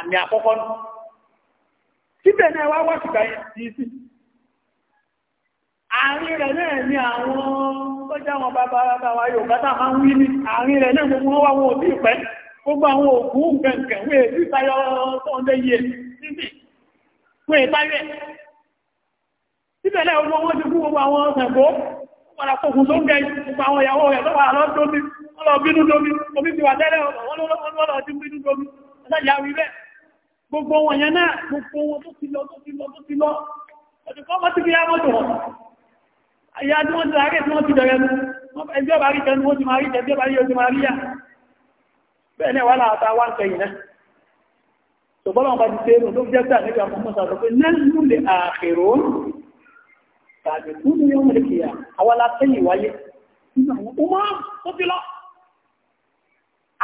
S2: àmì àkọ́kọ́ nù síbẹ̀ náà wá wá sígbà yẹn àárín rẹ̀ náà ní àwọn tọ́jú àwọn bàbá bàbá Yorùbá tá máa ń wí ní àárín rẹ̀ náà gbogbo wá wọn ò ìpẹ́ gbogbo àwọn òkú nǹkan wé sí tó ń gẹ gbogbo àwọn ìyàwó rẹ̀ tó wà lọ́dọ́mí wọ́n lọ domi omi ti wà tẹ́lẹ̀ wọ́n gbogbo wọn yẹn náà gbogbo wọn tó ti lọ tó ti lọ tó ti lọ ọdún kan wọ́n ti fi yáwọ́ tó wọ́n àyà tí wọ́n ti rárẹ̀ tí wọ́n ti bẹ̀rẹ̀ mú ẹgbẹ́ ọba rí tẹnu wọ́n ti máa rí tẹgbẹ́ ọba rí ojú máa rí yà bẹ́ẹ̀ náà wà láàta wá ń tẹ̀yìn náà ṣùgbọ́n wọn bá ti tẹ́nu ló jẹ́ gbà nígbà mọ́ sọ pé nẹ́nu lè àkèrò tàbí kúrú yóò mú lè àwọn látẹ́yìn wáyé nínú àwọn ọmọ tó ti lọ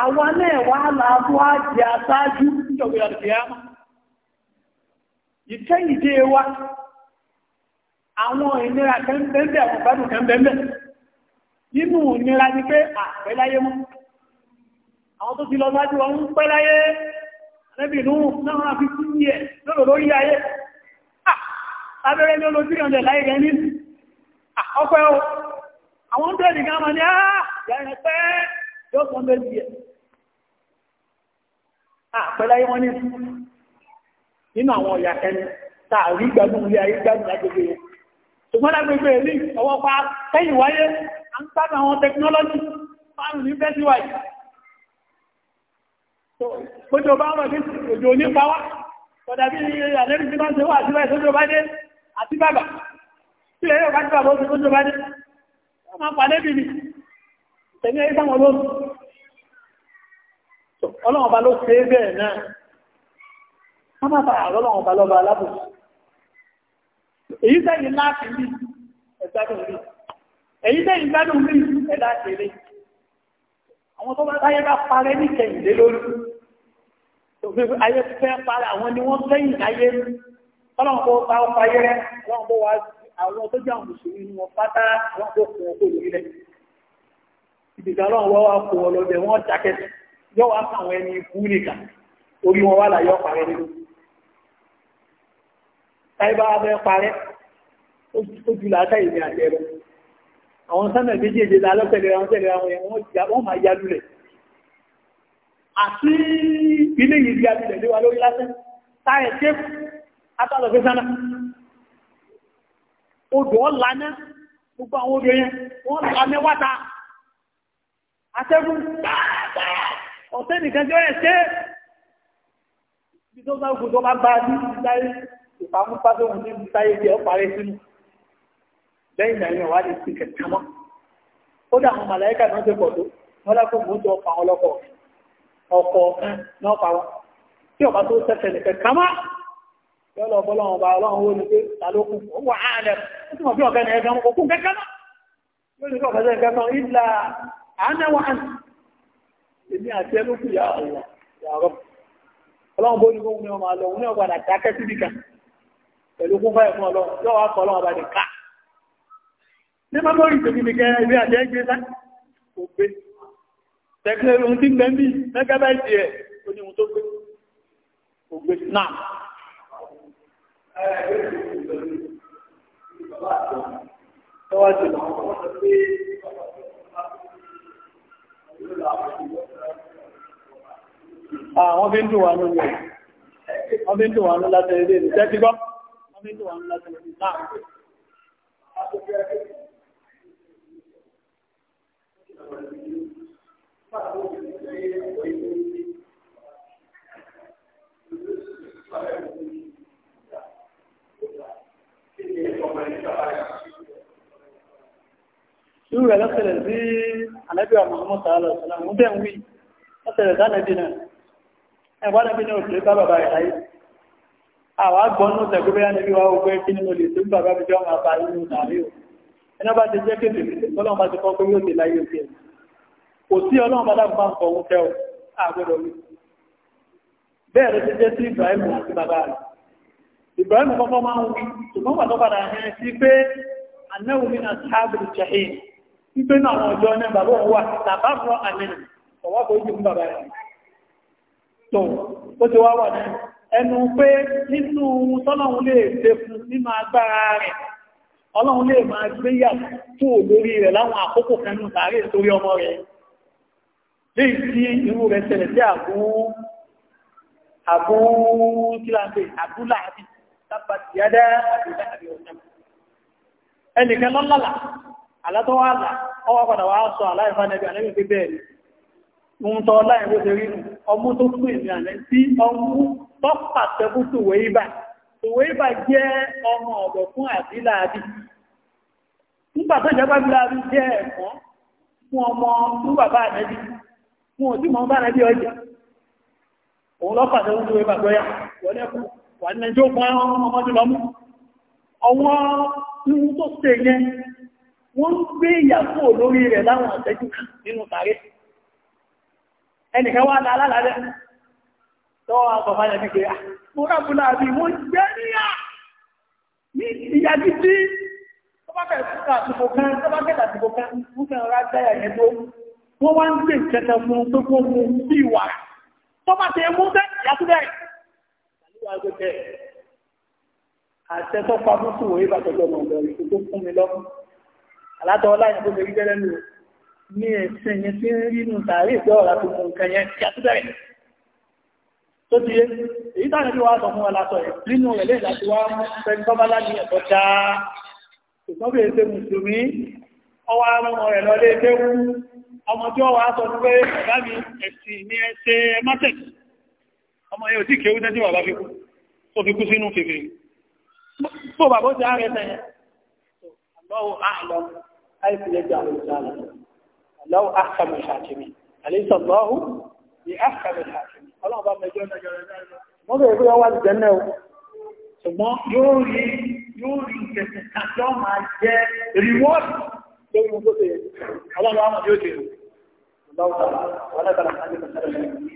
S2: àwa náà wà láàbú àti àṣáájú nítorí àdìyàmà dị wa àwọn ìnira kẹ́ńbẹ́ńbẹ́ àwọn ìbádùn kẹ́ńbẹ́ńbẹ́ nínú ìnira ní pé àpẹ́láyé mọ́ àwọn tó ti lọ lájú wọn ń pẹ́láyé inú náà fi sí ní ẹ̀ lọ́rọ̀ lórí ayé abẹ́rẹ́ ní olóòtú rẹ̀ ní ọpẹ́ o àwọn tó ní ah, pẹ́ yóò sọ àpẹẹláyé wọ́n ní nínú àwọn ọ̀yà ẹni tàà rí gbádùn ilé ayé gbádùn lágbègbè yẹn ṣùgbọ́n lágbègbè ilé ọwọ́ pa tẹ́yìn wáyé a ń sábà àwọn tẹkinọ́lọ́jì márùn ní fẹ́síwáì gbójò bá rọ̀ ní òjò nípa wá kọ̀dà bí àlẹ́rí tí wọ́n ṣe wà sílẹ̀ tó jọba dé àti bàbà tí ẹ̀yọ́ bá ti bàbá ó ti tó jọba dé wọ́n máa pàdé bìbì tẹ̀lé ẹ̀yẹ́ sáwọn olóòtú ọlọ́run ọba ló ṣe é bẹ́ẹ̀ náà wọ́n má bàa ọlọ́run ọba lọ́ba alábòsí èyí sẹ́yìn láti rí ẹ̀gbádùn rí èyí sẹ́yìn gbádùn rí ẹ̀dá kéré àwọn tó bá táyé bá parẹ́ ní kẹyìnlé lórí òfin ayé fẹ́ parẹ́ àwọn ni wọ́n kẹyìn ayé ọlọ́run kó ta ọkọ̀ wá àwọn tó wọ́n pátá wọ́n yọ́ wá sáwọn ẹni ikú nìkan orí wọn wá láyọ́ parẹ́ nínú táìbá abẹ́ parẹ́ ó jùlọ àtàyè ní àjẹ́ lọ àwọn sánà méjèèjì lálọ́tẹ̀lẹ̀ àwọn tẹ̀lẹ̀ àwọn ẹ̀wọ̀n wọ́n máa yá lulẹ̀ àti ilé yìí rí abúlẹ̀ léwa lórí lásán táyẹ̀ tí àtàlọ̀ fi sánà odò ọ̀lànà gbogbo àwọn odò yẹn wọ́n lànà wáta atẹ́gùn gbáà ọ̀sẹ̀ nìkan tí ó yẹ ṣe bí tó bá kù tó bá bá ní ìdáyé ìpamọ́ pàtó òun ní ìdáyé bí ọ parí sínú lẹ́yìn náà yẹn wà lè fi kẹta mọ́ ó dà àwọn màláìkà náà ti pọ̀ tó wọ́n lákò mú tó pa wọn lọ́kọ̀ ọkọ̀ ọ̀kan náà pa wọn tí ọba tó sẹ́sẹ̀ nìkan ká má yọ lọ bọ́ lọ́wọ́ ọba ọlọ́run ó ní pé ta èmi àti ẹlòkù yà ọ̀wọ̀ yàrọ̀ ọlọ́run bó ní kó ní ọmọ àlọ́ òun ní ọ̀padà dákẹ́ síbi kan pẹ̀lú kún fáyẹ̀ fún ọlọ́run yóò wá kọ́ ọlọ́run ọba ní ká ní mọ́tòrì tèmi ní kẹ́ ẹgbẹ́ àti ẹgbẹ́ sá kò gbé tẹ̀kẹ́ ohun tí gbẹ́ mí mẹ́gá bá ti ẹ̀ ó ní ohun tó gbé kò gbé
S1: náà. Tọ́wọ́ ti lọ, wọ́n sọ pé àwọn ah, bí ń dùn
S2: wà ní ilẹ̀ bí ń dùn wà láti ilé ìlú tẹ́tí gbọ́ wọ́n bí ń dùn wà láti ilé ìlú náà Irú rẹ̀ lọ́sẹ̀lẹ̀ sí Ànábì Muhammad sallallahu alaihi wasallam, mú wí, lọ́sẹ̀lẹ̀ sánàbí náà ẹ̀wọ́n lẹ́bí ní òṣèré bá bàbá ìdáyé àwọn agbọ́nú tẹ̀gbẹ́bẹ́ níbi wa ogun ẹ̀kí nínú lè tún bàbá bí jọmọ àbá inú tàbí o ẹ̀nà bá ti jẹ́ kéde ọlọ́run bá ti kọ́ pé yóò ti láyé òkè kò sí ọlọ́run bá dákùn bá ń fọwọ́ tẹ́ o àgbẹ̀rọ̀ mi bẹ́ẹ̀ ló ti jẹ́ sí Ibrahim àti bàbá rẹ̀ Ibrahim kọ́kọ́ máa ń wí ṣùgbọ́n pàtó padà hẹn sí pé anáwó mi náà tábìlì jahil wípé náà àwọn ọjọ́ náà bàbá òun wà tàbá fún àmì ọwọ́ kò í tó ó ti wá wà ní ẹnu pé nínú tọ́lọ́run lè ṣe fún nínú agbára rẹ̀ ọlọ́run lè máa gbéyà tó lórí rẹ̀ láwọn àkókò kanú tààrí sórí ọmọ rẹ̀ lè sí irú rẹ̀ ṣẹlẹ̀ sí àbún kíláàpẹ̀ àbúlà àbí tábàtì yádá
S1: àbúlà àbí ọ̀sán
S2: ẹnìkan lọ́lọ́lá alátọ́wà àlá ọwọ́ padà wà á sọ aláìfánẹ́bí ń tọ́ láì bó ṣe rí nù ọmú tó fún èmì àlẹ́ tí ọmú tọ́pà tẹ́kù tòwé ibà tòwé ibà jẹ́ ọmọ ọ̀dọ̀ fún àbíláàbí nígbà tó jẹ́ bábíláàbí jẹ́ ẹ̀kọ́ fún ọmọ fún bàbá ànẹ́bí fún òtí mọ́ bá ànẹ́bí ọjà òun lọ́pà tẹ́kù tòwé ibà gbọ́yà wọlé kù wà ní ẹjọ́ fún ọmọdé lọ́mú ọwọ́ nínú tó ṣe yẹn wọ́n gbé ìyàpò lórí rẹ̀ láwọn ọ̀tẹ́jú nínú tàrí ẹnìkan wá lára lálẹ́ lọ́wọ́ àbọ̀fáyà ní kìí mọ́ rábùlá àbí wọ́n jẹ́ níyà ní ìyá títí tó bá kẹta àtìkò kan tó bá kẹta àtìkò kan mú kẹrin rá gbáyà yẹn tó wọ́n wá ń gbé ìkẹta fún tó kó mú bí ìwà tó bá tẹ mú bẹ́ yàtú bẹ́ẹ̀ àṣẹ tó pa mú sí wòye ní ẹ̀sẹ̀ yẹn tí ń rí nù tààrí ìgbẹ́ ọ̀rá tó mú nǹkan
S1: yẹn kí a tó bẹ̀rẹ̀
S2: tó ti yé èyí tààrí tí wàá sọ fún wa látọ̀ yẹn nínú rẹ̀ lè láti wá fẹ́ni tọ́ bá láti ẹ̀tọ́ já ṣùgbọ́n bí èsè mùsùlùmí ọwọ́ ọmọ rẹ̀ lọ lé kéwú ọmọ tí wọ́n wá sọ fún pé bàbá mi ẹ̀sìn ní ẹsẹ̀ mọ́tẹ̀ ọmọ yẹn ò tí kéwú tẹ́tí bàbá fi kú tó fi kú sínú fèfè tó bàbá ó ti á rẹ̀ sẹ́yìn àlọ́ àlọ́ àìsí ẹgbẹ́ àwọn ìṣàlọ́ lọ́wọ́ àkàmù ìhàkìmì àlẹ́sọ̀ lọ́wọ́ ní àkàmù ìhàkìmì ọlọ́run bá mẹjọ́ náà yọrọ náà mọ́ bẹ̀rẹ̀ bí wọ́n wá jẹ́ náà ṣùgbọ́n yóò rí yóò rí ìtẹ̀sẹ̀ kàjọ́ máa jẹ́ reward lórí